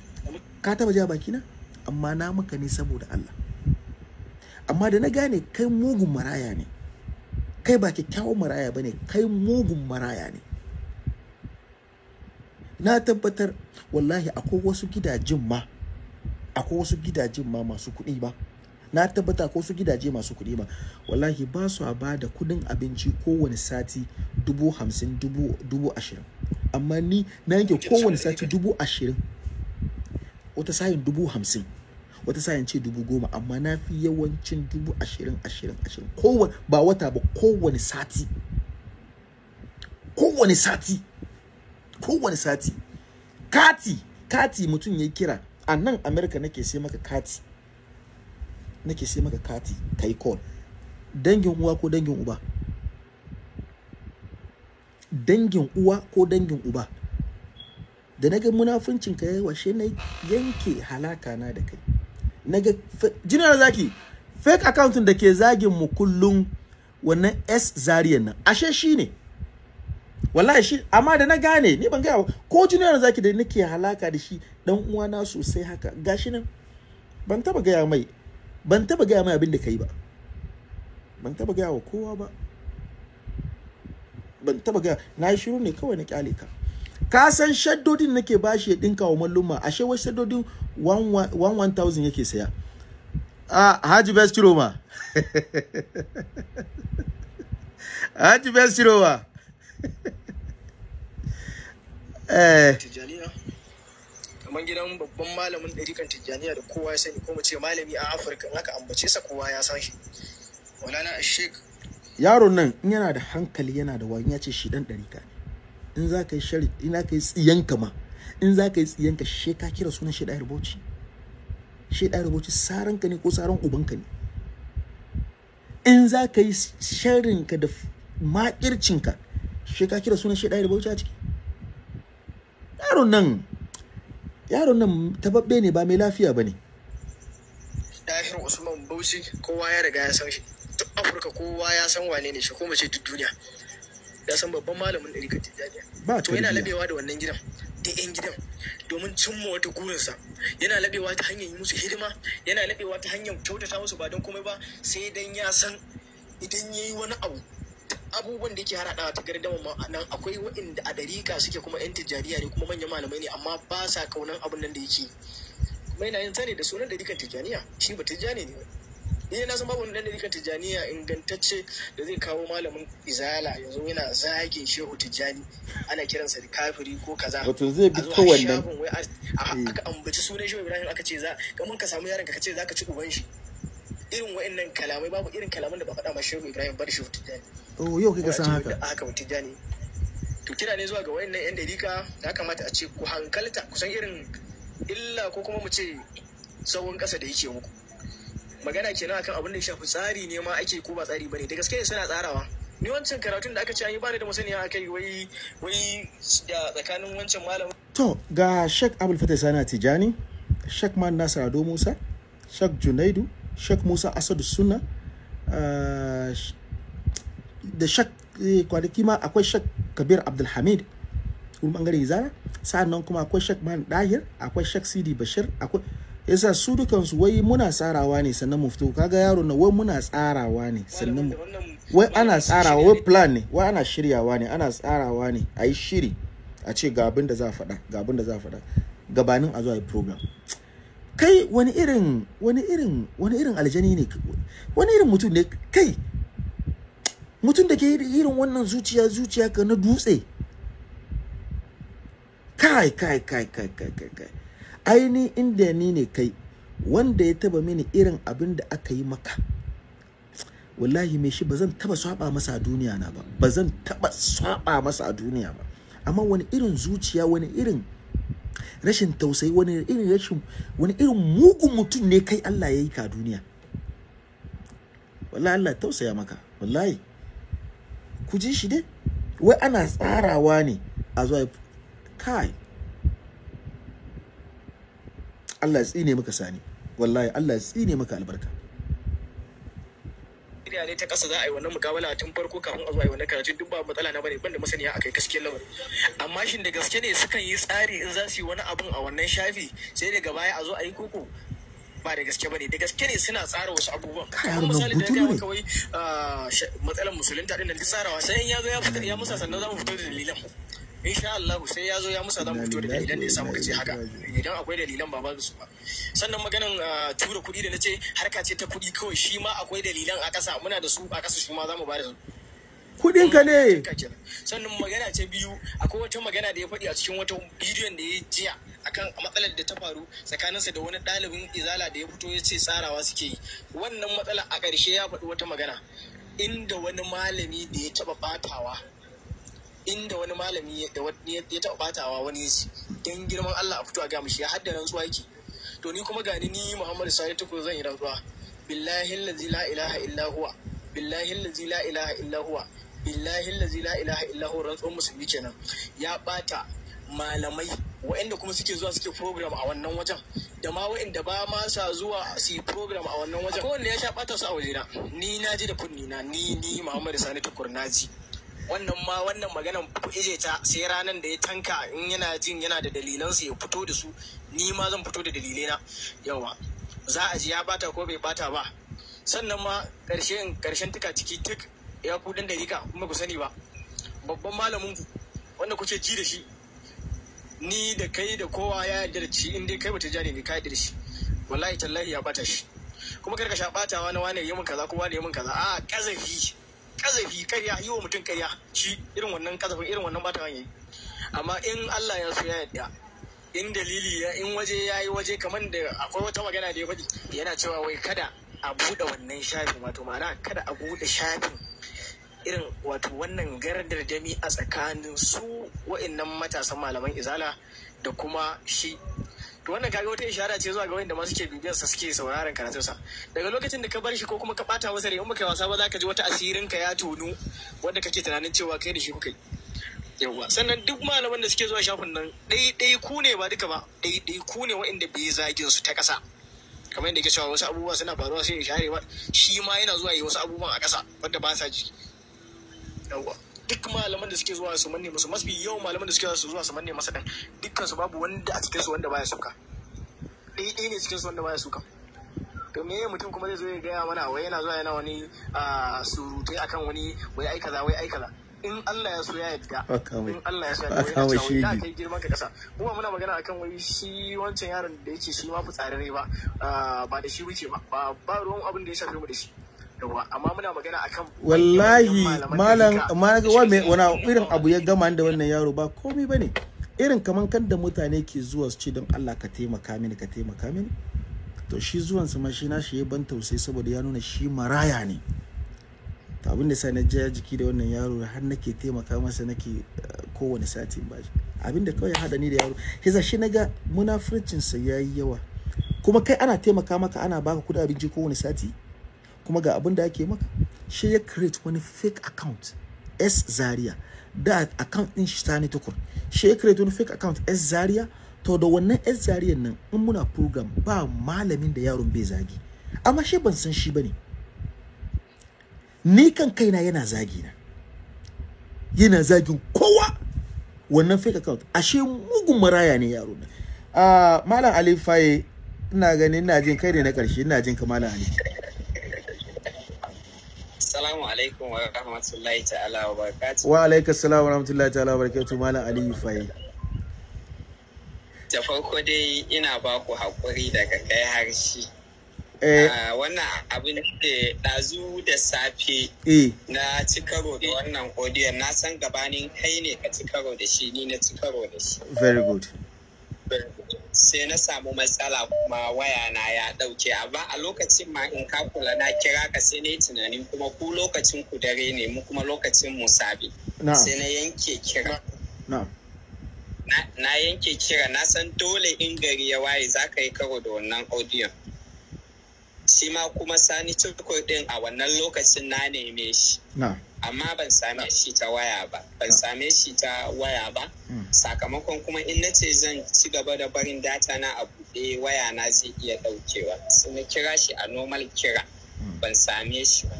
ka taba ji a baki na? amma na maka ne saboda Allah amma da na gane kai mugun maraya ne kai ba kyakkyawan maraya bane kai mugun maraya ne na tabbatar wallahi akwai wasu gidajen ma akwai wasu gidajen ma masu kuɗi ba na tabbata ko su gidaje masu kuɗi ba wallahi ba su a ba da kuɗin abinci kowane sati dubu hamsin dubu ashirin amma ni na yanke kowane sati dubu ashirin wata sayin dubu hamsin wata sayin ce dubu goma amma na fi yawancin dubu ashirin ashirin ashirin kowane ba wata ba kowane sati kowane sati kowane sati kati kati mutum ya kira a nan america nake sai maka kati nake sai maka kati kai call dangin uwa ko dangin uba dangin uwa ko dangin uba da naga munafuncin ka yawa shi na yanke halaka na da kai naga jinar zaki fake account da ke zagin mu kullum wannan S zariyan nan ashe shine ne wallahi shi amma da na gane ni ban gaya ko junior zaki da nake halaka da shi dan uwana sosai haka gashi nan ban taba gaya mai ban taba gaya mai abin da kai ba ban taba gaya wa kowa ba ban taba gaya na yi shiru ne kawai na kyale ka ka san shaddodin nake bashi ya dinka wa malluma ashe wai shaddodin 11000 yake saya ah Haji Best Roma <laughs> Haji Best Roma eh tijaniya kaman gidan babban malamin ɗarikan tijaniya da kowa ya sani ko mu ce malami a Afirka in aka ambace sa kowa ya san shi. Walana Sheikh. Yaron nan in yana da hankali yana da wani ya ce shi dan ɗarika ne. In za ka yi shari in za ka yi tsiyanka ma in za ka yi tsiyanka she ka kira sunan shi ɗaya rubuci. Shi ɗaya rubuci saranka ne ko saran ubanka ne. In za ka yi sharinka da makircinka shi ka kira sunan shi ɗaya da bauchi a ciki yaron nan yaron nan tababbe ne ba mai lafiya ba ne dahir usman bauchi kowa ya riga ya san shi duk afirka kowa ya san wane ne shi ko mace duk duniya ya san babban malamin ɗarikar tijjaniya to yana labewa da wannan gidan da yan gidan domin cimma wata gurinsa yana labewa ta hanyar yi musu hidima yana labewa ta hanyar kyautata musu ba don komai ba sai dan ya san idan ya yi wani abu abubuwan da yake haradawa ta dama nan akwai waɗanda a dariƙa suke kuma yan tijjaniya ne kuma manyan malamai ne amma ba sa kaunan abun nan da yake kuma yana yin sani da sunan dariƙan tijjaniya shi ba tijjani ne ni na san babu wani dariƙan tijjaniya ingantacce da zai kawo malamin izala yanzu yana zagin shehu tijjani ana kiransa da kafiri ko kaza wato zai bi ko wannan eh. aka ambaci sunan shehu ibrahim aka ce za ka mun ka samu yaron ka ce za ka ci uban shi irin wa'annan kalamai babu irin kalaman da ba faɗa ma shehu ibrahim bar shehu tijjani oh yau kika san haka haka mutijani to kira ne zuwa ga wayannan yan dariƙa ya kamata a ce ku hankalta irin illa ko kuma mu ce tsawon da yake muku magana kenan akan abin da shafi tsari ne ma ake ko ba tsari bane da gaske suna tsarawa ni wancan karatun da aka ce yi bani da masaniya akai wai wai tsakanin wancan malamin to ga shak abul Fatah Sana Tijani shak Man Nasir Ado Musa Sheikh Junaidu Sheikh Musa Asadu Sunna uh, da shak eh, kwanaki ma akwai shak kabir abdulhamid wani bangare zara sa'an nan kuma akwai shak man dahir akwai shak sidi bashir akwai yasa su dukansu wai muna tsarawa ne sannan mu fito kaga yaro na wai muna tsarawa ne sannan mu wai ana tsarawa wai plan ne wai ana shiryawa ne ana tsarawa ne a yi shiri a ce ga abin da za a faɗa ga abin da za a faɗa gabanin a zuwa yi program kai wani irin wani irin wani irin aljani ne wani irin mutum ne kai mutum da ke yi irin wannan zuciya zuciya ka na dutse kai kai kai kai kai kai kai aini inda ni ne kai wanda ya taba mini irin abin da aka yi maka wallahi me shi ba zan taba saba masa a duniya na ba ba zan taba saba masa a duniya ba amma wani irin zuciya wani irin rashin tausayi wani irin rashin wani irin mugun mutum ne kai Allah ya yi ka duniya wallahi Allah tausaya maka wallahi ku ji shi dai wai ana tsarawa ne a zuwa kai Allah ya tsine maka sani wallahi Allah ya tsine maka albarka ne ta kasa za a yi wannan mukabala tun farko kafin a zo a yi wannan karatu duk ba matsala na bane banda masaniya akai gaskiyar lamarin amma shin da gaske ne sukan yi tsari in za su yi wani abun a wannan shafi sai daga baya a zo a yi koko ba da gaske bane da gaske ne suna tsara wasu abubuwan kuma misali da ga kawai matsalar musulunta din da tsarawa sai ya zo ya fita ya musa sannan za mu fito da dalilan insha Allah sai ya zo ya musa za mu fito da dalilan da ya samu kace haka idan akwai dalilan ba ba su ba sannan maganin ah, tura kuɗi da nace harka ce ta kuɗi kawai shi ma akwai dalilan a ƙasa muna da su a ƙasa shi ma za mu ba da kudin ka ne sannan magana ce biyu akwai wata magana da ya faɗi a cikin wata bidiyon da ya jiya akan matsalar da ta faru tsakaninsa da wani ɗalibin izala da ya fito ya ce tsarawa suke yi wannan matsala a ƙarshe ya faɗi wata magana inda wani malami da ya taɓa batawa inda wani malami da ya taɓa batawa wani don girman Allah a fito a gamishi ya haddana rantsuwa yake to ni kuma gani ni Muhammadu Sani Tukur zan yi rantsuwa billahi allazi la ilaha illa huwa billahi allazi la ilaha illa huwa billahi allazi la ilaha illa huwa rantsuwar musulmi kenan ya bata malamai waɗanda kuma suke zuwa suke program a wannan wajen da ma waɗanda ba ma sa zuwa su yi program a wannan wajen kowanne ya sha ɓata su a wajena ni na ji da kunni na ni ni Muhammadu Sani Tukur na ji wannan ma wannan maganan ije ta sai ranar da ya tanka in yana jin yana da dalilansa ya fito da su ni ma zan fito da dalilena yawa za a ji ya bata ko bai bata ba sannan ma ƙarshen ƙarshen tuka ciki tuk ya kudin da rika kuma ku sani ba babban malamin ku wanda kuke ji da shi ni da kai da kowa ya yarda da shi in dai kai bata jari ne kai yarda da shi wallahi tallahi ya bata shi kuma kar ka sha bata wani wani yi min kaza ko wani yi min kaza a kazafi kazafi karya yi wa mutum karya shi irin wannan kazafin irin wannan bata wani amma in Allah ya so ya yarda in dalili ya in waje ya yi waje kamar da akwai wata magana da ya faɗi yana cewa wai kada a buɗe wannan shafin wato ma'ana kada a buɗe shafin irin wato wannan gardar dami a tsakanin su wa'annan matasan malaman izala da kuma shi to wannan kaga wata ishara ce zuwa ga wanda masu ke bibiyar sa suke sauraron karatun sa daga lokacin da ka bar shi ko kuma ka bata masa rai in baka wasa ba za ka ji wata asirin ka ya tonu wanda kake tunanin cewa kai da shi kuka yi sannan duk malaman da suke zuwa shafin nan dai ku ne ba duka ba dai ku ne waɗanda bai zagin su ta kasa kamar yadda ke cewa wasu abubuwa suna faruwa sai ya share ba shi ma yana zuwa yi wasu abubuwan a kasa wanda ba sa ji yawa duk malaman da suke zuwa su manne musu mafi yawan malaman da suke zuwa su manne masa din dukkan su babu wanda a cikin su wanda baya suka dai dai ne cikin su wanda baya suka to me yayin mutum kuma zai zo ya gaya mana wai yana zuwa yana wani surutai akan wani wai ai kaza wai ai kaza in Allah ya so ya yadda in Allah ya so ya yadda wai shi kai girman ka kasa kuma muna magana akan wai shi wancan yaron da yake shi ma fitsarare ba ba da shi wuce ba ba ruwan abin da ya shafe mu da shi wallahi malam wani irin abu ya gama da wannan yaro ba komai bane irin kaman kan da mutane ke zuwa su ce don Allah ka taimaka mini ka taimaka mini to shi zuwan sa shi na shi ban tausayi saboda ya nuna shi maraya ne to abin da sa na ja jiki da wannan yaro har nake taimaka masa nake eh, kowane sati ba shi abin da kawai hada ni da yaro hiza shi ga munafircin sa yayi yawa kuma kai ana taimaka maka ana baka kudi abinci kowane sati kuma ga abin da ake maka shi ya create wani fake account S Zaria da account din shi tani tukur shi ya create wani fake account S Zaria to da wannan S Zaria nan in muna program ba malamin da yaron bai zagi amma shi ban san shi bane ni kan kaina yana zagi na yana zagin kowa wannan fake account ashe mugun maraya ne yaro na uh, ah, malam Ali Faye ina ganin ina jin kai ne na karshe ina jin ka malam Ali Assalamu alaikum wa rahmatullahi ta'ala wa barakatuh. Wa alaikum assalam wa rahmatullahi ta'ala wa barakatuh Malam Aliyu Faye. Da farko dai ina ba ku haƙuri daga kai harshe. Eh. Ah, wannan abin da ɗazu da safe eh. na cikaro da wannan godiyon na san gabanin kai ne ka cikaro da shi ni na cikaro da shi. Very good. Very good. sai na samu matsala kuma waya na ya ɗauke amma a lokacin ma in ka kula na kira ka sai na yi tunanin kuma ku lokacin ku dare ne mu kuma lokacin mu sabi sai na yanke kira na yanke kira na san dole in gari ya waye za ka yi karo da wannan audiyon shi ma kuma sani cikin din a wannan lokacin na neme shi amma ban same shi ta waya ba ban same shi ta waya ba sakamakon kuma in na ce zan ci gaba da barin data na a buɗe waya na zai iya ɗaukewa Sun kira shi a normal kira hmm. ban same shi ba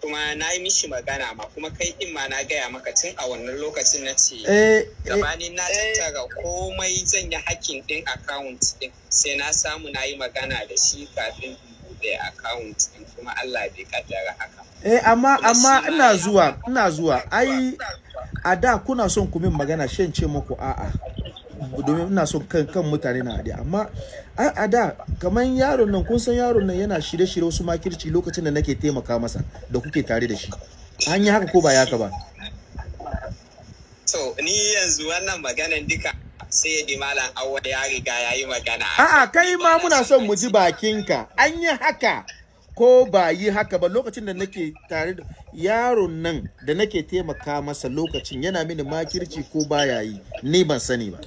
kuma na yi mishi magana ma kuma kai in ma na gaya maka tun a wannan lokacin na ce eh, eh. gabanin na tattara komai zan yi hakin din akawunt din sai na samu na yi magana da shi kafin buɗe akawunt din kuma Allah bai kaddara haka eh amma amma ina zuwa ina zuwa ai a da kuna son ku min magana shin ce muku a'a domin ina son kan kan mutane na da amma a a da kamar yaron nan kun san yaron nan yana shirye-shirye wasu makirci lokacin da nake taimaka masa da kuke tare da shi an yi haka ko ba ya ka ba to ni yanzu wannan maganan duka sai ya di malam ya riga ya yi magana a'a kai ma muna son mu ji bakinka an yi haka ko ba yi haka ba lokacin da nake tare da yaron nan da nake taimaka masa lokacin yana mini makirci ko ba yi ni ban sani ba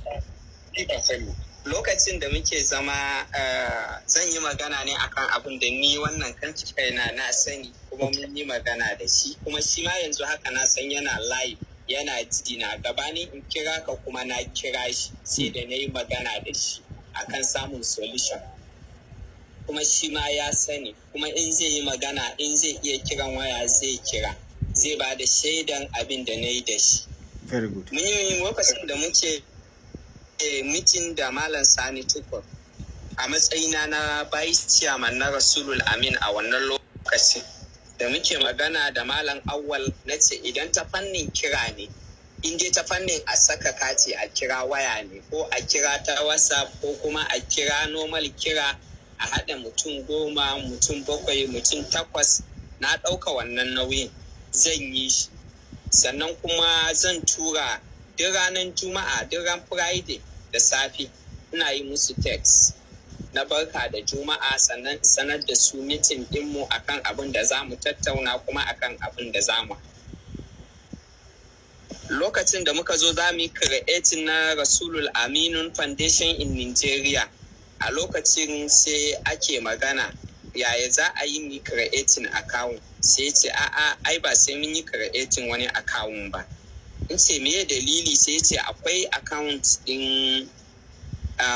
ni ban sani lokacin da muke zama eh, zan yi magana ne akan abin da ni wannan kanci kaina na sani kuma mun yi magana da shi kuma shi ma yanzu haka na san yana live yana jina gabanin in kira ka kuma na kira shi sai da na yi magana da shi akan samun solution kuma shi ma ya sani kuma in zai yi magana in zai iya kiran waya zai kira zai ba da shaidan abin da na yi da shi mun yi lokacin da muke Eh, mitin da malam sani tukur a matsayina na vice chairman na rasulul amin a wannan lokacin da muke magana da malam awwal na ce idan ta fannin kira ne in dai ta fannin a saka kati a kira waya ne ko a kira ta whatsapp ko kuma a kira normal kira a haɗa mutum goma mutum bakwai mutum takwas na ɗauka wannan nauyin zan yi shi sannan kuma zan tura duk ranar juma'a duk ran friday da safe ina yi musu text na barka da juma'a sannan sanar da su mitin dinmu akan abin da za mu tattauna kuma akan abin da za mu lokacin da muka zo za mu yi na rasulul aminun foundation in nigeria a lokacin sai ake magana yaya za a yi ni creating account sai ce a'a ai ba sai mun yi creating wani account ba in ce meye dalili sai ce akwai account din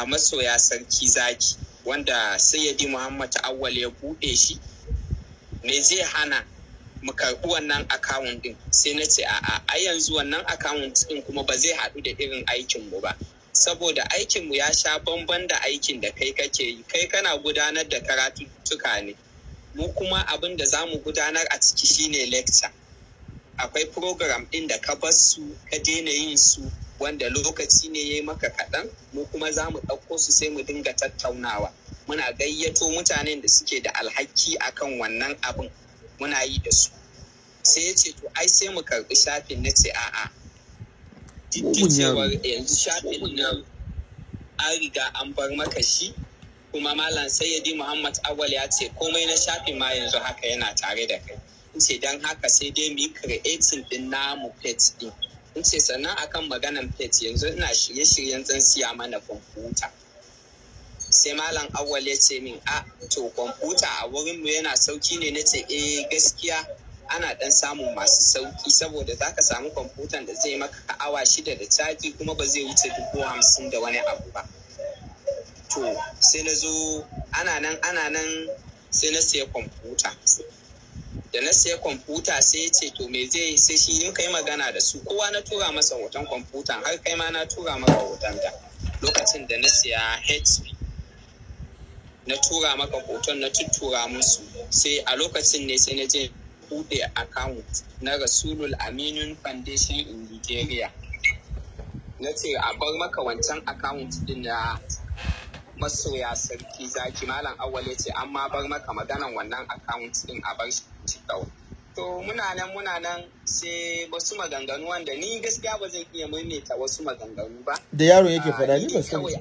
masoya sarki zaki wanda sayyadi muhammad awwal ya bude shi me zai hana mu karɓi wannan account din sai na ce a'a a yanzu wannan account din kuma ba zai haɗu da irin aikin mu ba saboda aikin mu ya sha bamban da aikin da kai kake yi kai kana gudanar da karatuttuka ne mu kuma abin da za gudanar a ciki shine lecture akwai program ɗin da ka bar su ka daina yin su wanda lokaci ne ya yi maka kaɗan mu kuma za mu ɗauko su sai mu dinga tattaunawa muna gayyato mutanen da suke da alhaki akan wannan abin muna yi da su sai ya ce to ai sai mu karɓi shafin na ce a'a yanzu shafin nan an riga an bar maka shi kuma malam sayyadi muhammad awal ya ce komai na shafin ma yanzu haka yana tare da kai ce don haka sai dai mu yi creating din namu pet din in ce sannan akan maganan pet yanzu ina shirye-shiryen zan siya mana kwamfuta sai malam awal ya ce min a ah, to kwamfuta a wurin mu yana sauki ne na ce, e gaskiya ana dan samun masu sauki saboda zaka samu kwamfutan da zai maka awa shida da caji kuma ba zai wuce dubu hamsin da wani abu ba to sai na zo ana nan ana nan sai na siya kwamfuta da na saya kwamfuta sai ya ce to me zai sai shi yi kai magana da su kowa na tura masa hoton kwamfuta har kai ma na tura maka hoton ta lokacin da na siya HP na tura maka hoton na tuttura musu sai a lokacin ne sai na je buɗe account na Rasulul Aminun Foundation in Nigeria na ce a bar maka wancan account din na masoya sarki zaki malam awwal ya ce amma bar maka maganan wannan account din a bar shi to muna nan muna nan sai wasu maganganu wanda ni gaskiya ba zan iya maimaita wasu maganganu ba da yaro yake ah, faɗa ni ba kawai.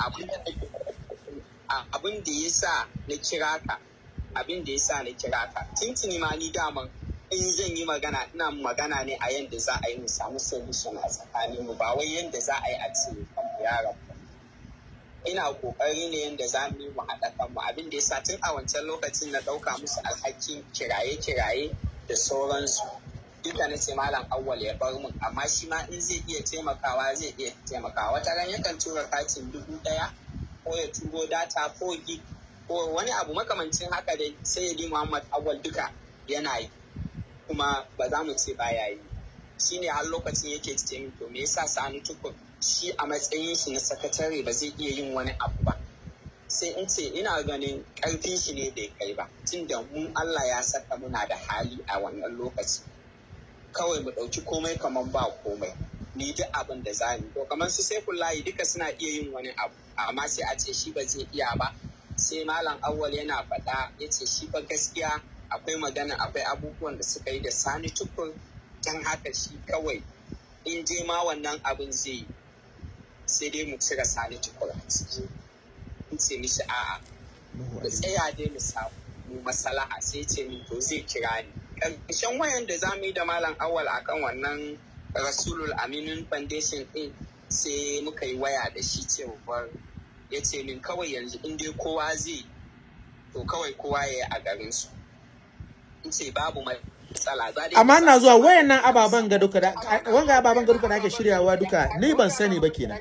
abin da ya sa na kira ka abin da ya sa na kira ka tintini ma ni daman in zan yi magana ina magana ne a yadda za a yi mu samu solution a tsakanin mu ba wai yadda za a yi a cikin yaron ina kokari ne yadda za mu yi mu haɗa kanmu abin da yasa tun a wancan lokacin na ɗauka musu alhakin kiraye-kiraye da sauransu duka na ce malam awwal ya bar mun amma shi ma in zai iya taimakawa zai iya taimakawa wata ran yakan tura katin dubu ɗaya ko ya turo data ko gig ko wani abu makamancin haka dai sai ya muhammad awwal duka yana yi kuma ba za mu ce ba ya yi ne har lokacin yake taimako me yasa sani tukur shi a matsayin shi na sakatare ba zai iya yin wani abu ba sai in ce ina ganin ƙarfin shi ne bai kai ba tunda mu Allah ya saka muna da hali a wannan lokaci kawai mu ɗauki komai kamar ba komai ni duk abin da za ni to kamar su sai layi duka suna iya yin wani abu amma sai a ce shi ba zai iya ba sai malam awwal yana faɗa ya ce shi ba gaskiya akwai magana akwai abubuwan da suka yi da sani tukun don haka shi kawai in je ma wannan abin zai yi sai dai mu cire sani tukura a ciki in ce mishi a da tsaya dai mu samu mu masalaha sai ce ni to zai kira ni ƙarshen wayan da za mu yi da malam awal akan wannan rasulul aminin foundation din sai muka yi waya da shi cewa ya ce min kawai yanzu in dai kowa zai to kawai kowa ya yi a garinsu in ce babu mai amma na zuwa nan ababen ga duka wanga ababen ga duka da ake shiryawa duka ni ban sani ba kenan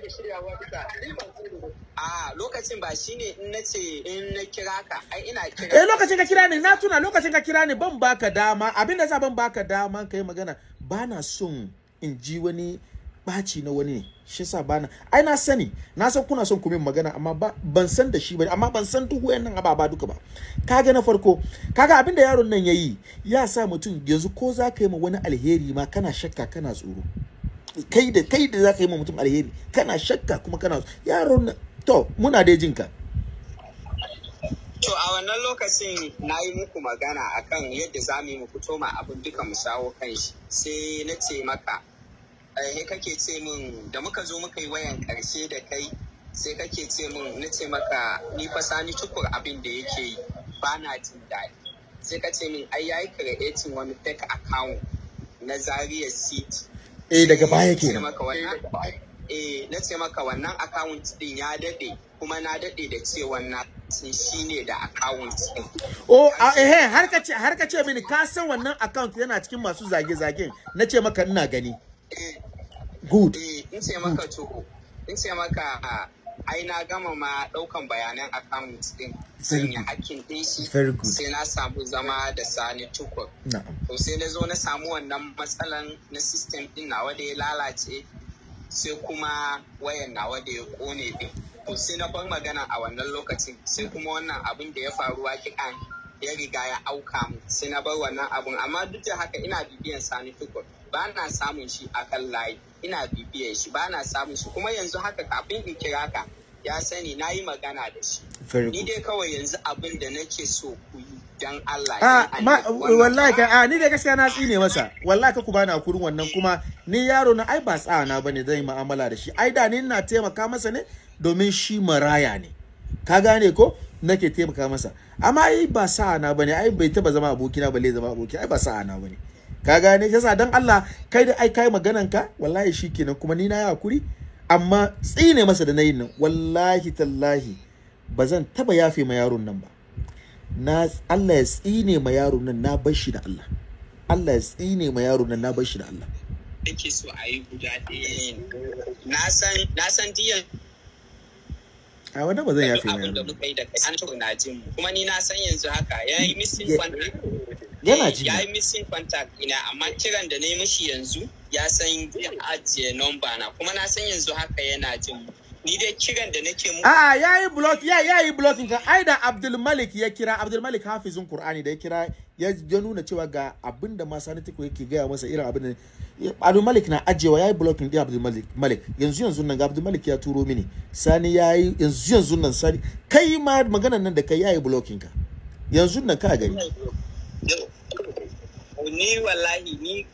a lokacin ba shine in nace in na kira ka ai ina kira eh lokacin ka kira ni na tuna lokacin ka kira ni ban baka dama abin da za ban baka dama kai magana bana son in ji wani baci na wani ne shi sa bana ai na sani na san kuna son ku min magana amma ban san da shi ba amma ban san duk wayannan ababa duka ba kaga na farko kaga abin da yaron nan yayi ya sa mutum yanzu ko za ka yi ma wani alheri ma kana shakka kana tsoro kai da kai da za ka yi ma mutum alheri kana shakka kuma kana yaron na to muna dai ka. To a wannan lokacin na yi muku magana akan yadda za mu fito ma abin duka mu shawo kan shi sai na ce maka Eh, he kake ce min da muka zo muka yi wayan karshe da kai sai kake ce min na ce maka ni fa sani tukur abin da yake yi ba na jin daɗi sai ka ce min ai yayi creating wani fake account na Zaria seed. eh daga baya ke eh na ce maka wannan account din ya dade kuma na dade da cewa na sun shine da account din oh ah, eh, eh har ka ce har ka ce mini ka san wannan account yana cikin masu zage-zagen na ce maka ina gani eh, good eh, in sai maka to in sai maka ai na gama ma daukan bayanan account din hakkin yi very shi sai na samu zama da sani tukur to sai na zo na samu wannan matsalan na system din nawa da ya lalace sai kuma wayan nawa da ya kone din to sai na bar magana a wannan lokacin sai kuma wannan abin da ya faru waƙiƙan ya riga ya auka mu sai na bar wannan abun amma duk da haka ina bibiyan sani tukur ba na samun shi a kan layi ina bibiyar shi ba na samun shi kuma yanzu haka kafin in kira ka ya sani na yi magana da shi ni dai kawai yanzu abin da nake so ku yi dan Allah ah, a wallahi kan a ah, ni dai gaskiya na tsine masa wallahi ka ku bani akurin wannan kuma ni yaro na ai ba tsawa na bane zan yi mu'amala da shi ai da ni ina taimaka masa ne domin shi maraya ne ka gane ko nake taimaka masa amma ai ba sa'a na bane ai bai taba zama abokina balle zama aboki ai ba sa'a na bane ka gane yasa dan Allah kai da ai kai maganan ka wallahi shikenan kuma ni na yi hakuri amma tsine masa da nayin nan wallahi tallahi ba zan taba yafe ma yaron nan ba na Allah ya tsine ma yaron nan na bar shi da Allah Allah ya tsine ma yaron nan na bar shi da Allah kake so a yi guda ɗaya na san na san diyan a wanda ba zan yafe ma yaron da muka da kai an jin kuma ni na san yanzu haka yayi missing one yana eh, ji ya yi missing contact ina amma kiran da na yi mishi yanzu ya san zai ajiye nomba na kuma na san yanzu haka yana jin ni dai kiran da nake mu a'a yayi block ya yayi blocking ka aida Abdul Malik ya kira Abdul Malik hafizun Qur'ani da ya kira ya ya nuna cewa ga abinda ma Masani Tiko yake gaya masa irin abin da Abdul Malik na ajewa yayi blocking din Abdul Malik Malik yanzu yanzu nan ga Abdul Malik ya turo mini Sani yayi yanzu yanzu nan Sani kai ma maganan nan da kai yayi blocking ka yanzu nan ka gani ni wallahi ni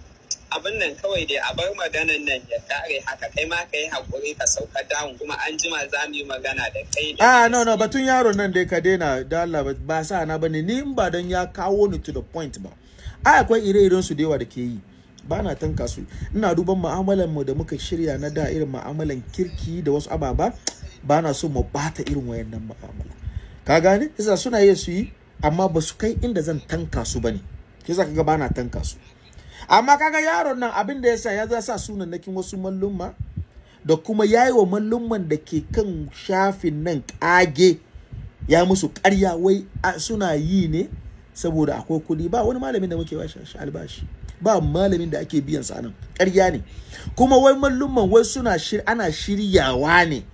abin nan kawai dai a bar maganan nan ya kare haka kai ma ka hakuri ka sauka dawun kuma an jima za mu yi magana da kai da ah no no batun yaron nan dai ka daina da Allah ba sa na bane ni in ba dan ya kawo ni to the point ba ai akwai ire-iren su da yawa da ke yi ba na tanka su ina duban mu'amalan mu da muka shirya na da irin mu'amalan kirki da wasu ababa ba na so mu bata irin wayannan mu'amala ka gane yasa suna iya su yi amma ba su kai inda zan tanka su bane ke zaka ka ga bana tanka su amma kaga yaron nan abin da yasa ya sa sunan nakin wasu mallumma da kuma yayi wa mallumman da ke kan shafin nan kage ya musu ƙarya wai suna yi ne saboda akwai kuɗi ba wani malamin da muke bashi albashi ba malamin da ake biyan sa nan ƙarya ne kuma wai mallumman wai suna shir ana shiryawa ne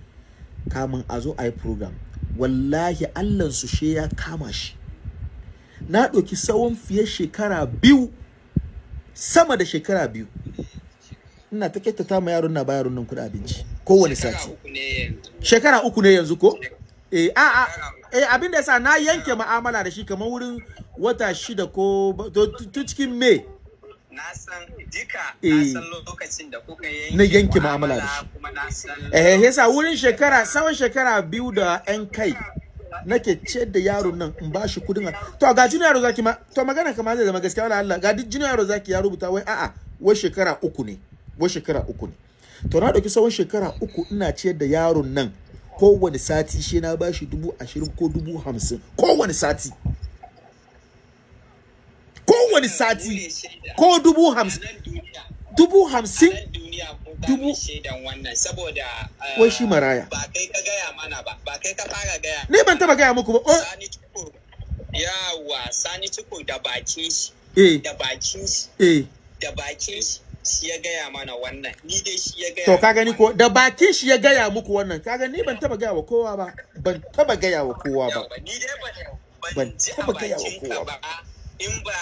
kamun a zo a yi program wallahi Allah su she ya kama shi na ɗauki tsawon fiye shekara biyu sama da shekara biyu ina ta ta ma yaron na bayar yaron nan kuɗin abinci kowane sati shekara uku ne yanzu ko eh a a eh abin da yasa na yanke ma'amala da shi kamar wurin wata shida ko to cikin me na san duka na eh. san lokacin da kuka yanke na yanke ma'amala da shi eh yasa wurin shekara tsawon shekara biyu da 'yan kai nake ciyar da yaron nan in bashi kudin to ga junior yaro zaki ma to magana kama zai zama gaskiya wala Allah ga junior yaro zaki ya rubuta wai a'a wai shekara uku ne wai shekara uku ne to na dauki tsawon shekara uku ina ciyar da yaron nan kowane sati shi na bashi dubu ashirin ko dubu hamsin kowane sati kowane sati ko dubu hamsin dubu hamsin dubu ah, wai shi maraya ba kai ka gaya mana ba ba kai ka fara gaya ne ban taba gaya muku ba oh. yawa sani tukur da bakin shi eh. da bakin shi eh. da bakin shi shi ya gaya mana wannan ni dai shi ya gaya to ka gani ko da bakin shi ya gaya muku wannan ka gani ban taba gaya wa kowa ba ban taba gaya wa kowa ba ni dai ban taba gaya wa kowa ba in ba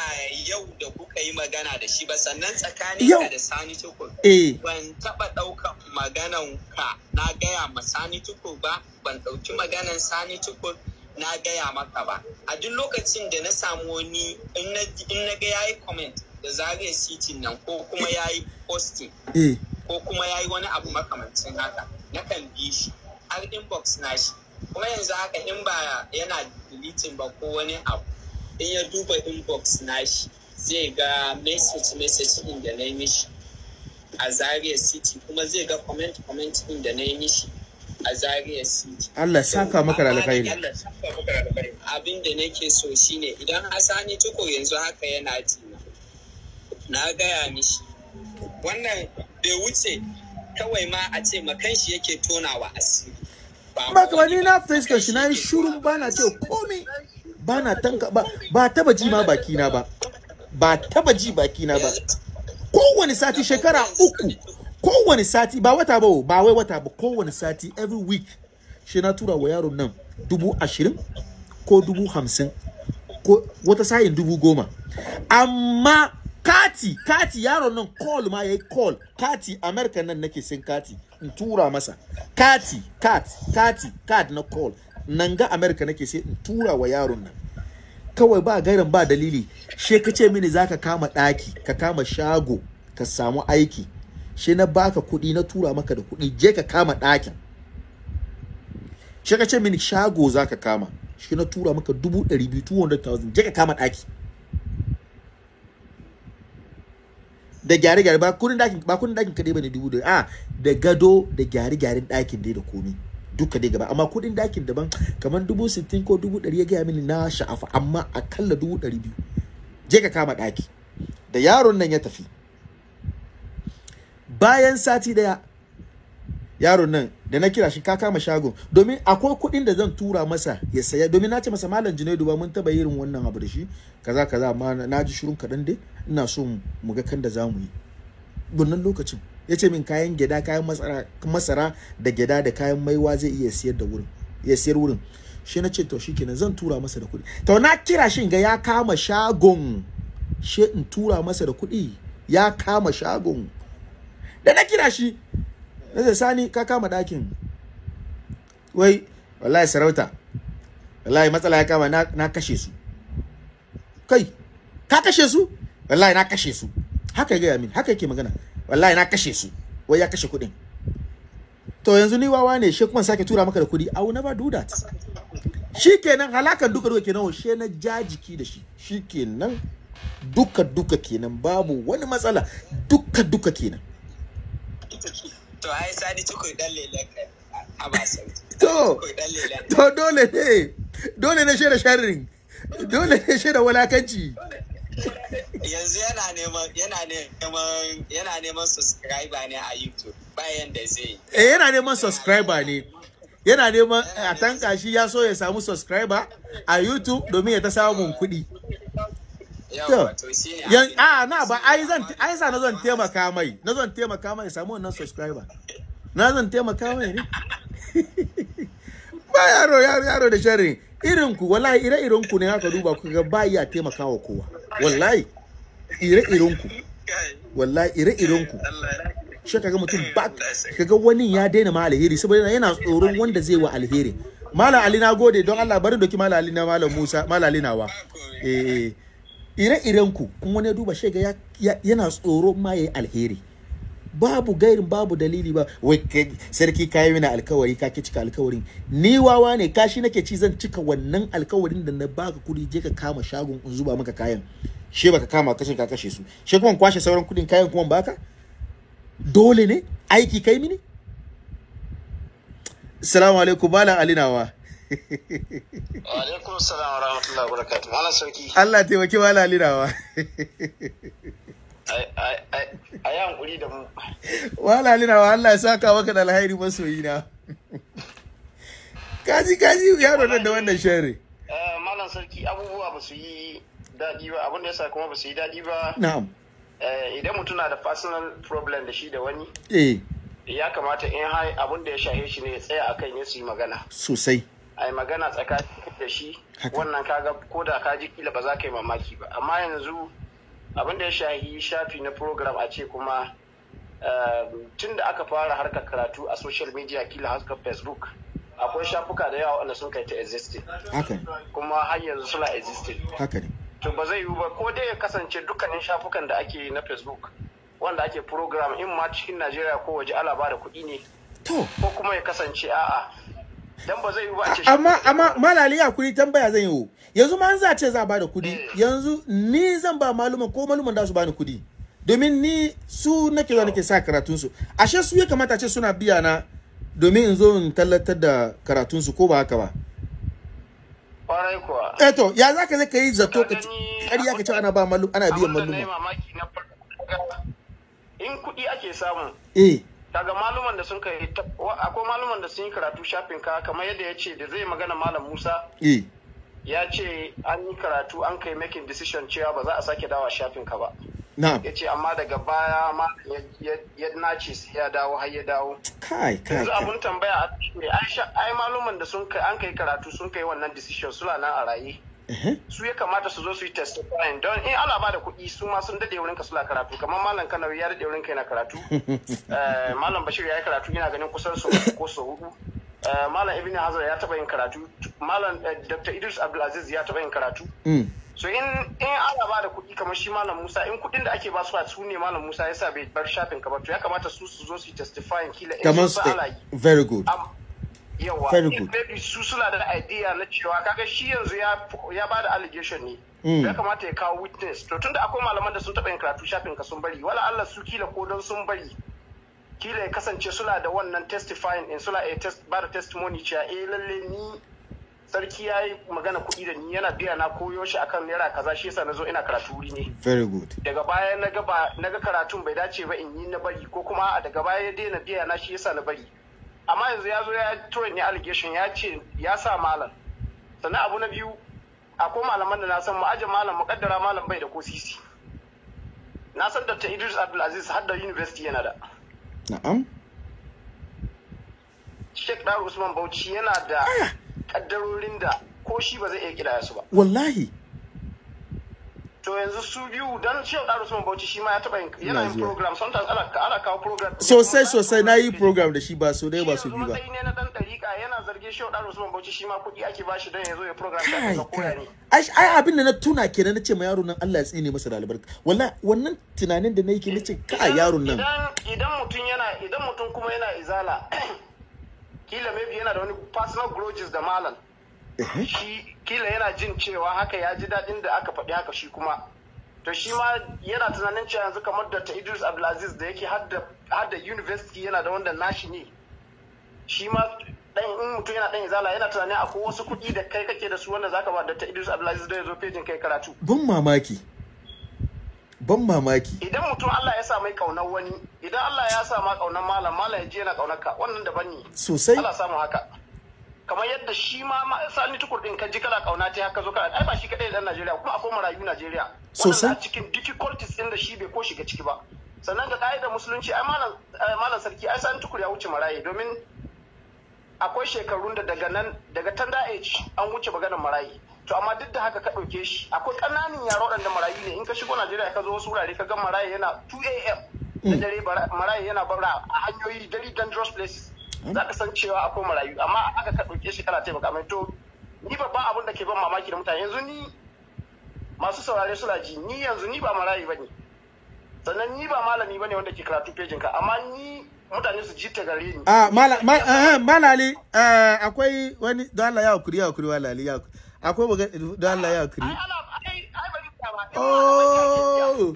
yau da kuka yi magana da shi ba sannan tsakanin ka da sani tukur eh. ban taba daukan maganan ka na gaya ma sani tukur ba ban dauki maganan sani tukur na gaya maka ba a duk lokacin da na samu wani in na ga yayi comment da zagaye sitin nan ko kuma eh. yayi posting eh. ko kuma yayi wani abu makamancin haka na kan bi shi har inbox na shi kuma yanzu haka in ba yana deleting ba ko wani abu in ya duba inbox nashi zai ga message message din da na yi mishi a Zaria City kuma zai ga comment comment din da na yi mishi a Zaria City. Allah saka maka da alkhairi. Abin da nake so shine idan Hasani Tukur yanzu haka yana ji na gaya mishi wannan bai wuce kawai ma a ce makan shi yake tonawa asiri. Ba kamar ni na fita shi na yi shirun ba na ce komi ba na tanka ba ba taba ji ma baki na ba ba taba ji baki na ba kowane sati shekara uku kowane sati ba wata ba ba wai wata ba kowane sati every week shi na tura wa yaron nan dubu ashirin ko dubu hamsin ko wata sayin dubu goma amma kati kati yaron nan call ma yayi call kati american nan nake sin kati in tura masa kati kati kati kat na call nan ga america nake sai in tura wa yaron nan kawai ba gairan ba dalili she ka ce mini zaka kama daki ka kama shago ka samu aiki she na baka kuɗi na tura maka da kuɗi je ka kama ɗakin she ka ce mini shago zaka kama shi na tura maka dubu ɗari biyu two hundred thousand je ka kama ɗaki da gyare-gyare ba kudin ɗakin ba kudin ɗakin kaɗai bane dubu ɗari a ah, da gado da gyare-gyaren ɗakin dai da komi duka dai gaba amma kudin dakin daban kamar dubu sittin ko dubu ɗari ya gaya mini na sha'afa amma akalla dubu ɗari biyu je ka kama daki da yaron nan ya tafi bayan sati daya yaron nan da na kira shi ka kama shagon domin akwai kuɗin da zan tura masa ya saya domin na ce masa malam junaidu ba mun taba irin wannan abu da shi kaza kaza amma na ji shirin kaɗan dai ina so mu ga kan da za mu yi wannan lokacin ya ce min kayan gyada kayan masara da gyada da kayan maiwa zai iya siyar da wurin ya siyar wurin shi na ce to shi kenan zan tura masa da kuɗi to na kira shi ga ya kama shagon shi in tura masa da kuɗi ya kama shagon da na kira shi na sani ka kama ɗakin wai wallahi sarauta wallahi matsala ya kama na kashe su kai ka kashe su wallahi na kashe su haka ya gaya min haka yake magana wallahi na kashe su wai ya kashe kuɗin to yanzu ni wawa ne she kuma sake tura maka da kuɗi will never do that shikenan halakan duka duka kenan she na jajiki da shi shikenan duka duka kenan babu wani matsala duka duka kenan to ai sani tuku dan lele to to dole ne dole ne she da sharrin dole ne she da walakanci yanzu yana neman yana neman yana neman subscriber ne a YouTube bayan da zai eh yana neman subscriber ne yana neman a tanka shi ya so ya samu subscriber a YouTube domin ya ta samun kuɗi yan a ah, na ba ai zan ai sa na zan taimaka mai na zan taimaka mai ya samu wannan subscriber na zan taimaka mai ne <laughs> ba yaro yaro yaro da sharri irinku wallahi ire irinku ne haka duba ku ga ba ya taimaka wa kowa wallahi ire irinku wallahi ire irinku shi kaga mutum ba kaga wani ya daina ma alheri saboda yana tsoron wanda zai wa alheri mala ali na gode don Allah bari doki mala ali na mala Musa mala ali nawa eh, eh. ire irinku kun wani ya duba shi ga yana tsoro ma yayi alheri babu gairin babu dalili ba wai sarki kayi mini alkawari ka cika alkawarin ni wawa ne kashi nake ci zan cika wannan alkawarin da na baka kudi je ka kama shagon in zuba maka kayan she baka kama kashin ka kashe su she kuma kwashe sauran kudin kayan kuma baka dole ne aiki kai mini assalamu alaikum malam alinawa alaikum salam wa rahmatullahi wa barakatuh Allah sarki Allah taimaki malam alinawa <laughs> a yi hankuri da mu wala lina wa Allah ya saka maka da alhairi masoyi na <laughs> kaji kaji yaro nan da wannan share eh, malam sarki abubuwa ba su yi daɗi ba abin da ya sa kuma ba su yi daɗi ba na'am eh, idan mutum na da personal problem da shi da wani eh ya kamata in hai abin da ya shahe shi ne ya tsaya akan ya su yi magana sosai a yi magana tsakanin da shi wannan kaga ko da ka ji kila ba za ka yi mamaki ba amma yanzu abin da ya shahi shafi na program a ce kuma eh, tun da aka fara harka karatu a social media kila harkar facebook akwai shafuka da yawa wanda sun kai ta existing kuma har yanzu suna existing to ba zai yiwu ba ko dai ya kasance dukkanin shafukan da ake na facebook wanda ake program in ma cikin najeriya ko waje ala ba da kuɗi ne ko kuma ya kasance a'a dan ba zai yi ba ce amma amma malali ya kuri tambaya zan yi yanzu ma an za ce za ba da kudi eh. yanzu ni zan ba maluman ko maluman da su bani kudi domin ni su nake zo nake sa karatun su ashe su ya kamata ce suna biya na domin in zo in tallatar da karatun su ko ba haka ba kwarai kuwa eto eh ya zaka zai kai zato ka ƙarya ka ce ana ba maluma ana biyan maluma in kudi ake samu eh kaga maluman da sun kai akwai maluman da sun yi karatu shafin ka kamar yadda ya ce da zai magana malam Musa eh. ya ce an yi karatu an kai making decision cewa ba za a sake dawa shafin ka ba ya ce amma daga baya ma ya nace ya dawo har ya dawo kai kai yanzu abun tambaya a ai maluman da sun kai an kai karatu sun kai wannan decision suna nan a raye su ya kamata su zo su yi testifying don in ana ba da kuɗi su ma sun daɗe wurinka suna karatu kamar malam kanawi ya daɗe wurin wurinka yana karatu <laughs> eh, malam bashir ya yi karatu yana ganin kusan su ko su hudu eh, malam ibn hazar ya taɓa yin karatu malam eh, dr idris abdulaziz ya taɓa yin karatu mm. so in in ana ba da kuɗi kamar shi malam musa in kuɗin da ake ba su su ne malam musa ya sa bai bar shafin ka ba to ya kamata su su zo su yi testifying kila in su ala yi very good yawa maybe su suna da idea na cewa kaga shi yanzu ya ba da allegation ne mm. ya kamata ya kawo witness to tunda akwai malaman da sun taɓa yin karatu shafin ka sun bari wala Allah su kila ko don sun bari kila ya kasance suna da wannan testifying in suna a eh, ba da testimony cewa eh lalle ni sarki ya yi magana kuɗi da ni yana biya na koyo shi akan naira kaza shi yasa na zo ina karatu wuri ne very good daga baya na ga karatun bai dace ba in yi na bari ko kuma daga baya ya daina biya na shi yasa na bari amma yanzu ya zo ya tura ne allegation ya ce ya sa malam sannan abu na biyu akwai malaman da na san mu aje malam mu malam bai da ko sisi na san Dr. Idris Abdulaziz har da university yana da na'am Sheikh Dar Usman Bauchi yana da kaddarorin da ko shi ba zai iya kidaya su ba wallahi to yanzu su biyu dan shehu da usman bauchi shi ma ya taba yin yana yin program sometimes ana ana kawo program sosai sosai na yi program da shi ba so dai ba su biyu ba shi ne na dan dariƙa yana zarge shi da usman bauchi shi ma kuɗi ake bashi dan yanzu ya program da ga ne. ai ai abin da na tuna kenan nace ma yaro nan Allah ya tsine masa da albarka wallahi wannan tunanin da nake nace ka yaron nan idan mutum yana idan mutum kuma yana izala <clears throat> kila maybe yana da wani personal grudges da malam Eh? shi kila yana jin cewa haka ya ji daɗin da aka faɗi haka shi kuma to shi ma yana tunanin cewa yanzu kamar da ta Idris Abdulaziz da yake hadda university yana da wanda nashi ne shi ma dan in mutum yana dan izala yana tunanin akwai wasu kuɗi da kai kake da su wanda zaka ba da ta Idris Abdulaziz da yazo fejin kai karatu ban mamaki ban mamaki idan mutum Allah ya sa mai kaunar wani idan Allah ya sa ma kaunar malam malam ya je yana kaunar ka wannan daban ne sosai Allah samu haka kamar yadda shi ma sani tukur din ka ji kala kauna ta haka zo ka ai ba shi kadai dan Najeriya kuma akwai marayu Najeriya sosai cikin difficulties din da shi bai ko shiga ciki ba sannan ga ka'idar musulunci ai malam eh, malam sarki ai sani tukur ya wuce maraye domin akwai shekarun da daga nan daga tanda age an wuce maganar marayi to amma duk da haka ka ɗauke shi akwai yaro dan waɗanda marayu ne in ka shigo Najeriya ka zo wasu wurare ka ga marayi yana 2 a.m. Mm. da dare marayi yana bara a hanyoyi very dangerous places za ka san cewa akwai marayu amma aka ka ɗauke shi kana taimaka mai to ni babban abin da ke ban mamaki da mutane yanzu ni masu saurare suna ji ni yanzu ni ba marayu ba ne sannan ni ba malami ba ne wanda ke karatu pejin ka amma ni mutane su ji ta gare ni. a malali akwai wani don Allah ya hukuri ya hukuri malali ya akwai ba don Allah ya hukuri. Oh,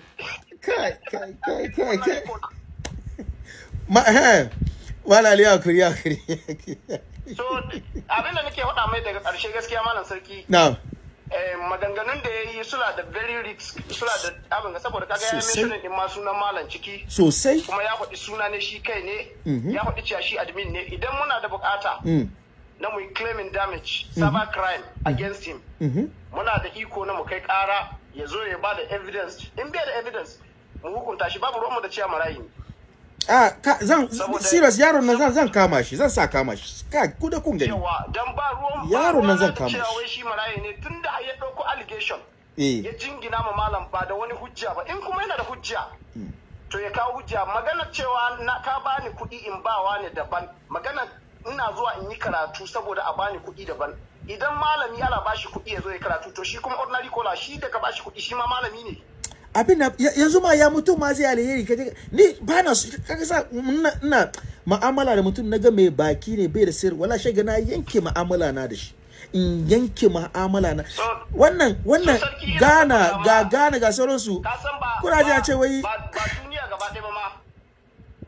kai, kai, kai, kai, kai. malali hakuri hakuri so abin da nake faɗa mai daga ƙarshe gaskiya malam sarki eh, maganganun da ya yi suna da very risk suna da abin ga saboda kaga ya mentionin din ma sunan malam ciki sosai kuma ya faɗi suna ne shi kai ne mhm. ya faɗi cewa shi admin ne idan muna da bukata mm. na mu claiming damage cyber mhm. crime against him mhm. muna da iko na mu kai kara ya zo ya ba da evidence in bai da evidence mu hukunta shi babu mu da cewa marayi a ah, ka zan siras yaron nan zan zan kama shi zan sa kama shi ka ku da kun gani dan ba ruwan yaron nan zan kama shi shi maraye ne tunda ya dauko allegation eh. ya jingina ma malam ba da wani hujja ba in kuma yana da hujja hmm. to ya kawo hujja magana cewa na ka bani kuɗi in bawa ne daban magana ina zuwa in yi karatu saboda a bani kuɗi daban idan malami ana bashi kuɗi ya zo ya karatu to shi kuma ordinary kola shi daga bashi kuɗi shi ma malami ne abin da yanzu ma ya mutum ma zai alheri kaje ni ba na kaga sa ina ma'amala da mutum naga mai baki ne bai da sir wala shi na yanke ma'amala na da shi in yanke ma'amala na wannan wannan gana ga gana ga sauransu kuna ji a ce wai ba duniya gaba ɗaya ma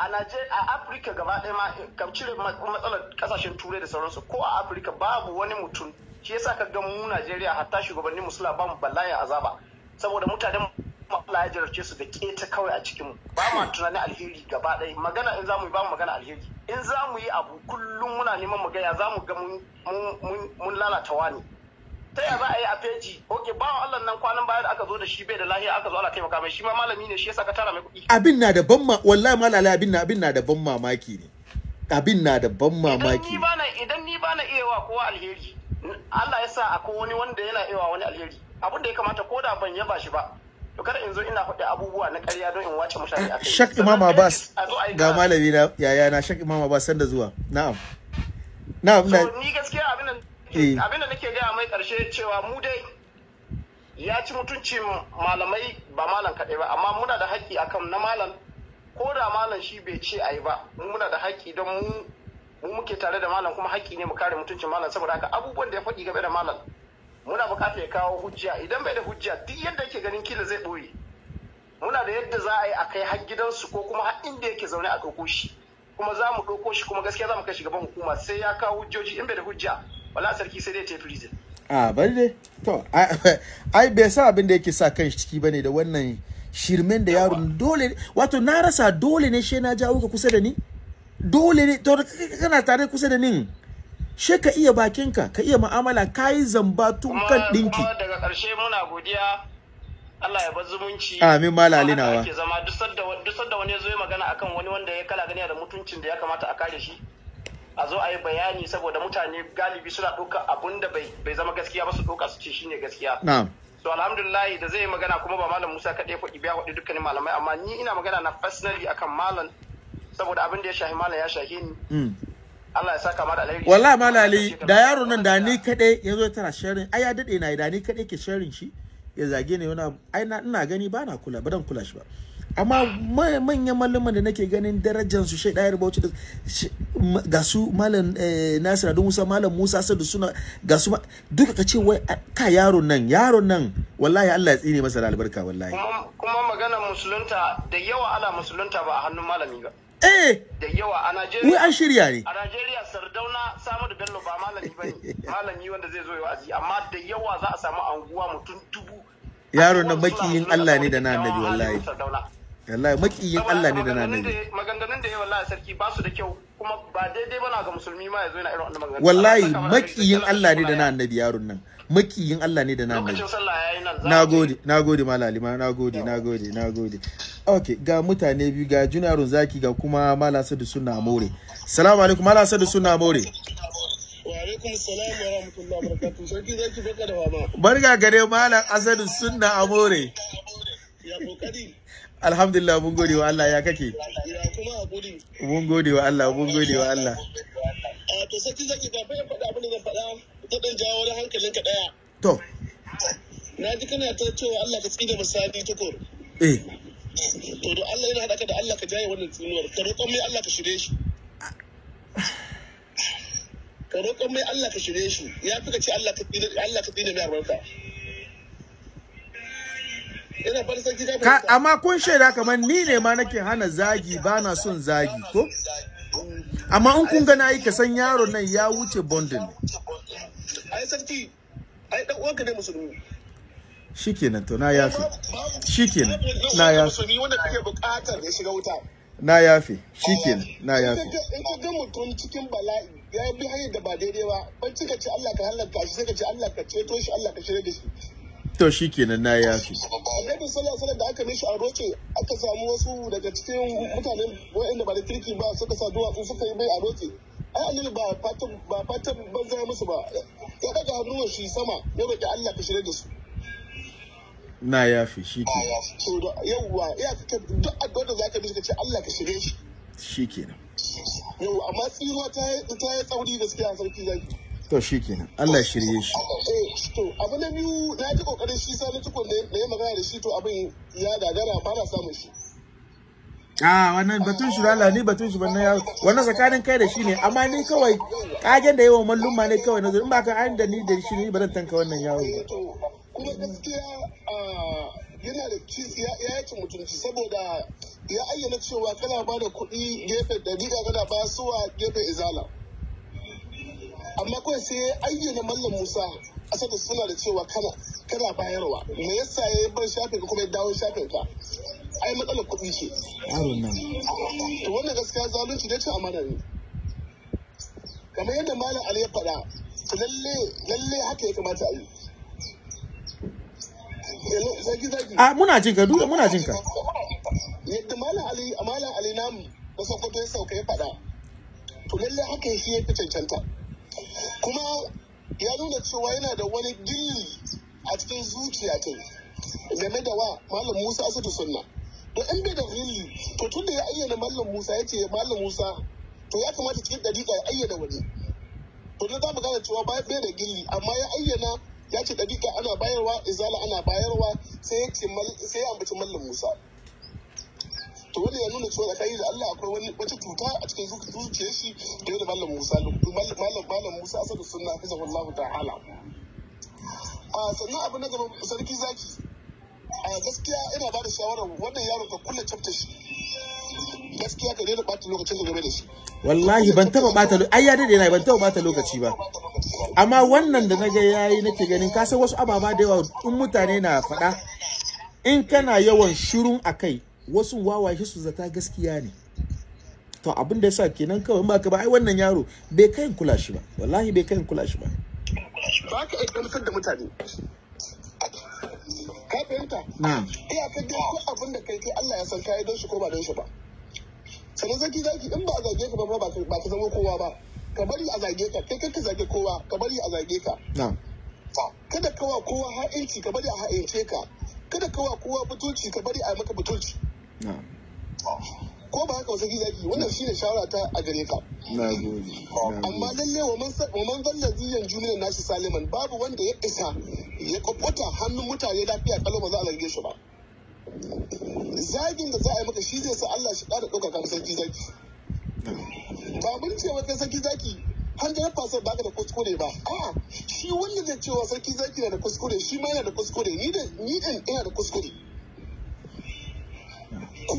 a Naje a Afrika gaba ɗaya ma ka cire matsalar kasashen turai da sauransu ko a Afrika babu wani mutum shi yasa ka ga mu Najeriya hatta shugabannin musula ba mu balaya azaba saboda mutanen Allah ya jarabce su da ta kawai a cikin ba ma hmm. tunanin alheri gaba ɗaya magana in zamu yi ba mu magana alheri in zamu yi abu kullum muna neman mu gaya zamu ga mun lalata wani ta ya za a yi a feji oke ba Allah nan kwanan baya da aka zo da shi bai da lahiya aka zo ala taimaka mai shi ma malami ne shi yasa ka tara mai kuɗi abin na da ban ma wallahi malala abin na abin na da ban mamaki ne abin na da ban mamaki idan ni bana iya wa kowa alheri Allah ya sa akwai wani wanda yana iya wa wani alheri abin da ya kamata ko da ban yaba shi ba to kada in zo ina faɗi abubuwa na ƙarya don in wace mutane akai shak imam abbas ga malami na yaya na shak imam abbas sanda zuwa na'am na'am na ni gaskiya abin nan eh. abin da nake ga mai ƙarshe cewa mu dai ya ci mutuncin malamai ba malam kaɗai ba amma muna da haƙƙi akan na malam ko da malam shi bai ce ayi ba muna da haƙƙi don mu mu muke tare da malam kuma haƙƙi ne mu kare mutuncin malam saboda haka abubuwan da ya faɗi game da malam muna bukatar ya kawo hujja idan bai da hujja duk yadda yake ganin kila zai ɓoye muna da yadda za a yi a kai har gidansu ko kuma har inda yake zaune a ɗauko shi kuma za mu ɗauko shi kuma gaskiya za mu kai shi gaban hukuma sai ya kawo hujjoji in bai da hujja wala sarki sai dai ta prison a bari dai to ai bai sa abin da yake sa kan ciki bane da wannan shirmen da yaron dole wato na rasa dole ne shi na jawo ka kusa da ni dole ne to kana tare kusa da ni she ka iya bakinka ka iya mu'amala ka yi zamba tun kan ɗinki kuma daga ƙarshe muna godiya Allah ya bar zumunci amin malali nawa zama duk sanda wani ya zo magana akan wani wanda ya kala gani da mutuncin da ya kamata a kare shi a zo a yi bayani saboda mutane galibi suna ɗauka abun da bai zama gaskiya ba su ɗauka su ce shine gaskiya na'am so alhamdulillah da zai magana kuma ba malam Musa kaɗai faɗi ibiya faɗi dukkanin malamai amma ni ina magana na personally akan malam saboda abin da ya shahi malam ya shahi ni mm. Allah ya saka mara alheri wallahi da yaro nan da ni kadai yazo tana sharing ai ya dade na da ni kadai ke sharing shi ya zage ne yana ai na ina gani ba na kula ba dan kula shi ba amma manyan malluman da nake ganin darajar su shai dayar bauchi da ga su malam eh, Nasir Adu Musa malam Musa Sadu suna ga su duka ka ce wai ka yaron nan yaron nan wallahi Allah ya tsine masa albarka wallahi kuma maganar musulunta da yawa ala musulunta ba a hannun malami ba eh da yawa a Najeriya wai an shirya ne a Najeriya Sardauna Samadu Bello ba malami bane <laughs> malami wanda zai zo ya wazi amma da yawa za a samu anguwa mutum dubu yaro na makiyin Allah ne da na annabi wallahi wallahi makiyin Allah ne da na annabi maganganun da yawa wallahi sarki ba su da kyau kuma ba daidai bana ga musulmi ma ya zo yana irin wannan maganganun wallahi makiyin Allah ne da na annabi yaron nan makiyin Allah ne da na mai nagode nagode malalima nagode nagode nagode okay ga mutane biyu ga juna runzaki ga kuma mala sadu sunna more salamu alaikum mala sadu sunna more barka gare malam asadu sunna amore alhamdulillah mun gode wa Allah ya kake mun gode wa Allah mun gode wa Allah to sai zaki ba faɗa abin da faɗa kudin jawo wani hankalin ka daya to na ji kana ta cewa Allah ka tsida misali tukur eh to do Allah yana haɗaka ka da Allah ka jaye wannan tsinuwar ka roƙon mai Allah ka shirye shi ka roƙon mai Allah ka shirye shi ya fi ka ce Allah ka tsida Allah ka tsida mai albarka Ka, amma kun shaida kamar ni ne ma nake hana zagi ba na son zagi ko? amma in kun gana yi ka san yaro nan ya wuce bondin ne ai sarki ai dan uwanka ne musulmi shikenan to na yafi shikenan na yafi musulmi wanda kake bukatar ya shiga wuta na yafi shikenan na yafi in ka ga mutum cikin bala'i ya bi hanyar da ba daidai ba ban cika ce Allah ka halaka shi sai ka ce Allah ka ceto shi Allah ka shirye da shi to shi kenan na aka mishi a roke aka samu wasu daga cikin wa'anda ba da kirki ba suka sa duwatsu suka ba fatan ba fatan musu ba ya daga Na ya roki Allah na shi ke ya duk addu'a da zaka ka ce Allah ka shi shi kenan yau amma tsiruwa yi tsauri gaskiya sarki zaki to shi kenan Allah shirye shi to abu na biyu na ji kokari shi na tukun da ya magana da shi to abin ya gagara ba na samun shi a wannan batun shi Allah ni batun shi wannan yaro wannan tsakanin kai da shi ne amma ni kawai kagen da yawan malluma ne kawai na in ba ka da ni da shi ne ba zan tanka wannan yawon ba eh, kuma gaskiya yana da ya yake mutunci saboda ya ayyana cewa kana ba da kuɗi gefe ɗabi'a kana ba suwa gefe izala amma kawai sai ayyana mallam musa asar da suna da cewa kana kana bayarwa me yasa ya bar shafin kuma ya dawo shafin ka ai matsalar kuɗi ce to wannan gaskiya zalunci da ce amana ne kamar yadda malam ali ya faɗa lalle lalle haka ya kamata a yi a muna jin ka duka muna jin ka yadda malam ali malam ali namu da sokoto ya sauka ya faɗa to lalle haka shi ya fi cancanta kuma ya nuna cewa yana da wani gilli a cikin zuciya ta game da wa malam musa asadu sunna to in bai da gilli to tun da ya ayyana malam musa ya ce malam musa to ya kamata cikin dariƙa ya ayyana wani to na za mu gane cewa bai da gilli amma ya ayyana ya ce dariƙa ana bayarwa izala ana bayarwa sai ya ambaci malam musa to wanda ya nuna cewa tsakani da Allah akwai wani wata cuta a cikin zuciyar shi game da malam Musa mallam malam Musa asadu sunna hafizahullahu ta'ala a sannan abu na gaba sarki zaki a gaskiya ina ba da shawarar wannan yaro ka kulle chapter shi gaskiya ka daina bata lokacin da game da shi wallahi ban taba bata lokaci ai ya dade na ban taba bata lokaci ba amma wannan da naga yayi nake ganin ka san wasu ababa da yawa in mutane na faɗa in kana yawan shirun akai wasu wawaye su zata gaskiya ne to abin da yasa kenan kawai ba ka ba ai wannan yaro bai kai kula shi ba wallahi bai kai kula shi ba ba ka iya gamsar da mutane ka fahimta na iya ka ga ko abin da kai kai Allah ya san kai don shi ko ba don shi ba sanin zaki zaki in ba a zage ka ba ba ka zama kowa ba ka bari a zage ka kai kanka zage kowa ka bari a zage ka na kada kawa kowa ha'inci ka bari a ha'ince ka kada kawa kowa butulci ka bari a maka butulci ko ba haka wasu zaki wannan shine shawara ta a gare ka amma lalle wa man zalla ziyan juniya nashi saliman babu wanda ya isa ya kwakwata hannun mutane lafiya kalau ba za a zarge shi ba zagin da za a yi maka shi zai sa Allah shi ɗauka kan sarki zaki ba mun ce wata sarki zaki hundred ba baka da kuskure ba a shi wanda zai cewa sarki zaki na da kuskure shi ma yana da kuskure ni da ni ina da kuskure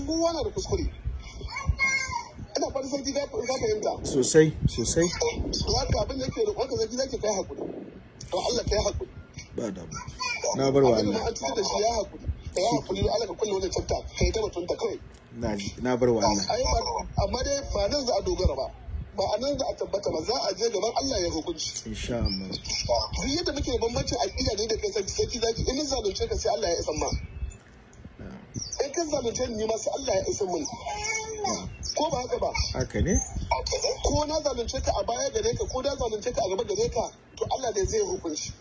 kowa na da kuskure ina fata sarki za ka fahimta sosai sosai haka abin da yake da kwanka sarki zaki kai hakuri to Allah kai hakuri ba da ba na bar wa Allah an tsaya da shi ya hakuri kai hakuri Allah ka kulle wannan tsafta kai ta mutunta kai na na bar wa Allah amma dai ba nan za a dogara ba ba a nan za a tabbata ba za a je gaban Allah ya hukunci insha Allah duk yadda muke bambanci a ne da kai sarki zaki in zalunce ka sai Allah ya isa ma in kan zalunce ni ma sai Allah ya isa mun ko ba haka ba haka ne ko na zalunce ka a baya gare ka ko na zalunce ka a gaba gare ka to Allah ne zai hukunci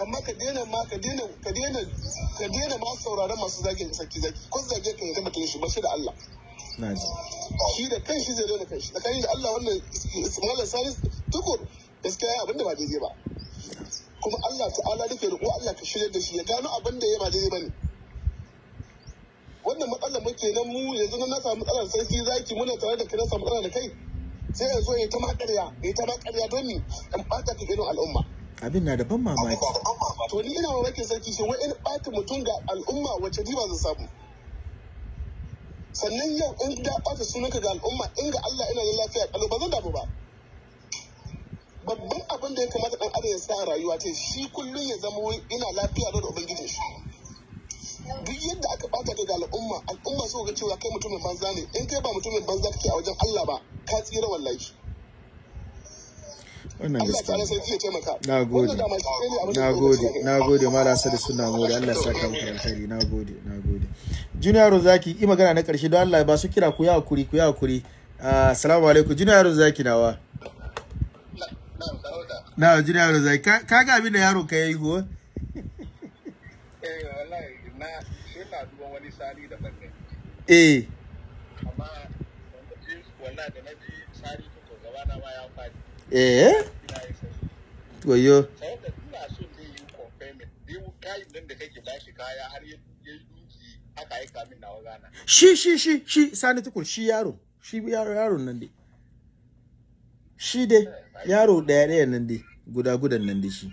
amma ka daina ma ka daina ka daina ka daina ma sauraron masu zagin sarki zaki ko zage ka zama tun shi ba shi da Allah shi da kan shi zai daina kan shi tsakanin da Allah wannan Ismail Salis tukur gaskiya abinda ba daidai ba kuma Allah ta'ala rufe roƙo Allah ka shirya da shi ya gano abin da ya ba daidai ba ne wannan matsalar muke nan mu yanzu na samu matsalar sarki zaki muna tare da kira samu matsalar da kai sai ya zo ya ta makarya ya ta makarya don ni in bata ka irin al'umma abin na da ban mamaki to ni ina mamakin sarki shi, wai in bata mutum ga al'umma wace riba zan samu sannan yau in da bata sunanka ga al'umma in ga Allah ina da lafiya kalu ba zan damu ba babban abin da ya kamata dan adam ya sa rayuwa ta shi kullum ya zama ina lafiya da ubangijin shi duk yadda aka bata kai da al'umma al'umma su ga cewa kai mutumin banza ne in kai ba mutumin banza kake a wajen Allah ba ka tsira wallahi wannan gaskiya na gode ya taimaka. Nagode, nagode, nagode sa da suna gode Allah ya saka muku alheri nagode nagode junior rozaki i magana na karshe don Allah ba su kira ku ya hakuri ku ya hakuri assalamu ah, alaikum junior rozaki nawa na junior rozaki ga abin da yaro ka yi go E, sai wani sari da banne eh amma da na ji sari gaba na ya eh sai da yi kai da kake kaya har yi min na wagana shi shi shi shi sani tukur shi yaro shi yaro yaron nan dai shi dai yaro daya daya nan dai guda gudan nan dai shi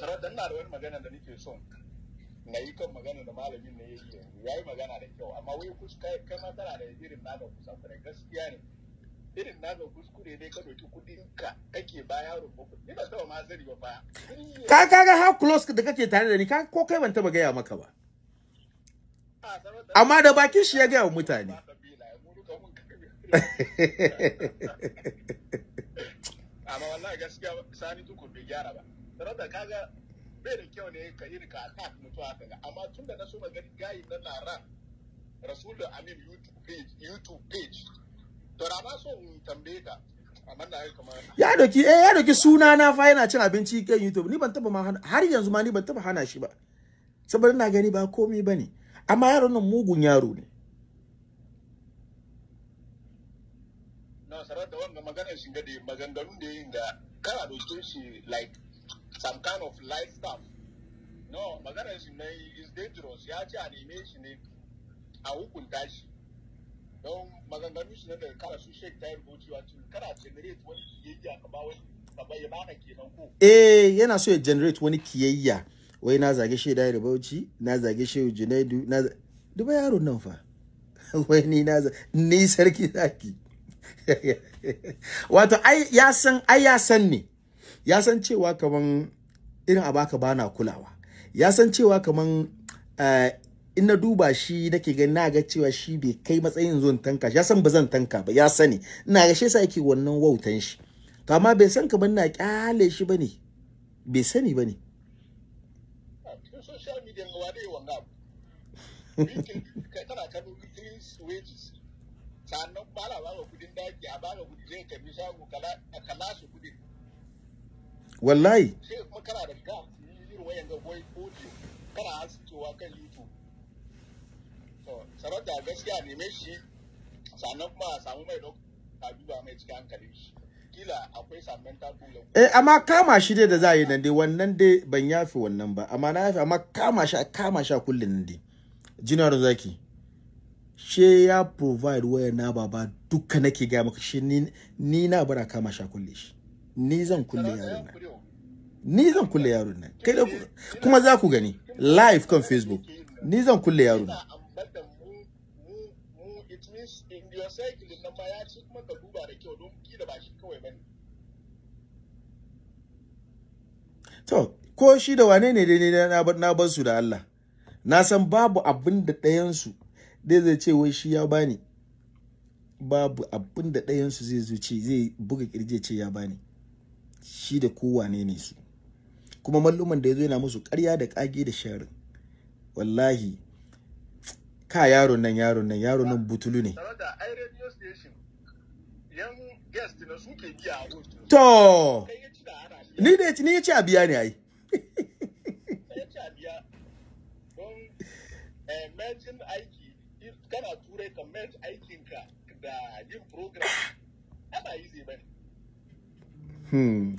sarar da ina da wani magana da nake son na yi kan magana da malamin na yayi yanzu ya yi magana da kyau amma wai kuskure kai ma tana da irin naga kuskure gaskiya ne irin naga kuskure dai ka doki kudin ka kake ba yaro ko ni ba taba ma sani ba ba ka kaga how close da kake tare da ni ka ko kai ban taba gaya maka ba ah, amma da bakin shi ya gaya wa mutane <laughs> amma wallahi gaskiya sani tukun bai gyara ba sanar da kaga bai da kyau ne ka yi ka attack mutu haka ga amma tun da na so magani gayi na laran rasulun amin youtube page youtube page to da ba so in tambaye ka amma na yi kamar ya doki eh ya doki suna na fa yana cin abinci kan youtube ni ban taba ma har yanzu ma ni ban taba hana shi ba saboda na gani ba komai bane amma yaron nan mugun yaro ne na sarar da wannan maganar shi da maganganun da yin da kana dokin shi like some kind of light stuff no maganar shi ne is dangerous ya ce a neme shi ne a hukunta shi don maganganu shi ne da kara su shek ta yi wa cewa kara generate wani kiyayya ka ba wani ka bayyana kenan ko eh yana so ya generate wani kiyayya wai na zage shi da Bauchi na zage shi Junaidu na duba yaro nan fa <laughs> wai ni na ni sarki zaki <laughs> wato ai ya san ai ya san ne ya san cewa kaman irin a baka bana kulawa ya san cewa kaman eh, in na duba shi nake gani na ga cewa shi bai kai matsayin zuwan tanka ya san ba zan tanka ba ya sani ina ga shi yasa yake wannan wautan shi to amma bai san kaman na kyale shi bane bai sani bane <laughs> <laughs> sannan ba la ba kudin daji a ba ka kudi zai tafi shago kala su kudin wallahi eh amma kama shi dai da za a yi nan dai wannan dai ban yafi wannan ba amma na yafi amma kama shi kama shi kullun nan dai jinar zaki she ya provide waya na baba duka nake ga maka shi ni na bara kama shi kulle shi ni zan kulle yaron nan ni zan kulle yaron nan kai da kuma za ku gani live kan facebook ni zan kulle yaron nan to ko shi da wane ne dai na bar su da Allah na san babu abin da ɗayansu dai zai ce wai shi ya bani babu abin da ɗayansu zai zuci zai buga kirje ce ya bani shi da kowane ne su kuma malluman da ya zo yana musu karya da ƙage da sharin wallahi ka yaron nan yaron nan yaron nan butulu ne to ni da ni ya ce a biya ne ai eh, aiki kana turai ka merge aikinka da yin program ana easy bane hmm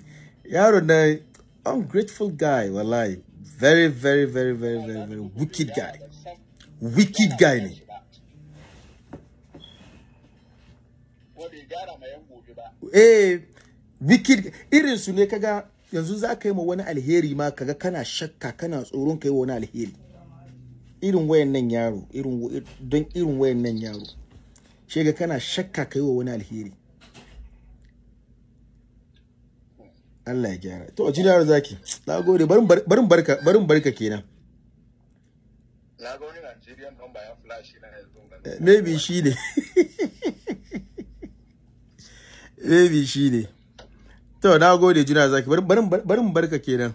yaro na ungrateful guy wallahi very very very very very very wicked guy wicked guy ne eh wicked irin su ne kaga yanzu za ka yi ma wani alheri ma kaga kana shakka kana tsoron ka yi wani alheri irin wayannan yaro irin don irin wayannan yaro shega kana shakka ka yi wa wani alheri Allah ya gyara to jira zaki na gode barin barka barin barka kenan na ga Nigerian flash na yanzu eh, maybe shi ne <laughs> maybe shi ne to na gode jira zaki barin barin barka kenan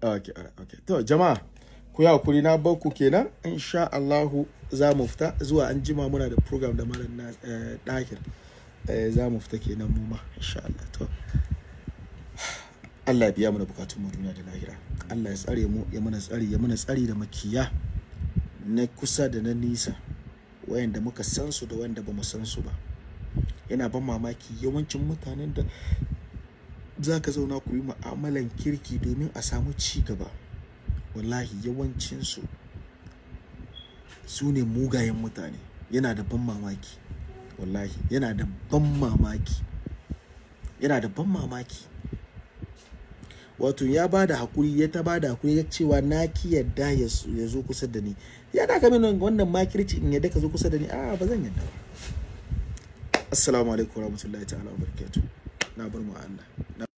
okay all right okay to jama'a ku yi na barku kenan insha Allah za mu fita zuwa an jima muna da program da malam na eh, Eh, za mu fita kenan mu ma insha Allah to Allah ya biya mana bukatun mu duniya da lahira Allah ya tsare mu ya mana tsari ya mana tsari da makiya na kusa da na nisa wayanda muka san su da wayanda mu san su ba yana ban mamaki yawancin mutanen da zaka zauna ku yi mu'amalan kirki domin a samu ci gaba wallahi yawancin su su ne mugayen mutane yana da ban mamaki wallahi yana da ban mamaki yana da ban mamaki wato ya ba da hakuri ya ta ba hakuri ya cewa na ki yadda ya zo kusa da ni ya da kamin wannan makirci in yadda ka zo kusa da ni a ba zan yadda ba assalamu alaikum warahmatullahi ta'ala wabarakatuh na bar mu